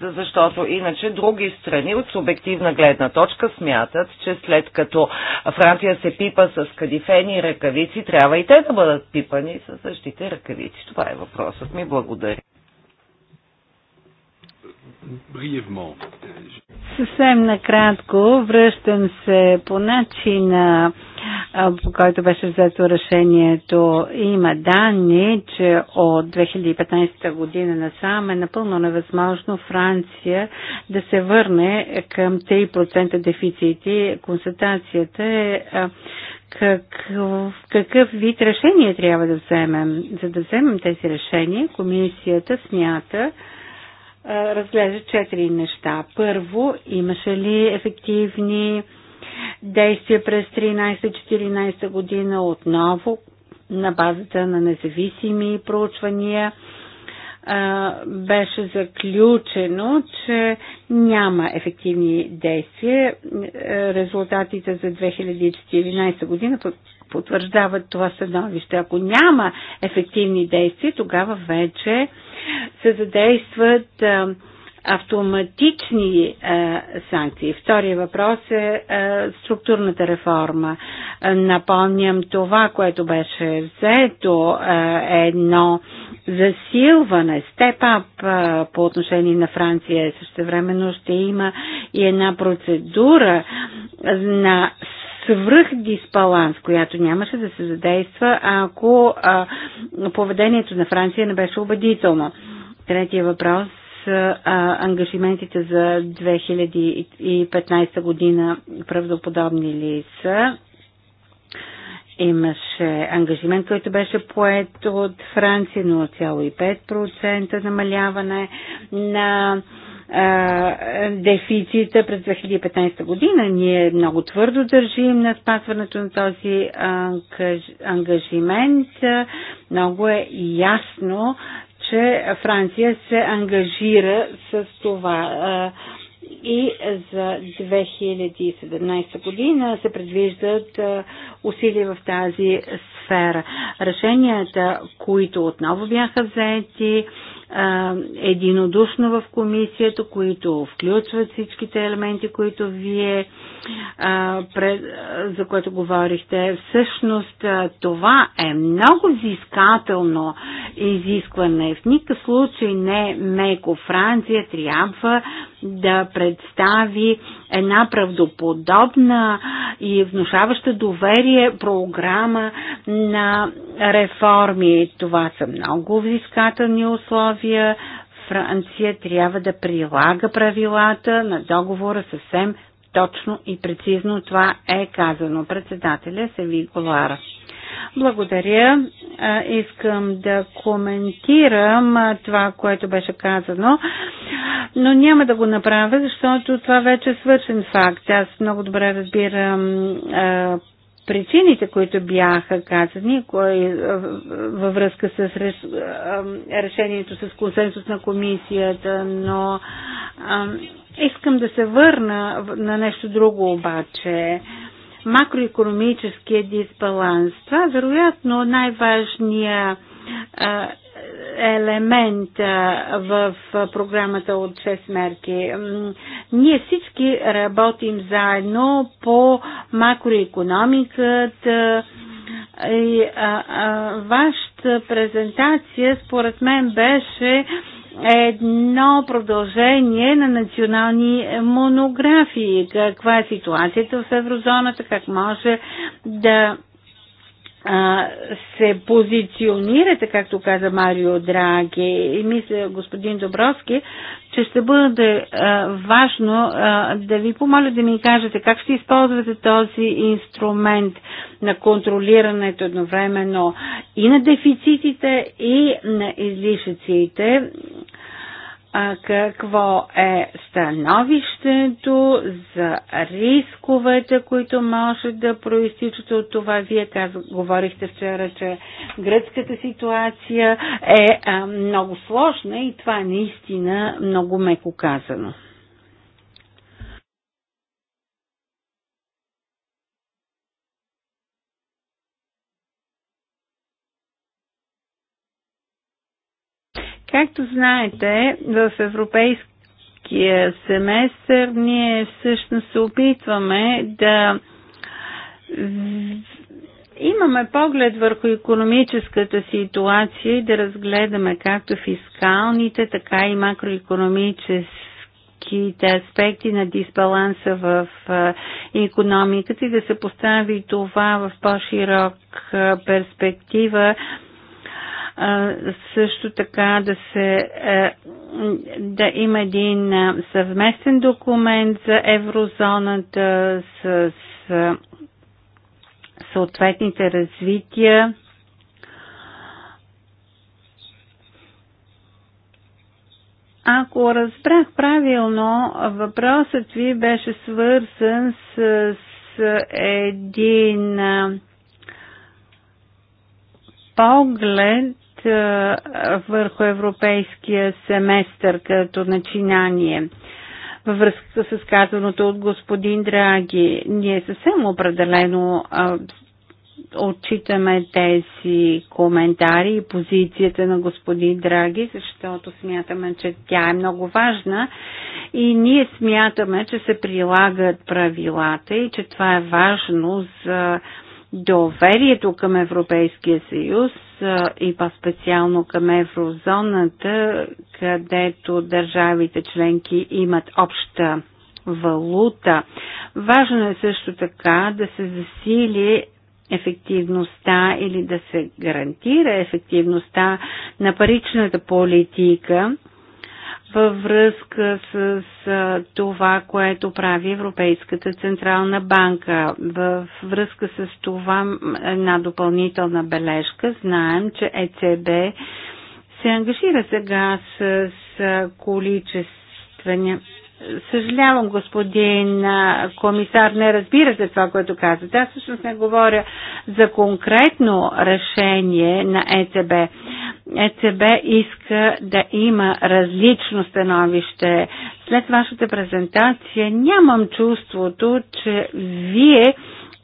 защото иначе други страни от субективна гледна точка смятат, че след като Франция се пипа с кадифени ръкавици, трябва и те да бъдат пипани с същите ръкавици. Това е въпросът ми. Благодаря. Съвсем накратко връщам се по начина, по който беше взето решението. Има данни, че от 2015 година насам е напълно невъзможно Франция да се върне към 3% дефицити. Констатацията е какъв, какъв вид решение трябва да вземем. За да вземем тези решения, комисията смята, разглежда четири неща. Първо, имаше ли ефективни действия през 13-14 година отново на базата на независими проучвания беше заключено, че няма ефективни действия. Резултатите за 2014 година потвърждават това съдновище. Ако няма ефективни действия, тогава вече се задействат автоматични а, е, санкции. Втория въпрос е а, е, структурната реформа. А, е, напомням това, което беше взето а, едно засилване, степ-ап по отношение на Франция и същевременно ще има и една процедура на свръхдисбаланс, която нямаше да се задейства, ако а, поведението на Франция не беше убедително. Третия въпрос са а, ангажиментите за 2015 година правдоподобни ли са? Имаше ангажимент, който беше поет от Франция 0,5% намаляване на дефицита през 2015 година. Ние много твърдо държим на спазването на този ангаж... ангажимент. Много е ясно, че Франция се ангажира с това. И за 2017 година се предвиждат усилия в тази сфера. Решенията, които отново бяха взети, единодушно в комисията, които включват всичките елементи, които вие за което говорихте. Всъщност това е много взискателно изискване. В никакъв случай не меко. Франция трябва да представи една правдоподобна и внушаваща доверие програма на реформи. Това са много взискателни условия условия Франция трябва да прилага правилата на договора съвсем точно и прецизно. Това е казано. Председателя Севи Голара. Благодаря. Искам да коментирам това, което беше казано, но няма да го направя, защото това вече е свършен факт. Аз много добре разбирам причините, които бяха казани кой, е, във връзка с реш, е, решението с консенсус на комисията, но а, искам да се върна на нещо друго обаче. Макроекономическия дисбаланс. Това вероятно най-важният е, елемент в програмата от 6 мерки. Ние всички работим заедно по макроекономиката, и вашата презентация според мен беше едно продължение на национални монографии. Каква е ситуацията в еврозоната, как може да се позиционирате, както каза Марио Драги и мисля господин Добровски, че ще бъде а, важно а, да ви помоля да ми кажете как ще използвате този инструмент на контролирането едновременно и на дефицитите, и на излишъците а, какво е становището за рисковете, които може да проистичат от това. Вие каз... говорихте вчера, че гръцката ситуация е а, много сложна и това наистина много меко казано. Както знаете, в европейския семестър ние всъщност се опитваме да имаме поглед върху економическата ситуация и да разгледаме както фискалните, така и макроекономическите аспекти на дисбаланса в економиката и да се постави това в по-широк перспектива също така да се е, да има един е, съвместен документ за еврозоната с съответните развития. Ако разбрах правилно, въпросът ви беше свързан с, с един е, поглед е, върху европейския семестър като начинание във връзка с казаното от господин Драги. Ние съвсем определено е, отчитаме тези коментари и позицията на господин Драги, защото смятаме, че тя е много важна и ние смятаме, че се прилагат правилата и че това е важно за доверието към Европейския съюз и по-специално към еврозоната, където държавите членки имат обща валута. Важно е също така да се засили ефективността или да се гарантира ефективността на паричната политика във връзка с това, което прави Европейската Централна банка. Във връзка с това една допълнителна бележка. Знаем, че ЕЦБ се ангажира сега с количествения Съжалявам, господин комисар, не разбирате това, което казвате. Аз всъщност не говоря за конкретно решение на ЕЦБ. ЕЦБ иска да има различно становище. След вашата презентация нямам чувството, че вие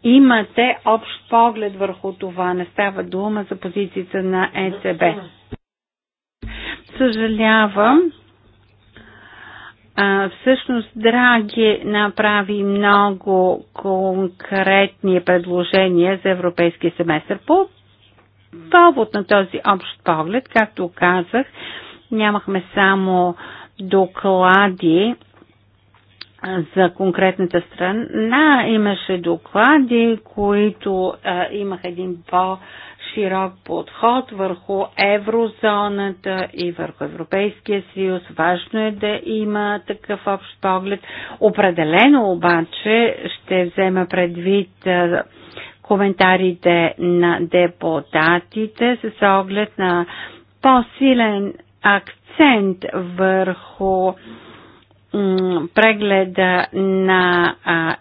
имате общ поглед върху това. Не става дума за позицията на ЕЦБ. Съжалявам, а, всъщност Драги направи много конкретни предложения за европейски семестър. По повод на този общ поглед, както казах, нямахме само доклади за конкретната страна. Имаше доклади, които а, имах един по- широк подход върху еврозоната и върху Европейския съюз. Важно е да има такъв общ поглед. Определено обаче ще взема предвид коментарите на депутатите с оглед на по-силен акцент върху прегледа на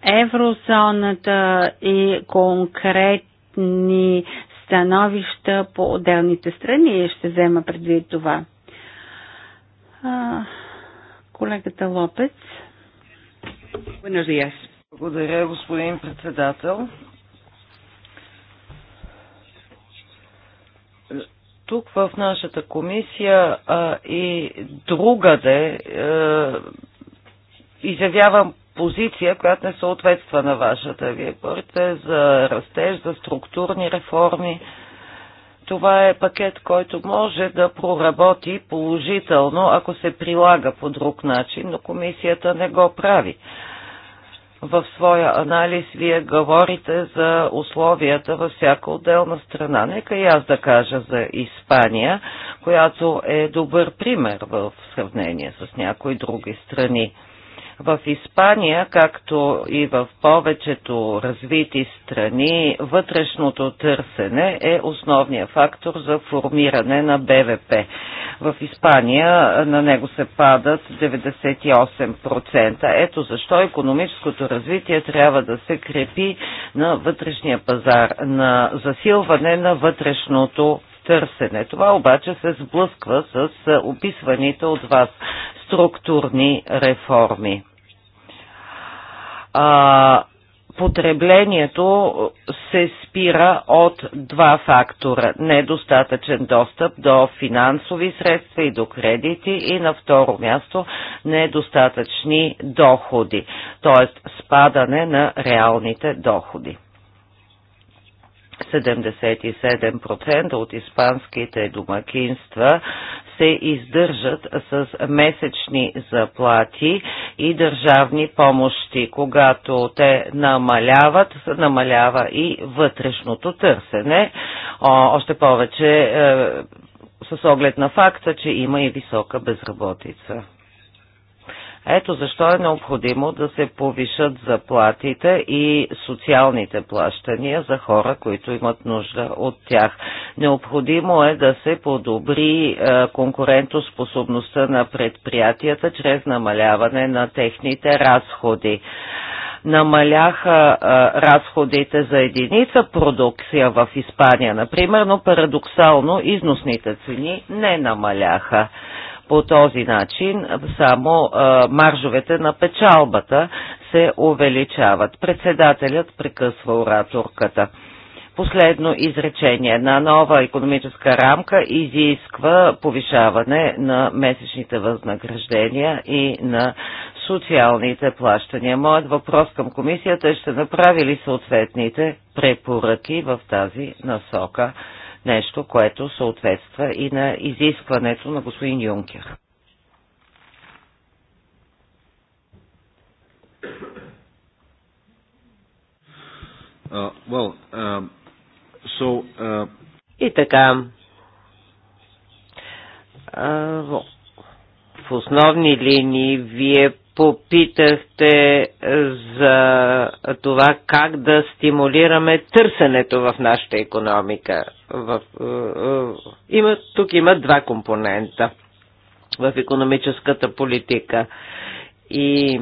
еврозоната и конкретни становища по отделните страни и ще взема предвид това. А, колегата Лопец. Благодаря, господин председател. тук в нашата комисия а, и другаде а, изявявам позиция, която не съответства на вашата. Вие говорите за растеж, за структурни реформи. Това е пакет, който може да проработи положително, ако се прилага по друг начин, но комисията не го прави. В своя анализ вие говорите за условията във всяка отделна страна. Нека и аз да кажа за Испания, която е добър пример в сравнение с някои други страни. В Испания, както и в повечето развити страни, вътрешното търсене е основния фактор за формиране на БВП. В Испания на него се падат 98%. Ето защо економическото развитие трябва да се крепи на вътрешния пазар, на засилване на вътрешното търсене. Това обаче се сблъсква с описваните от вас структурни реформи. А, потреблението се спира от два фактора. Недостатъчен достъп до финансови средства и до кредити и на второ място недостатъчни доходи, т.е. спадане на реалните доходи. 77% от испанските домакинства се издържат с месечни заплати и държавни помощи. Когато те намаляват, намалява и вътрешното търсене. Още повече е, с оглед на факта, че има и висока безработица. Ето защо е необходимо да се повишат заплатите и социалните плащания за хора, които имат нужда от тях. Необходимо е да се подобри е, конкурентоспособността на предприятията чрез намаляване на техните разходи намаляха а, е, разходите за единица продукция в Испания, например, но парадоксално износните цени не намаляха. По този начин само маржовете на печалбата се увеличават. Председателят прекъсва ораторката. Последно изречение. Една нова економическа рамка изисква повишаване на месечните възнаграждения и на социалните плащания. Моят въпрос към комисията е ще направи ли съответните препоръки в тази насока нещо, което съответства и на изискването на господин Юнкер. Uh, well, uh, so, uh... И така, uh, в основни линии вие попитахте за това как да стимулираме търсенето в нашата економика. В, е, е, има, тук има два компонента в економическата политика. И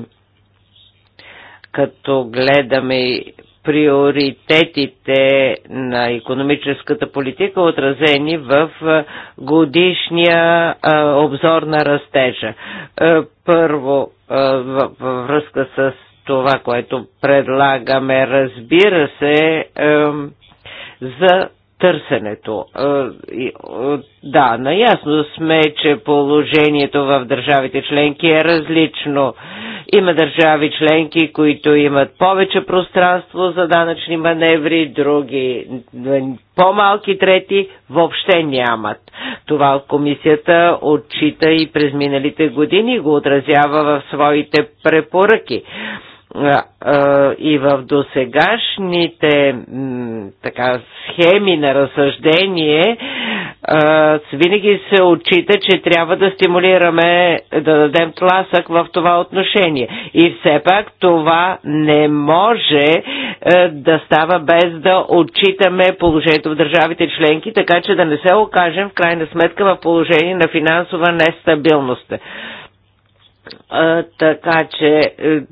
като гледаме приоритетите на економическата политика, отразени в годишния обзор на растежа. Първо, във връзка с това, което предлагаме, разбира се, за търсенето. Е, е, да, наясно сме, че положението в държавите членки е различно. Има държави членки, които имат повече пространство за данъчни маневри, други е, по-малки, трети въобще нямат. Това комисията отчита и през миналите години го отразява в своите препоръки и в досегашните така, схеми на разсъждение винаги се отчита, че трябва да стимулираме, да дадем тласък в това отношение. И все пак това не може е, да става без да отчитаме положението в държавите членки, така че да не се окажем в крайна сметка в положение на финансова нестабилност така че е, е,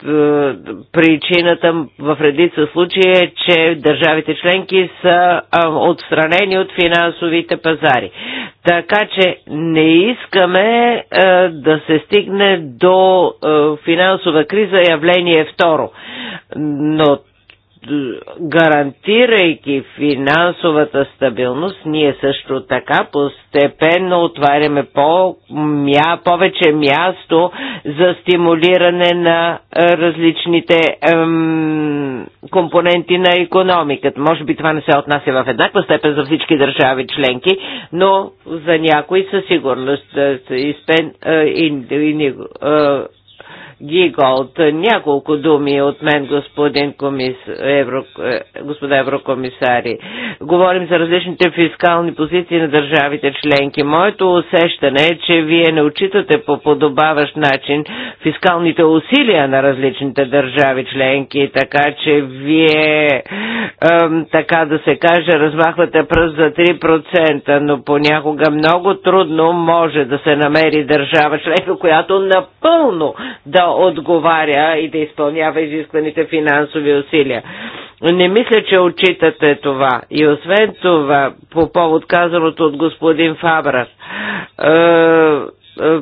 причината в редица случаи е, че държавите членки са отстранени от финансовите пазари. Така че не искаме е, да се стигне до финансова криза явление второ. Но гарантирайки финансовата стабилност, ние също така постепенно отваряме по, мя, повече място за стимулиране на е, различните ем, компоненти на економиката. Може би това не се отнася в еднаква степен за всички държави членки, но за някои със сигурност. е, е, е, е, Гиголд. Няколко думи от мен, господин комис... евро... Е, господа еврокомисари. Говорим за различните фискални позиции на държавите членки. Моето усещане е, че вие не очитате по подобаващ начин фискалните усилия на различните държави членки, така че вие, ем, така да се каже, размахвате пръст за 3%, но понякога много трудно може да се намери държава член, която напълно да отговаря и да изпълнява изискваните финансови усилия. Не мисля, че отчитате това. И освен това, по повод казаното от господин Фабрас, е, е,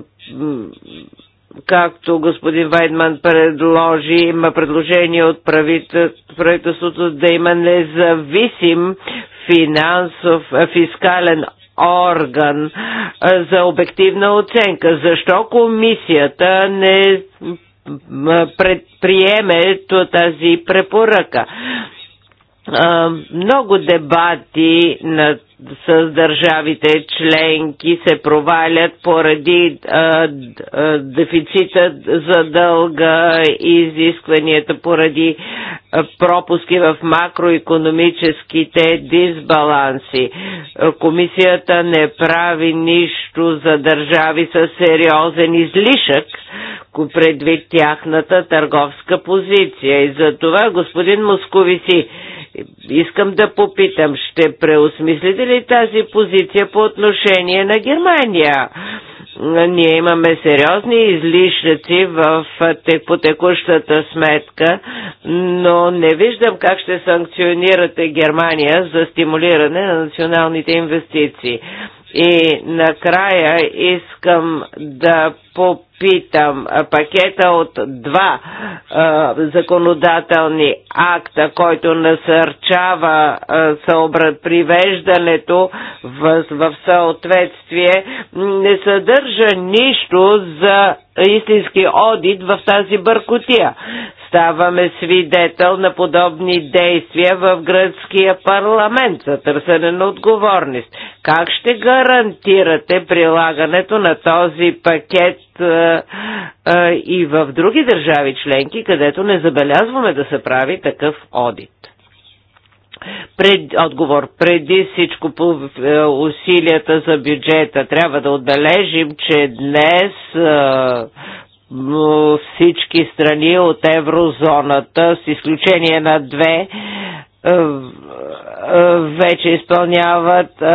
както господин Вайдман предложи, има предложение от правителството да има независим финансов, фискален орган за обективна оценка. Защо комисията не предприеме тази препоръка? много дебати на с държавите членки се провалят поради а, дефицита за дълга и изискванията поради пропуски в макроекономическите дисбаланси. Комисията не прави нищо за държави с сериозен излишък предвид тяхната търговска позиция. И за това, господин Московиси, Искам да попитам, ще преосмислите ли тази позиция по отношение на Германия? Ние имаме сериозни излишъци в, по текущата сметка, но не виждам как ще санкционирате Германия за стимулиране на националните инвестиции. И накрая искам да попитам пакета от два а, законодателни акта, който насърчава а, съобрат привеждането в, в съответствие, не съдържа нищо за истински одит в тази бъркотия ставаме свидетел на подобни действия в гръцкия парламент за търсене на отговорност. Как ще гарантирате прилагането на този пакет а, а, и в други държави членки, където не забелязваме да се прави такъв одит? Пред, отговор. Преди всичко по е, усилията за бюджета трябва да отбележим, че днес е, всички страни от еврозоната, с изключение на две, е, е, вече изпълняват е,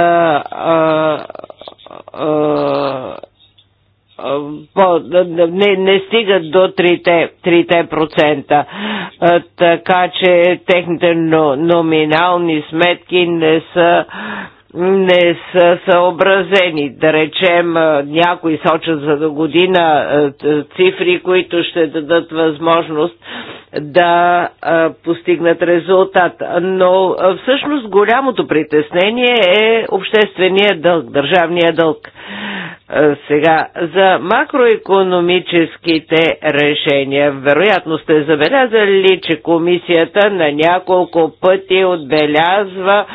не, не стигат до 3%, 3%. Така че техните номинални сметки не са не са съобразени. Да речем, някои сочат за до година цифри, които ще дадат възможност да постигнат резултат. Но всъщност голямото притеснение е обществения дълг, държавния дълг. Сега, за макроекономическите решения, вероятно сте забелязали, че комисията на няколко пъти отбелязва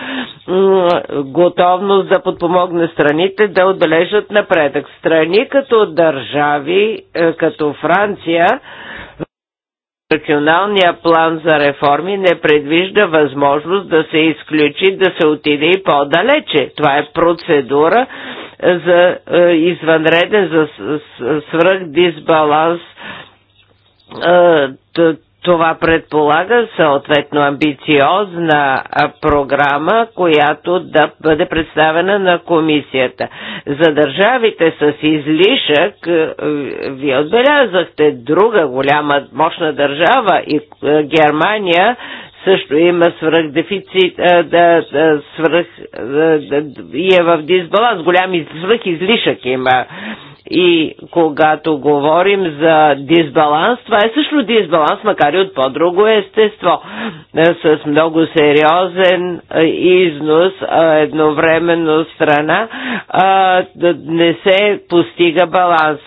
готовност да подпомогне страните да отбележат напредък. Страни като държави, е, като Франция, Националния план за реформи не предвижда възможност да се изключи, да се отиде и по-далече. Това е процедура, за е, извънреден, за свръх дисбаланс. Е, това предполага съответно амбициозна програма, която да бъде представена на комисията. За държавите с излишък, е, вие отбелязахте друга голяма мощна държава и Германия също има свръхдефицит, да, да, свръх, да, да, и е в дисбаланс, голям свръх излишък има. И когато говорим за дисбаланс, това е също дисбаланс, макар и от по-друго естество, с много сериозен износ едновременно страна не се постига баланс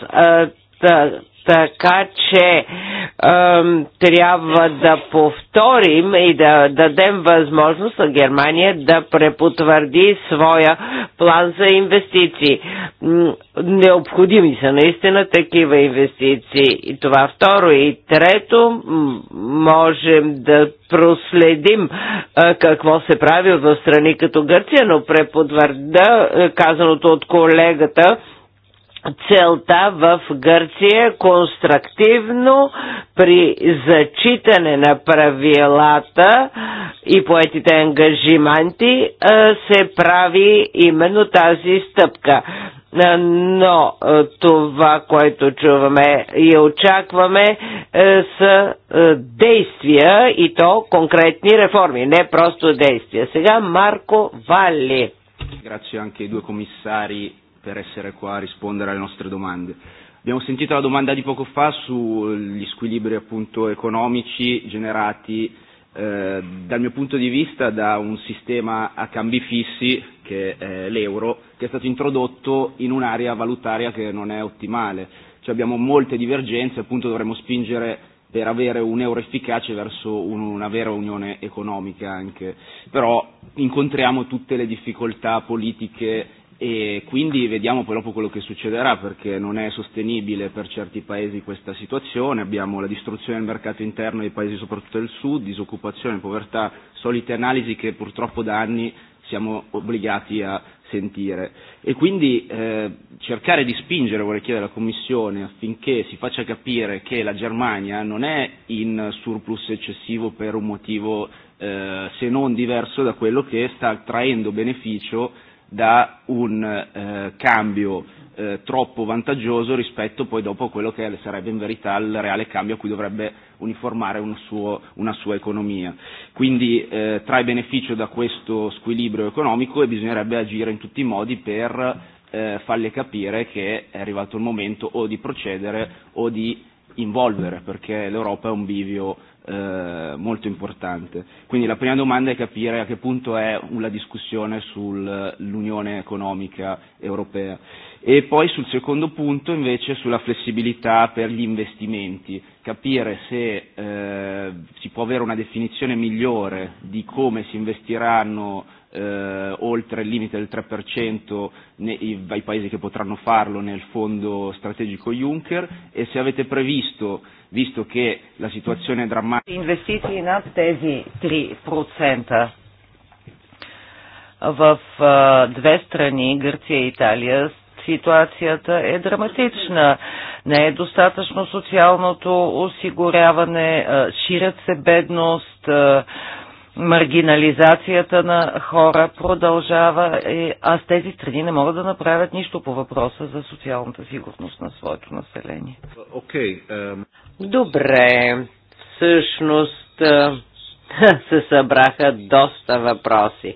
така че трябва да повторим и да дадем възможност на Германия да препотвърди своя план за инвестиции. Необходими са наистина такива инвестиции. И това второ. И трето, можем да проследим какво се прави в страни като Гърция, но препотвърда казаното от колегата целта в Гърция е конструктивно при зачитане на правилата и поетите ангажименти се прави именно тази стъпка. Но това, което чуваме и очакваме е, са е, действия и то конкретни реформи, не просто действия. Сега Марко Вали. Grazie anche ai due commissari per essere qua a rispondere alle nostre domande. Abbiamo sentito la domanda di poco fa sugli squilibri appunto economici generati eh, dal mio punto di vista da un sistema a cambi fissi che è l'euro, che è stato introdotto in un'area valutaria che non è ottimale. Cioè abbiamo molte divergenze, appunto dovremmo spingere per avere un euro efficace verso una vera unione economica anche. Però incontriamo tutte le difficoltà politiche e quindi vediamo poi dopo quello che succederà perché non è sostenibile per certi paesi questa situazione, abbiamo la distruzione del mercato interno dei paesi soprattutto del sud, disoccupazione, povertà, solite analisi che purtroppo da anni siamo obbligati a sentire e quindi eh, cercare di spingere, vorrei chiedere alla Commissione, affinché si faccia capire che la Germania non è in surplus eccessivo per un motivo eh, se non diverso da quello che sta traendo beneficio da un eh, cambio eh, troppo vantaggioso rispetto poi dopo a quello che sarebbe in verità il reale cambio a cui dovrebbe uniformare un suo, una sua economia. Quindi eh, trae beneficio da questo squilibrio economico e bisognerebbe agire in tutti i modi per eh, farle capire che è arrivato il momento o di procedere o di involvere, perché l'Europa è un bivio eh, molto importante. Quindi la prima domanda è capire a che punto è la discussione sull'unione economica europea e poi sul secondo punto invece sulla flessibilità per gli investimenti, capire se eh, si può avere una definizione migliore di come si investiranno eh, oltre il limite del 3% nei, ai paesi che potranno farlo nel fondo strategico Juncker e se avete previsto visto che la situazione è drammatica. Инвестиции над тези 3% в две страни, Гърция и Италия, ситуацията е драматична. Не е достатъчно социалното осигуряване, ширят се бедност, маргинализацията на хора продължава, а с тези страни не могат да направят нищо по въпроса за социалната сигурност на своето население. Okay, um... Добре, всъщност е, се събраха доста въпроси.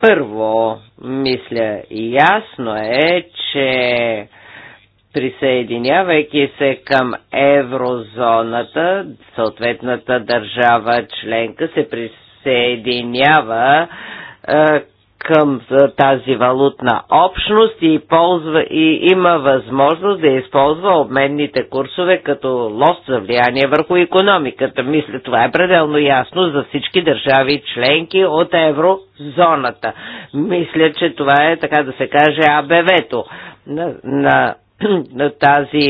Първо, мисля, ясно е, че присъединявайки се към еврозоната, съответната държава членка се присъединява е, към тази валутна общност и, ползва, и има възможност да използва обменните курсове като лост за влияние върху економиката. Мисля, това е пределно ясно за всички държави членки от еврозоната. Мисля, че това е, така да се каже, АБВ-то на, на тази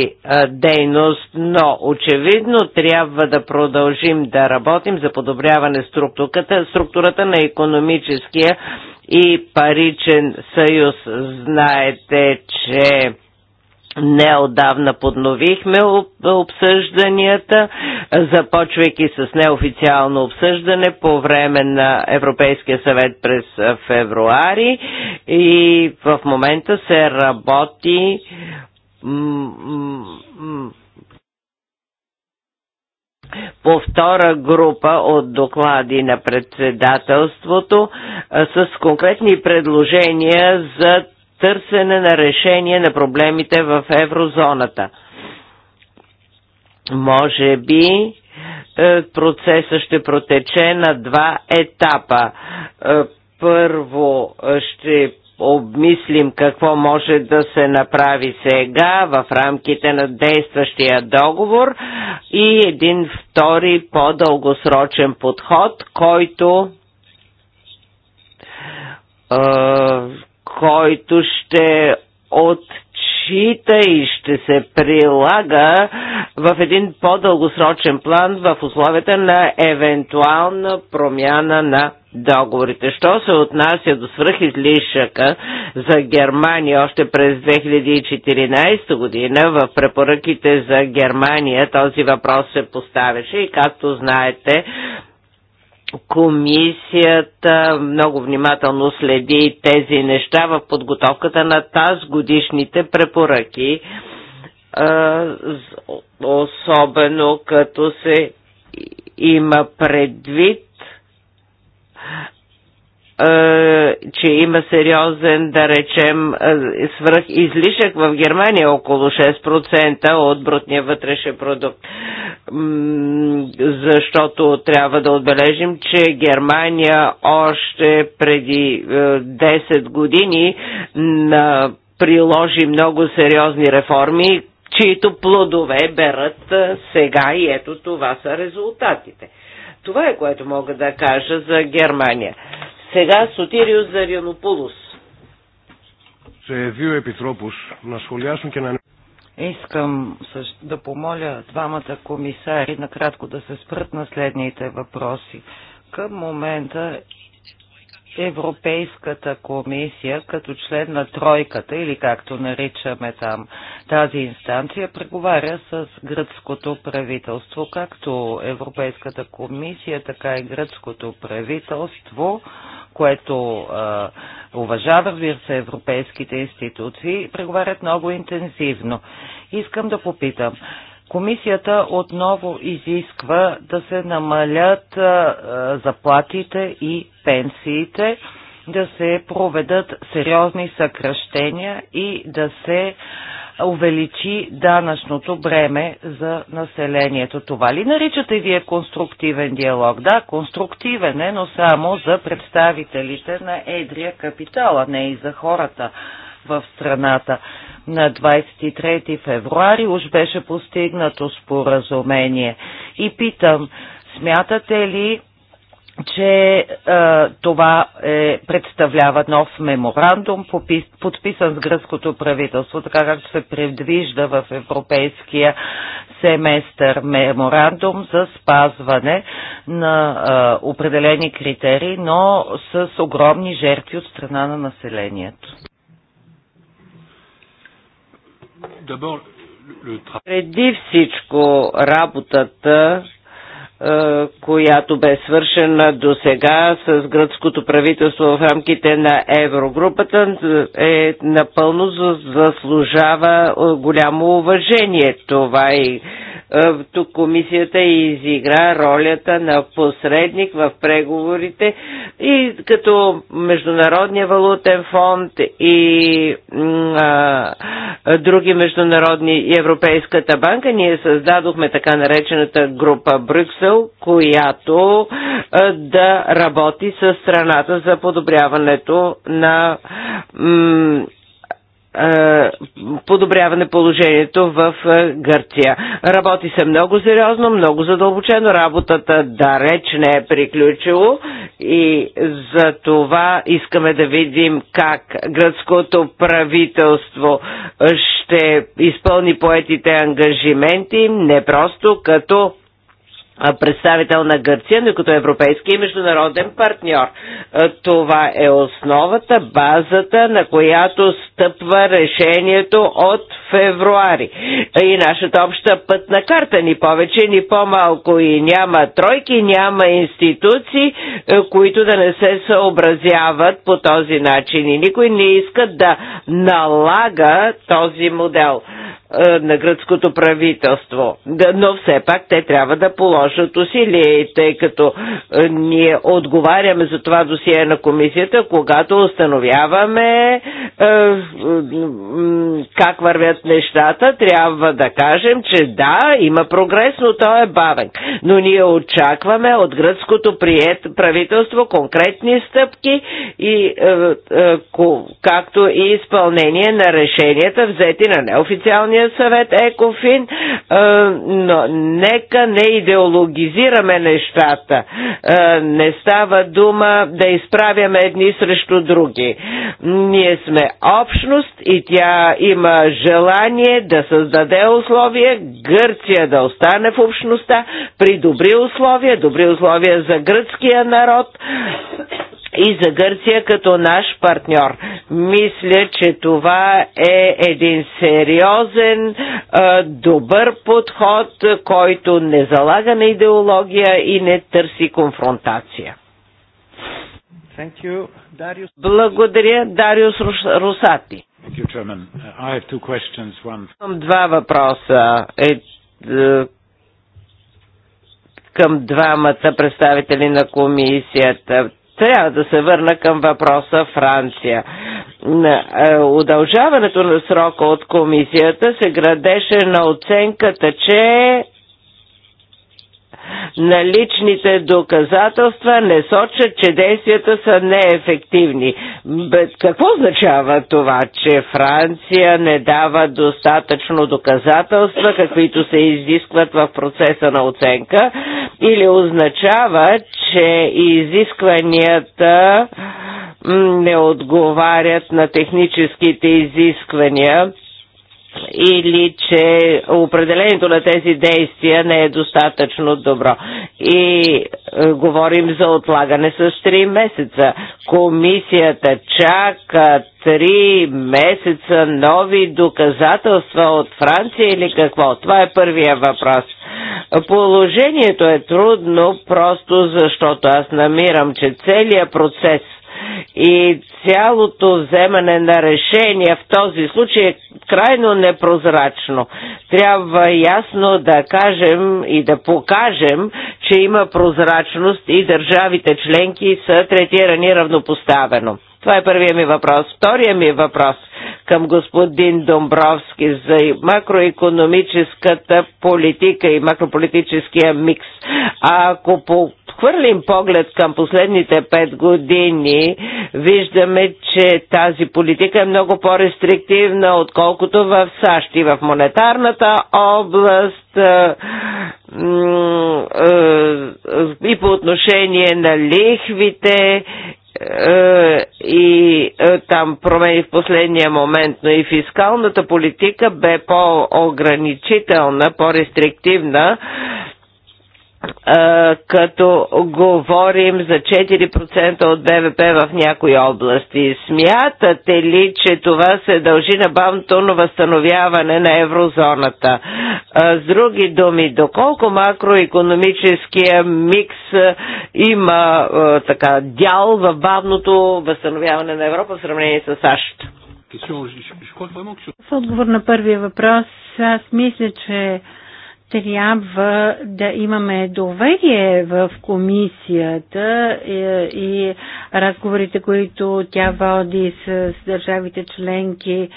дейност, но очевидно трябва да продължим да работим за подобряване структурата, структурата на економическия и паричен съюз. Знаете, че Неодавна подновихме обсъжданията, започвайки с неофициално обсъждане по време на Европейския съвет през февруари и в момента се работи по втора група от доклади на председателството с конкретни предложения за търсене на решение на проблемите в еврозоната. Може би е, процесът ще протече на два етапа. Е, първо е, ще обмислим какво може да се направи сега в рамките на действащия договор и един втори по-дългосрочен подход, който който ще от отчита и ще се прилага в един по-дългосрочен план в условията на евентуална промяна на договорите. Що се отнася до свръхизлишъка за Германия още през 2014 година, в препоръките за Германия този въпрос се поставяше и както знаете, Комисията много внимателно следи тези неща в подготовката на тази годишните препоръки, особено като се има предвид е, че има сериозен, да речем, е, свръх излишък в Германия, около 6% от брутния вътрешен продукт. Защото трябва да отбележим, че Германия още преди 10 е, години приложи много сериозни реформи, чието плодове берат сега и ето това са резултатите. Това е което мога да кажа за Германия. Сега Сотириус Зарианопулос. Се δύο Епитропус на σχολιάσουν και να... Искам да помоля двамата комисари накратко да се спрат на следните въпроси. Към момента Европейската комисия като член на тройката или както наричаме там тази инстанция преговаря с гръцкото правителство, както Европейската комисия, така и гръцкото правителство което а, уважава, разбира се, европейските институции, преговарят много интензивно. Искам да попитам. Комисията отново изисква да се намалят а, заплатите и пенсиите, да се проведат сериозни съкръщения и да се увеличи данъчното бреме за населението. Това ли наричате вие конструктивен диалог? Да, конструктивен е, но само за представителите на едрия капитала, не и за хората в страната. На 23 февруари уж беше постигнато споразумение. И питам, смятате ли че а, е, това е, представлява нов меморандум, попис, подписан с гръцкото правителство, така както се предвижда в европейския семестър меморандум за спазване на а, е, определени критерии, но с огромни жертви от страна на населението. Преди всичко работата която бе свършена до сега с гръцкото правителство в рамките на Еврогрупата, е напълно заслужава голямо уважение. Това и е, тук комисията изигра ролята на посредник в преговорите и като Международния валутен фонд и а, други международни и Европейската банка, ние създадохме така наречената група Брюксел, която а, е, да работи с страната за подобряването на е, подобряване положението в е, Гърция. Работи се много сериозно, много задълбочено. Работата далеч не е приключило и за това искаме да видим как гръцкото правителство ще изпълни поетите ангажименти, не просто като представител на Гърция, но като европейски и международен партньор. Това е основата, базата, на която стъпва решението от февруари. И нашата обща пътна карта ни повече, ни по-малко и няма тройки, няма институции, е, които да не се съобразяват по този начин. И никой не иска да налага този модел е, на гръцкото правителство. Но все пак те трябва да положат усилия, тъй като е, ние отговаряме за това досие на комисията, когато установяваме как вървят стоят нещата, трябва да кажем, че да, има прогрес, но той е бавен. Но ние очакваме от гръцкото прият, правителство конкретни стъпки, и, е, е, както и изпълнение на решенията, взети на неофициалния съвет ЕКОФИН, е, но нека не идеологизираме нещата. Е, не става дума да изправяме едни срещу други. Ние сме общност и тя има желание желание да създаде условия Гърция да остане в общността при добри условия, добри условия за гръцкия народ и за Гърция като наш партньор. Мисля, че това е един сериозен, е, добър подход, който не залага на идеология и не търси конфронтация. Благодаря, Дариус Русати. Uh, Имам два въпроса. Е, е, към двамата представители на комисията. Трябва да се върна към въпроса Франция. Е, удължаването на срока от комисията се градеше на оценката, че Наличните доказателства не сочат, че действията са неефективни. Какво означава това, че Франция не дава достатъчно доказателства, каквито се изискват в процеса на оценка, или означава, че изискванията не отговарят на техническите изисквания или че определението на тези действия не е достатъчно добро. И е, говорим за отлагане с 3 месеца. Комисията чака 3 месеца нови доказателства от Франция или какво? Това е първия въпрос. Положението е трудно, просто защото аз намирам, че целият процес и цялото вземане на решение в този случай е крайно непрозрачно. Трябва ясно да кажем и да покажем, че има прозрачност и държавите членки са третирани равнопоставено. Това е първия ми въпрос. Втория ми въпрос към господин Домбровски за макроекономическата политика и макрополитическия микс. А ако по хвърлим поглед към последните пет години, виждаме, че тази политика е много по-рестриктивна, отколкото в САЩ и в монетарната област е, е, и по отношение на лихвите е, и там промени в последния момент, но и фискалната политика бе по-ограничителна, по-рестриктивна като говорим за 4% от БВП в някои области. Смятате ли, че това се дължи на бавното възстановяване на еврозоната? С други думи, доколко макроекономическия микс има така, дял в бавното възстановяване на Европа в сравнение с САЩ? В отговор на първия въпрос, аз мисля, че трябва да имаме доверие в комисията е, и, разговорите, които тя води с държавите членки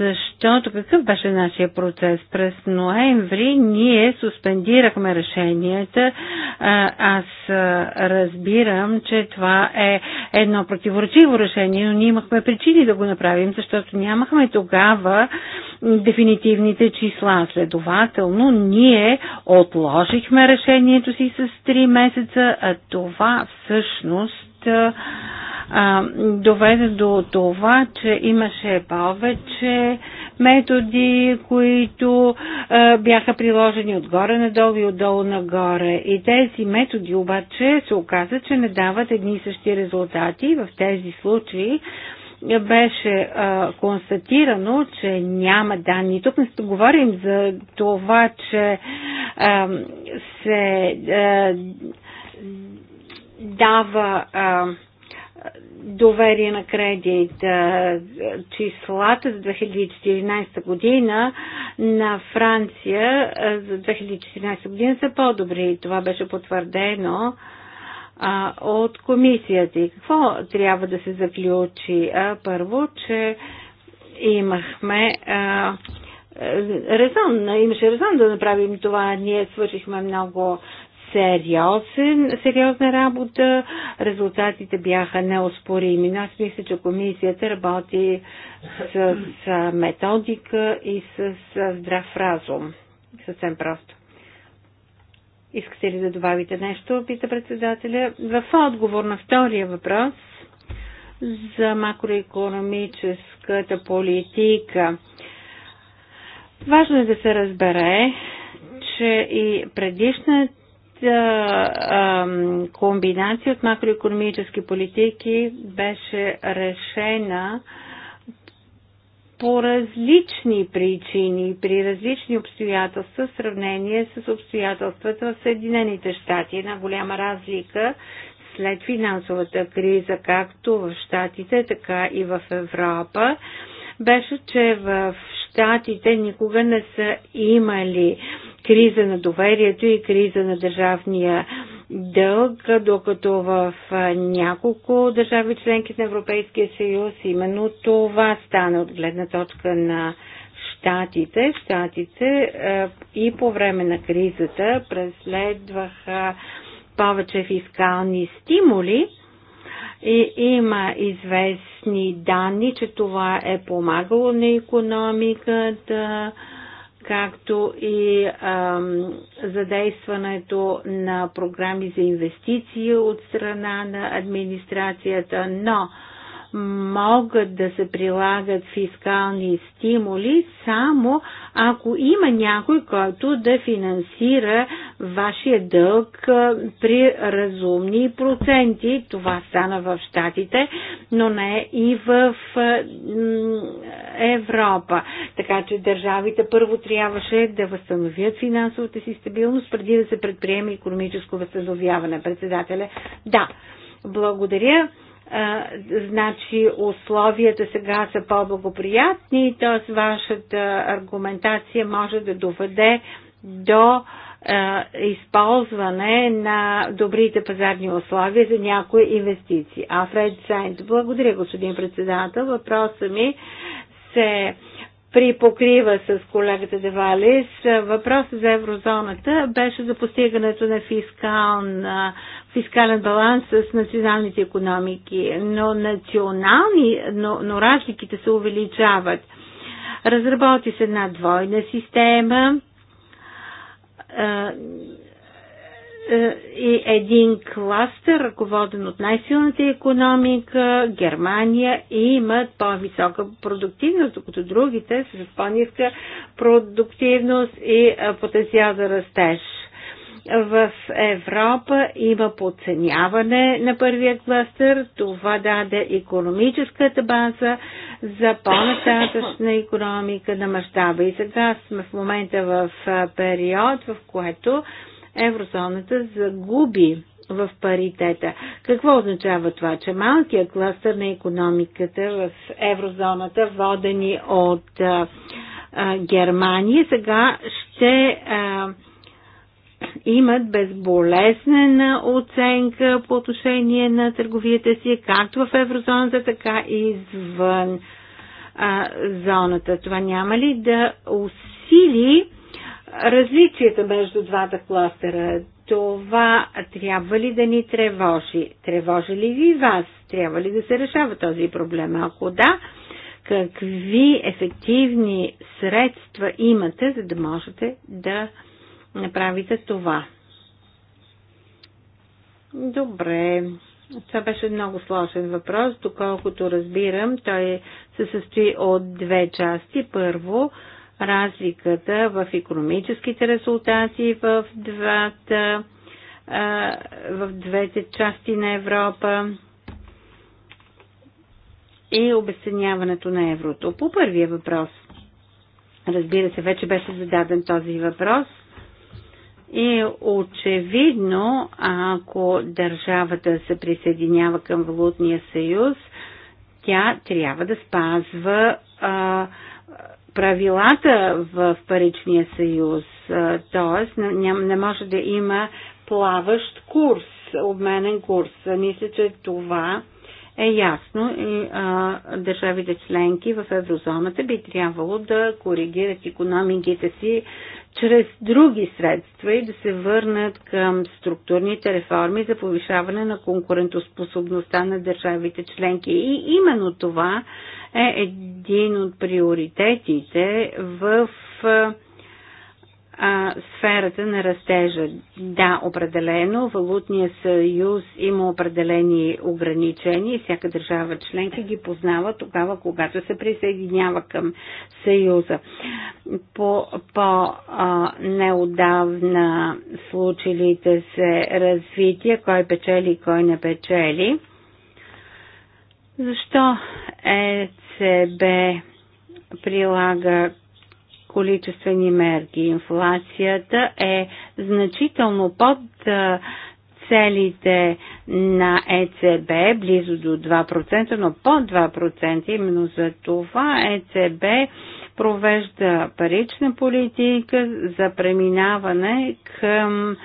защото какъв беше нашия процес? През ноември ние суспендирахме решенията. Аз разбирам, че това е едно противоречиво решение, но ние имахме причини да го направим, защото нямахме тогава дефинитивните числа. Следователно, ние отложихме решението си с 3 месеца, а това всъщност а, доведе до това, че имаше повече методи, които а, бяха приложени отгоре надолу и отдолу нагоре. И тези методи обаче се оказа, че не дават едни и същи резултати. В тези случаи беше а, констатирано, че няма данни. Тук не говорим за това, че а, се а, дава а, доверие на кредит. Числата за 2014 година на Франция за 2014 година са по-добри. Това беше потвърдено а, от комисията. И какво трябва да се заключи? А, първо, че имахме а, резон, имаше резон да направим това. Ние свършихме много сериозен, сериозна работа. Резултатите бяха неоспорими. Аз мисля, че комисията работи с, с методика и с, с здрав разум. Съвсем просто. Искате ли да добавите нещо, пита председателя? В отговор на втория въпрос за макроекономическата политика. Важно е да се разбере, че и предишната комбинация от макроекономически политики беше решена по различни причини, при различни обстоятелства, в сравнение с обстоятелствата в Съединените щати. Една голяма разлика след финансовата криза, както в Штатите, така и в Европа, беше, че в Штатите никога не са имали криза на доверието и криза на държавния дълг, докато в няколко държави членки на Европейския съюз именно това стана от гледна точка на Штатите. Штатите и по време на кризата преследваха повече фискални стимули и има известни данни, че това е помагало на економиката. Да както и ам, задействането на програми за инвестиции от страна на администрацията, но могат да се прилагат фискални стимули, само ако има някой, който да финансира вашия дълг при разумни проценти. Това стана в Штатите, но не и в Европа. Така че държавите първо трябваше да възстановят финансовата си стабилност, преди да се предприеме економическо възстановяване. Председателя, да, благодаря значи условията сега са по-благоприятни, т.е. вашата аргументация може да доведе до използване на добрите пазарни условия за някои инвестиции. Афред Сайнт, благодаря господин председател. Въпросът ми се при покрива с колегата Девалис. Въпросът за еврозоната беше за постигането на фискална, фискален баланс с националните економики, но, национални, но, но разликите се увеличават. Разработи се една двойна система е, е, и един кластър, ръководен от най-силната економика, Германия, и имат по-висока продуктивност, докато другите са с по-ниска продуктивност и е, потенциал за растеж. В Европа има подценяване на първия кластър. Това даде економическата база за по-нататъчна економика на мащаба. И сега сме в момента в е, период, в което еврозоната загуби в паритета. Какво означава това? Че малкият кластър на економиката в еврозоната, водени от а, а, Германия, сега ще а, имат безболезнена оценка по отношение на търговията си, както в еврозоната, така и извън а, зоната. Това няма ли да усили различията между двата кластера. Това трябва ли да ни тревожи? Тревожи ли ви вас? Трябва ли да се решава този проблем? Ако да, какви ефективни средства имате, за да можете да направите това? Добре. Това беше много сложен въпрос. Доколкото разбирам, той се състои от две части. Първо, разликата в економическите резултати в двата в двете части на Европа и обесценяването на еврото. По първия въпрос, разбира се, вече беше зададен този въпрос и очевидно, ако държавата се присъединява към Валутния съюз, тя трябва да спазва а, правилата в паричния съюз, т.е. Не, може да има плаващ курс, обменен курс. Мисля, че това е ясно и а, държавите членки в еврозоната би трябвало да коригират економиките си чрез други средства и да се върнат към структурните реформи за повишаване на конкурентоспособността на държавите членки. И именно това е един от приоритетите в а, сферата на растежа. Да, определено, валутния съюз има определени ограничения и всяка държава членка ги познава тогава, когато се присъединява към съюза. По, по а, неодавна случилите се развития, кой печели, кой не печели, защо е ЕЦБ прилага количествени мерки. Инфлацията е значително под целите на ЕЦБ, близо до 2%, но под 2%. Именно за това ЕЦБ провежда парична политика за преминаване към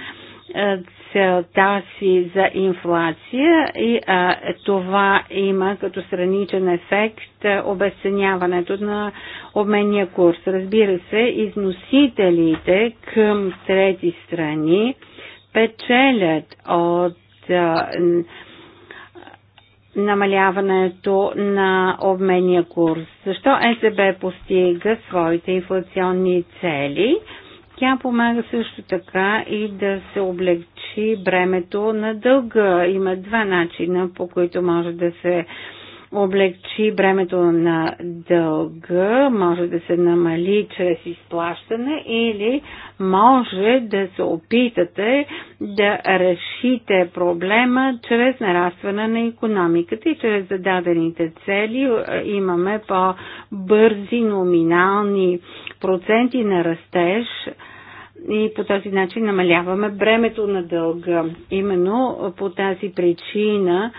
целта си за инфлация и а, това има като страничен ефект обесценяването на обменния курс. Разбира се, износителите към трети страни печелят от а, намаляването на обменния курс. Защо ЕЦБ постига своите инфлационни цели? Тя помага също така и да се облегчи бремето на дълга. Има два начина, по които може да се облегчи бремето на дълга, може да се намали чрез изплащане или може да се опитате да решите проблема чрез нарастване на економиката и чрез зададените цели имаме по-бързи номинални проценти на растеж и по този начин намаляваме бремето на дълга. Именно по тази причина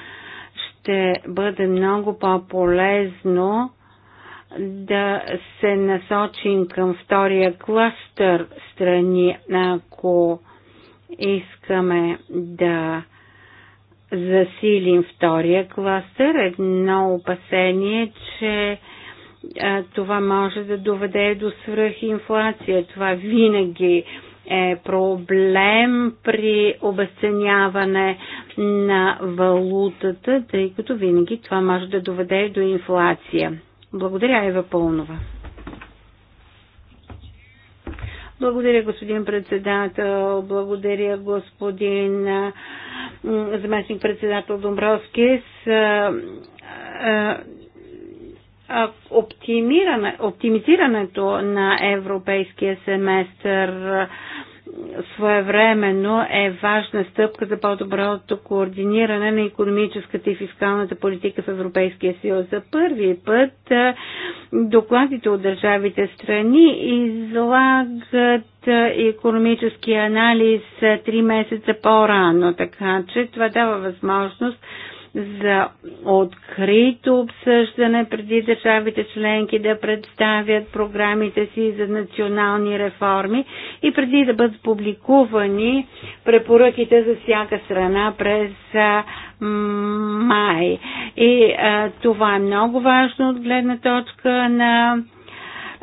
ще бъде много по-полезно да се насочим към втория кластър страни, ако искаме да засилим втория кластър. Едно опасение, че това може да доведе до свръхинфлация. Това винаги е проблем при обесценяване на валутата, тъй като винаги това може да доведе до инфлация. Благодаря, Ева Пълнова. Благодаря, господин председател. Благодаря, господин заместник председател Домбровски. С, оптимиране, оптимизирането на европейския семестър своевременно е важна стъпка за по-доброто координиране на економическата и фискалната политика в Европейския съюз. За първи път докладите от държавите страни излагат економически анализ три месеца по-рано, така че това дава възможност за открито обсъждане преди държавите членки да представят програмите си за национални реформи и преди да бъдат публикувани препоръките за всяка страна през май. И а, това е много важно от гледна точка на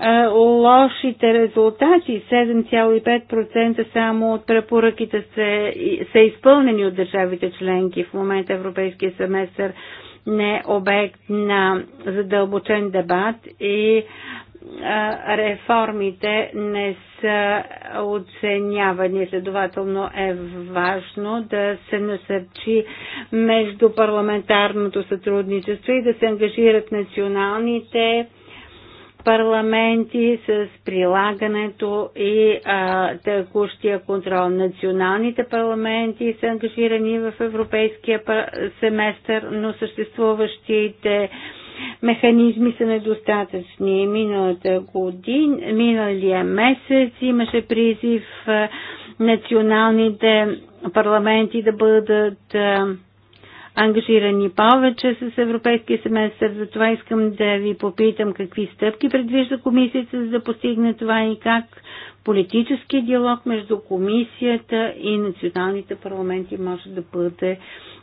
е, лошите резултати. 7,5% само от препоръките се, са изпълнени от държавите членки. В момента Европейския семестър не е обект на задълбочен дебат и е, реформите не са оценявани. Следователно е важно да се насърчи между парламентарното сътрудничество и да се ангажират националните парламенти с прилагането и а, текущия контрол. Националните парламенти са ангажирани в европейския семестър, но съществуващите механизми са недостатъчни. Миналата година, миналия месец имаше призив националните парламенти да бъдат а, ангажирани повече с европейския семестър. Затова искам да ви попитам какви стъпки предвижда комисията за да постигне това и как политически диалог между комисията и националните парламенти може да бъде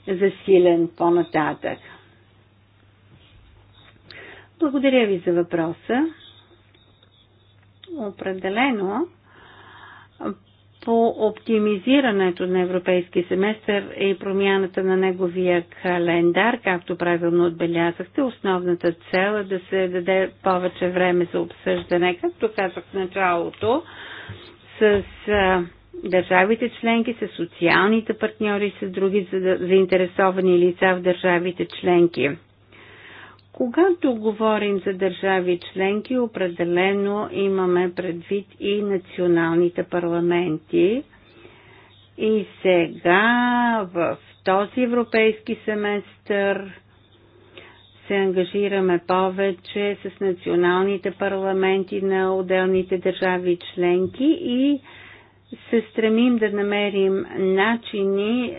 засилен по-нататък. Благодаря ви за въпроса. Определено по оптимизирането на европейски семестър и промяната на неговия календар, както правилно отбелязахте, основната цел е да се даде повече време за обсъждане, както казах в началото, с държавите членки, с социалните партньори, с други заинтересовани лица в държавите членки. Когато говорим за държави членки, определено имаме предвид и националните парламенти. И сега в този европейски семестър се ангажираме повече с националните парламенти на отделните държави членки и се стремим да намерим начини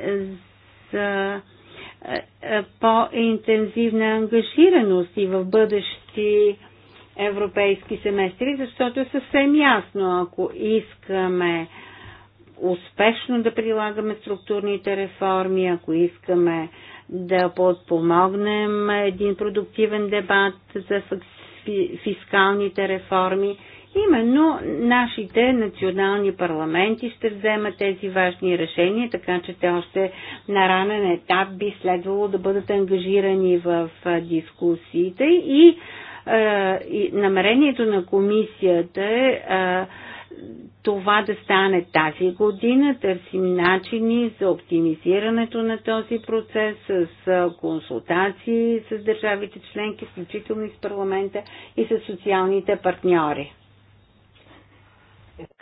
за е, е, по-интензивна ангажираност и в бъдещи европейски семестри, защото е съвсем ясно, ако искаме успешно да прилагаме структурните реформи, ако искаме да подпомогнем един продуктивен дебат за фискалните реформи, Именно нашите национални парламенти ще вземат тези важни решения, така че те още на ранен етап би следвало да бъдат ангажирани в дискусиите и, е, и намерението на комисията е, е това да стане тази година. Търсим начини за оптимизирането на този процес с консултации с държавите членки, включително и с парламента и с социалните партньори.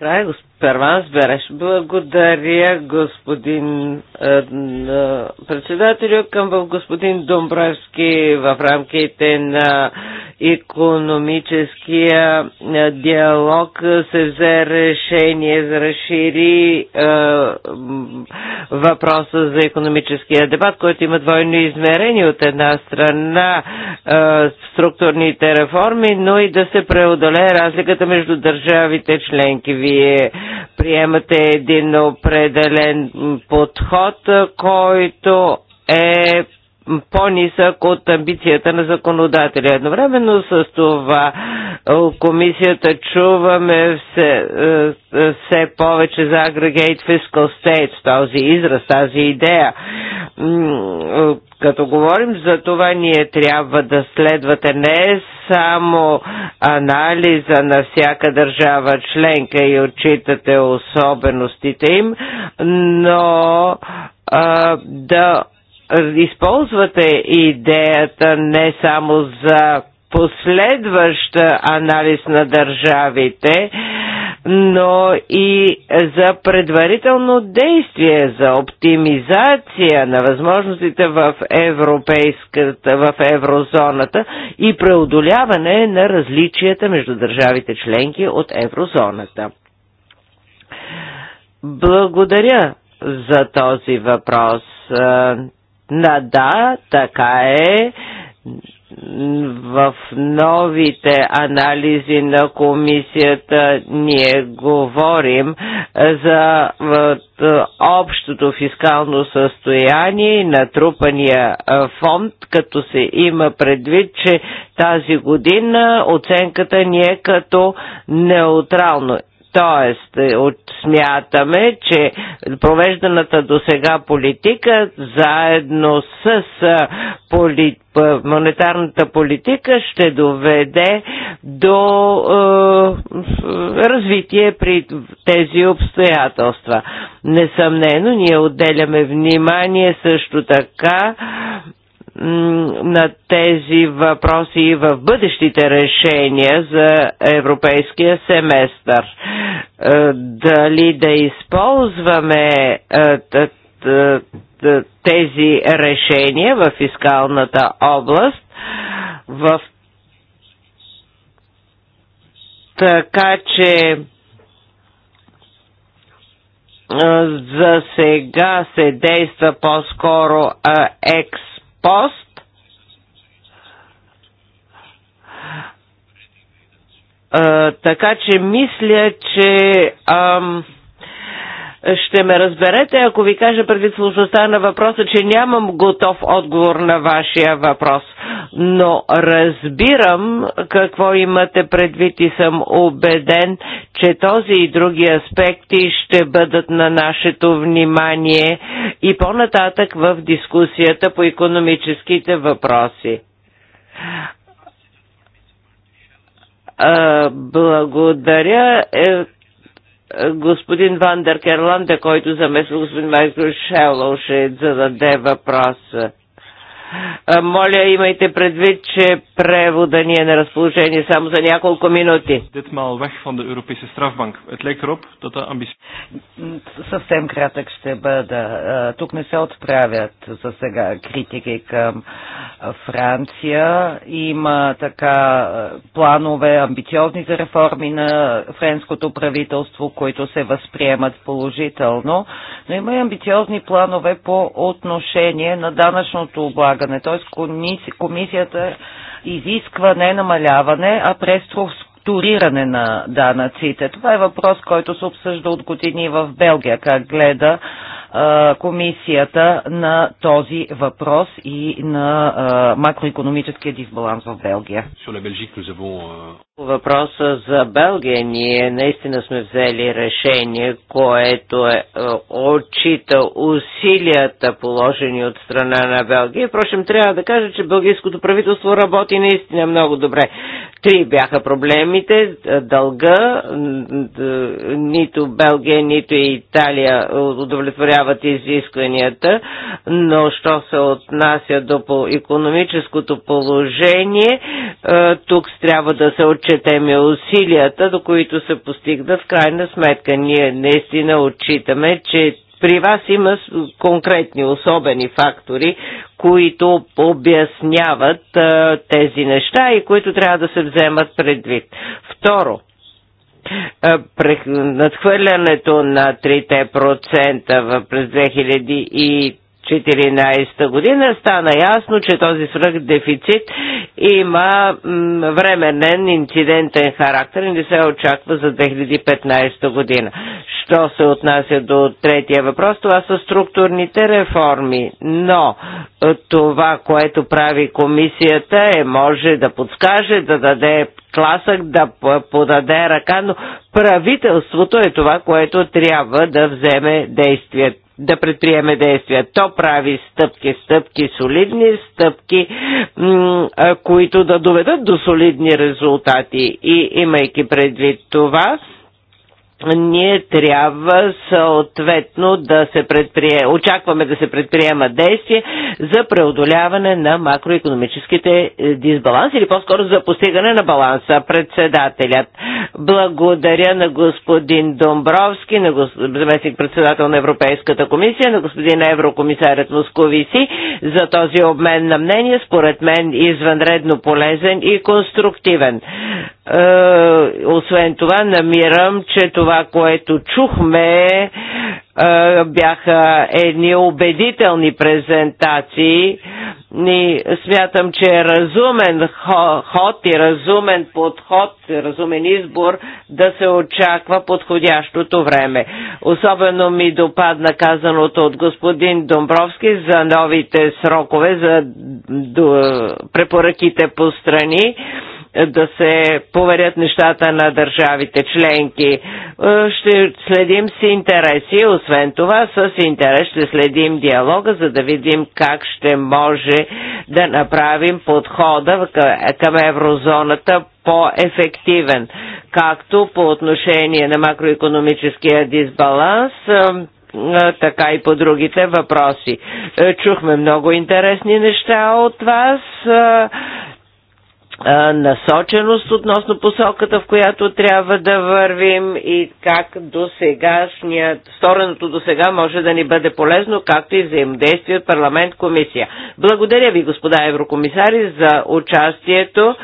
Край, госп... Перванс Береш. Благодаря, господин е, е, председателю, към господин Домбровски в рамките на економическия е, диалог се взе решение за разшири е, въпроса за економическия дебат, който има двойно измерение от една страна е, структурните реформи, но и да се преодолее разликата между държавите членки вие приемате един определен подход, който е по-нисък от амбицията на законодателя. Едновременно с това комисията чуваме все, е, е, все повече за Aggregate Fiscal State, този израз, тази идея. Е, като говорим за това, ние трябва да следвате не само анализа на всяка държава членка и отчитате особеностите им, но а, да използвате идеята не само за последващ анализ на държавите, но и за предварително действие, за оптимизация на възможностите в, европейската, в еврозоната и преодоляване на различията между държавите членки от еврозоната. Благодаря за този въпрос да, да, така е в новите анализи на комисията ние говорим за общото фискално състояние и натрупания фонд, като се има предвид, че тази година оценката ни е като неутрално. Тоест, е, смятаме, че провежданата до сега политика заедно с поли, монетарната политика ще доведе до е, развитие при тези обстоятелства. Несъмнено, ние отделяме внимание също така на тези въпроси в бъдещите решения за европейския семестър. Е, дали да използваме е, е, тези решения в фискалната област в така че за сега се действа по-скоро екс пост. А, така че мисля, че ам, ще ме разберете, ако ви кажа предвид сложността на въпроса, че нямам готов отговор на вашия въпрос. Но разбирам какво имате предвид и съм убеден, че този и други аспекти ще бъдат на нашето внимание и по-нататък в дискусията по економическите въпроси. Благодаря е, господин Вандер Керланде, който замества господин Майкл Шелоу, ще зададе въпроса. Моля, имайте предвид, че превода ни е на разположение само за няколко минути. Съвсем кратък ще бъда. Тук не се отправят за сега критики към Франция. Има така планове, амбициозни за реформи на френското правителство, които се възприемат положително, но има и амбициозни планове по отношение на данъчното облагане налагане. Т.е. комисията изисква не намаляване, а преструктуриране на данъците. Това е въпрос, който се обсъжда от години в Белгия, как гледа комисията на този въпрос и на макроекономическия дисбаланс в Белгия въпроса за Белгия, ние наистина сме взели решение, което е, е, отчита усилията положени от страна на Белгия. Впрочем, трябва да кажа, че белгийското правителство работи наистина много добре. Три бяха проблемите. Дълга, нито Белгия, нито и Италия удовлетворяват изискванията, но що се отнася до по економическото положение, е, тук трябва да се отчита отчетеме усилията, до които се постигна в крайна сметка. Ние наистина отчитаме, че при вас има конкретни особени фактори, които обясняват а, тези неща и които трябва да се вземат предвид. Второ, надхвърлянето на 3% през 2013 2014 година стана ясно, че този свръхдефицит има временен инцидентен характер и не се очаква за 2015 година. Що се отнася до третия въпрос, това са структурните реформи, но е, това, което прави комисията е може да подскаже, да даде тласък, да подаде ръка, но правителството е това, което трябва да вземе действие да предприеме действия. То прави стъпки, стъпки солидни, стъпки, които да доведат до солидни резултати. И имайки предвид това, ние трябва съответно да се предприе, очакваме да се предприема действие за преодоляване на макроекономическите е, дисбаланси или по-скоро за постигане на баланса. Председателят. Благодаря на господин Домбровски, на гос... заместник председател на Европейската комисия, на господин еврокомисарят Московици за този обмен на мнение, според мен извънредно полезен и конструктивен. Е, освен това, намирам, че това това, което чухме, бяха едни убедителни презентации. И смятам, че е разумен ход и разумен подход, разумен избор да се очаква подходящото време. Особено ми допадна казаното от господин Домбровски за новите срокове, за препоръките по страни да се поверят нещата на държавите членки. Е, ще следим с интереси, освен това с интерес ще следим диалога, за да видим как ще може да направим подхода към еврозоната по-ефективен, както по отношение на макроекономическия дисбаланс, е, е, така и по другите въпроси. Чухме много интересни неща от вас насоченост относно посоката, в която трябва да вървим и как до сегашния стореното до сега може да ни бъде полезно, както и взаимодействие от парламент комисия. Благодаря ви, господа еврокомисари, за участието.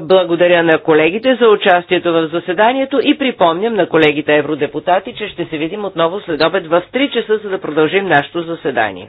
Благодаря на колегите за участието в заседанието и припомням на колегите евродепутати, че ще се видим отново след обед в 3 часа, за да продължим нашето заседание.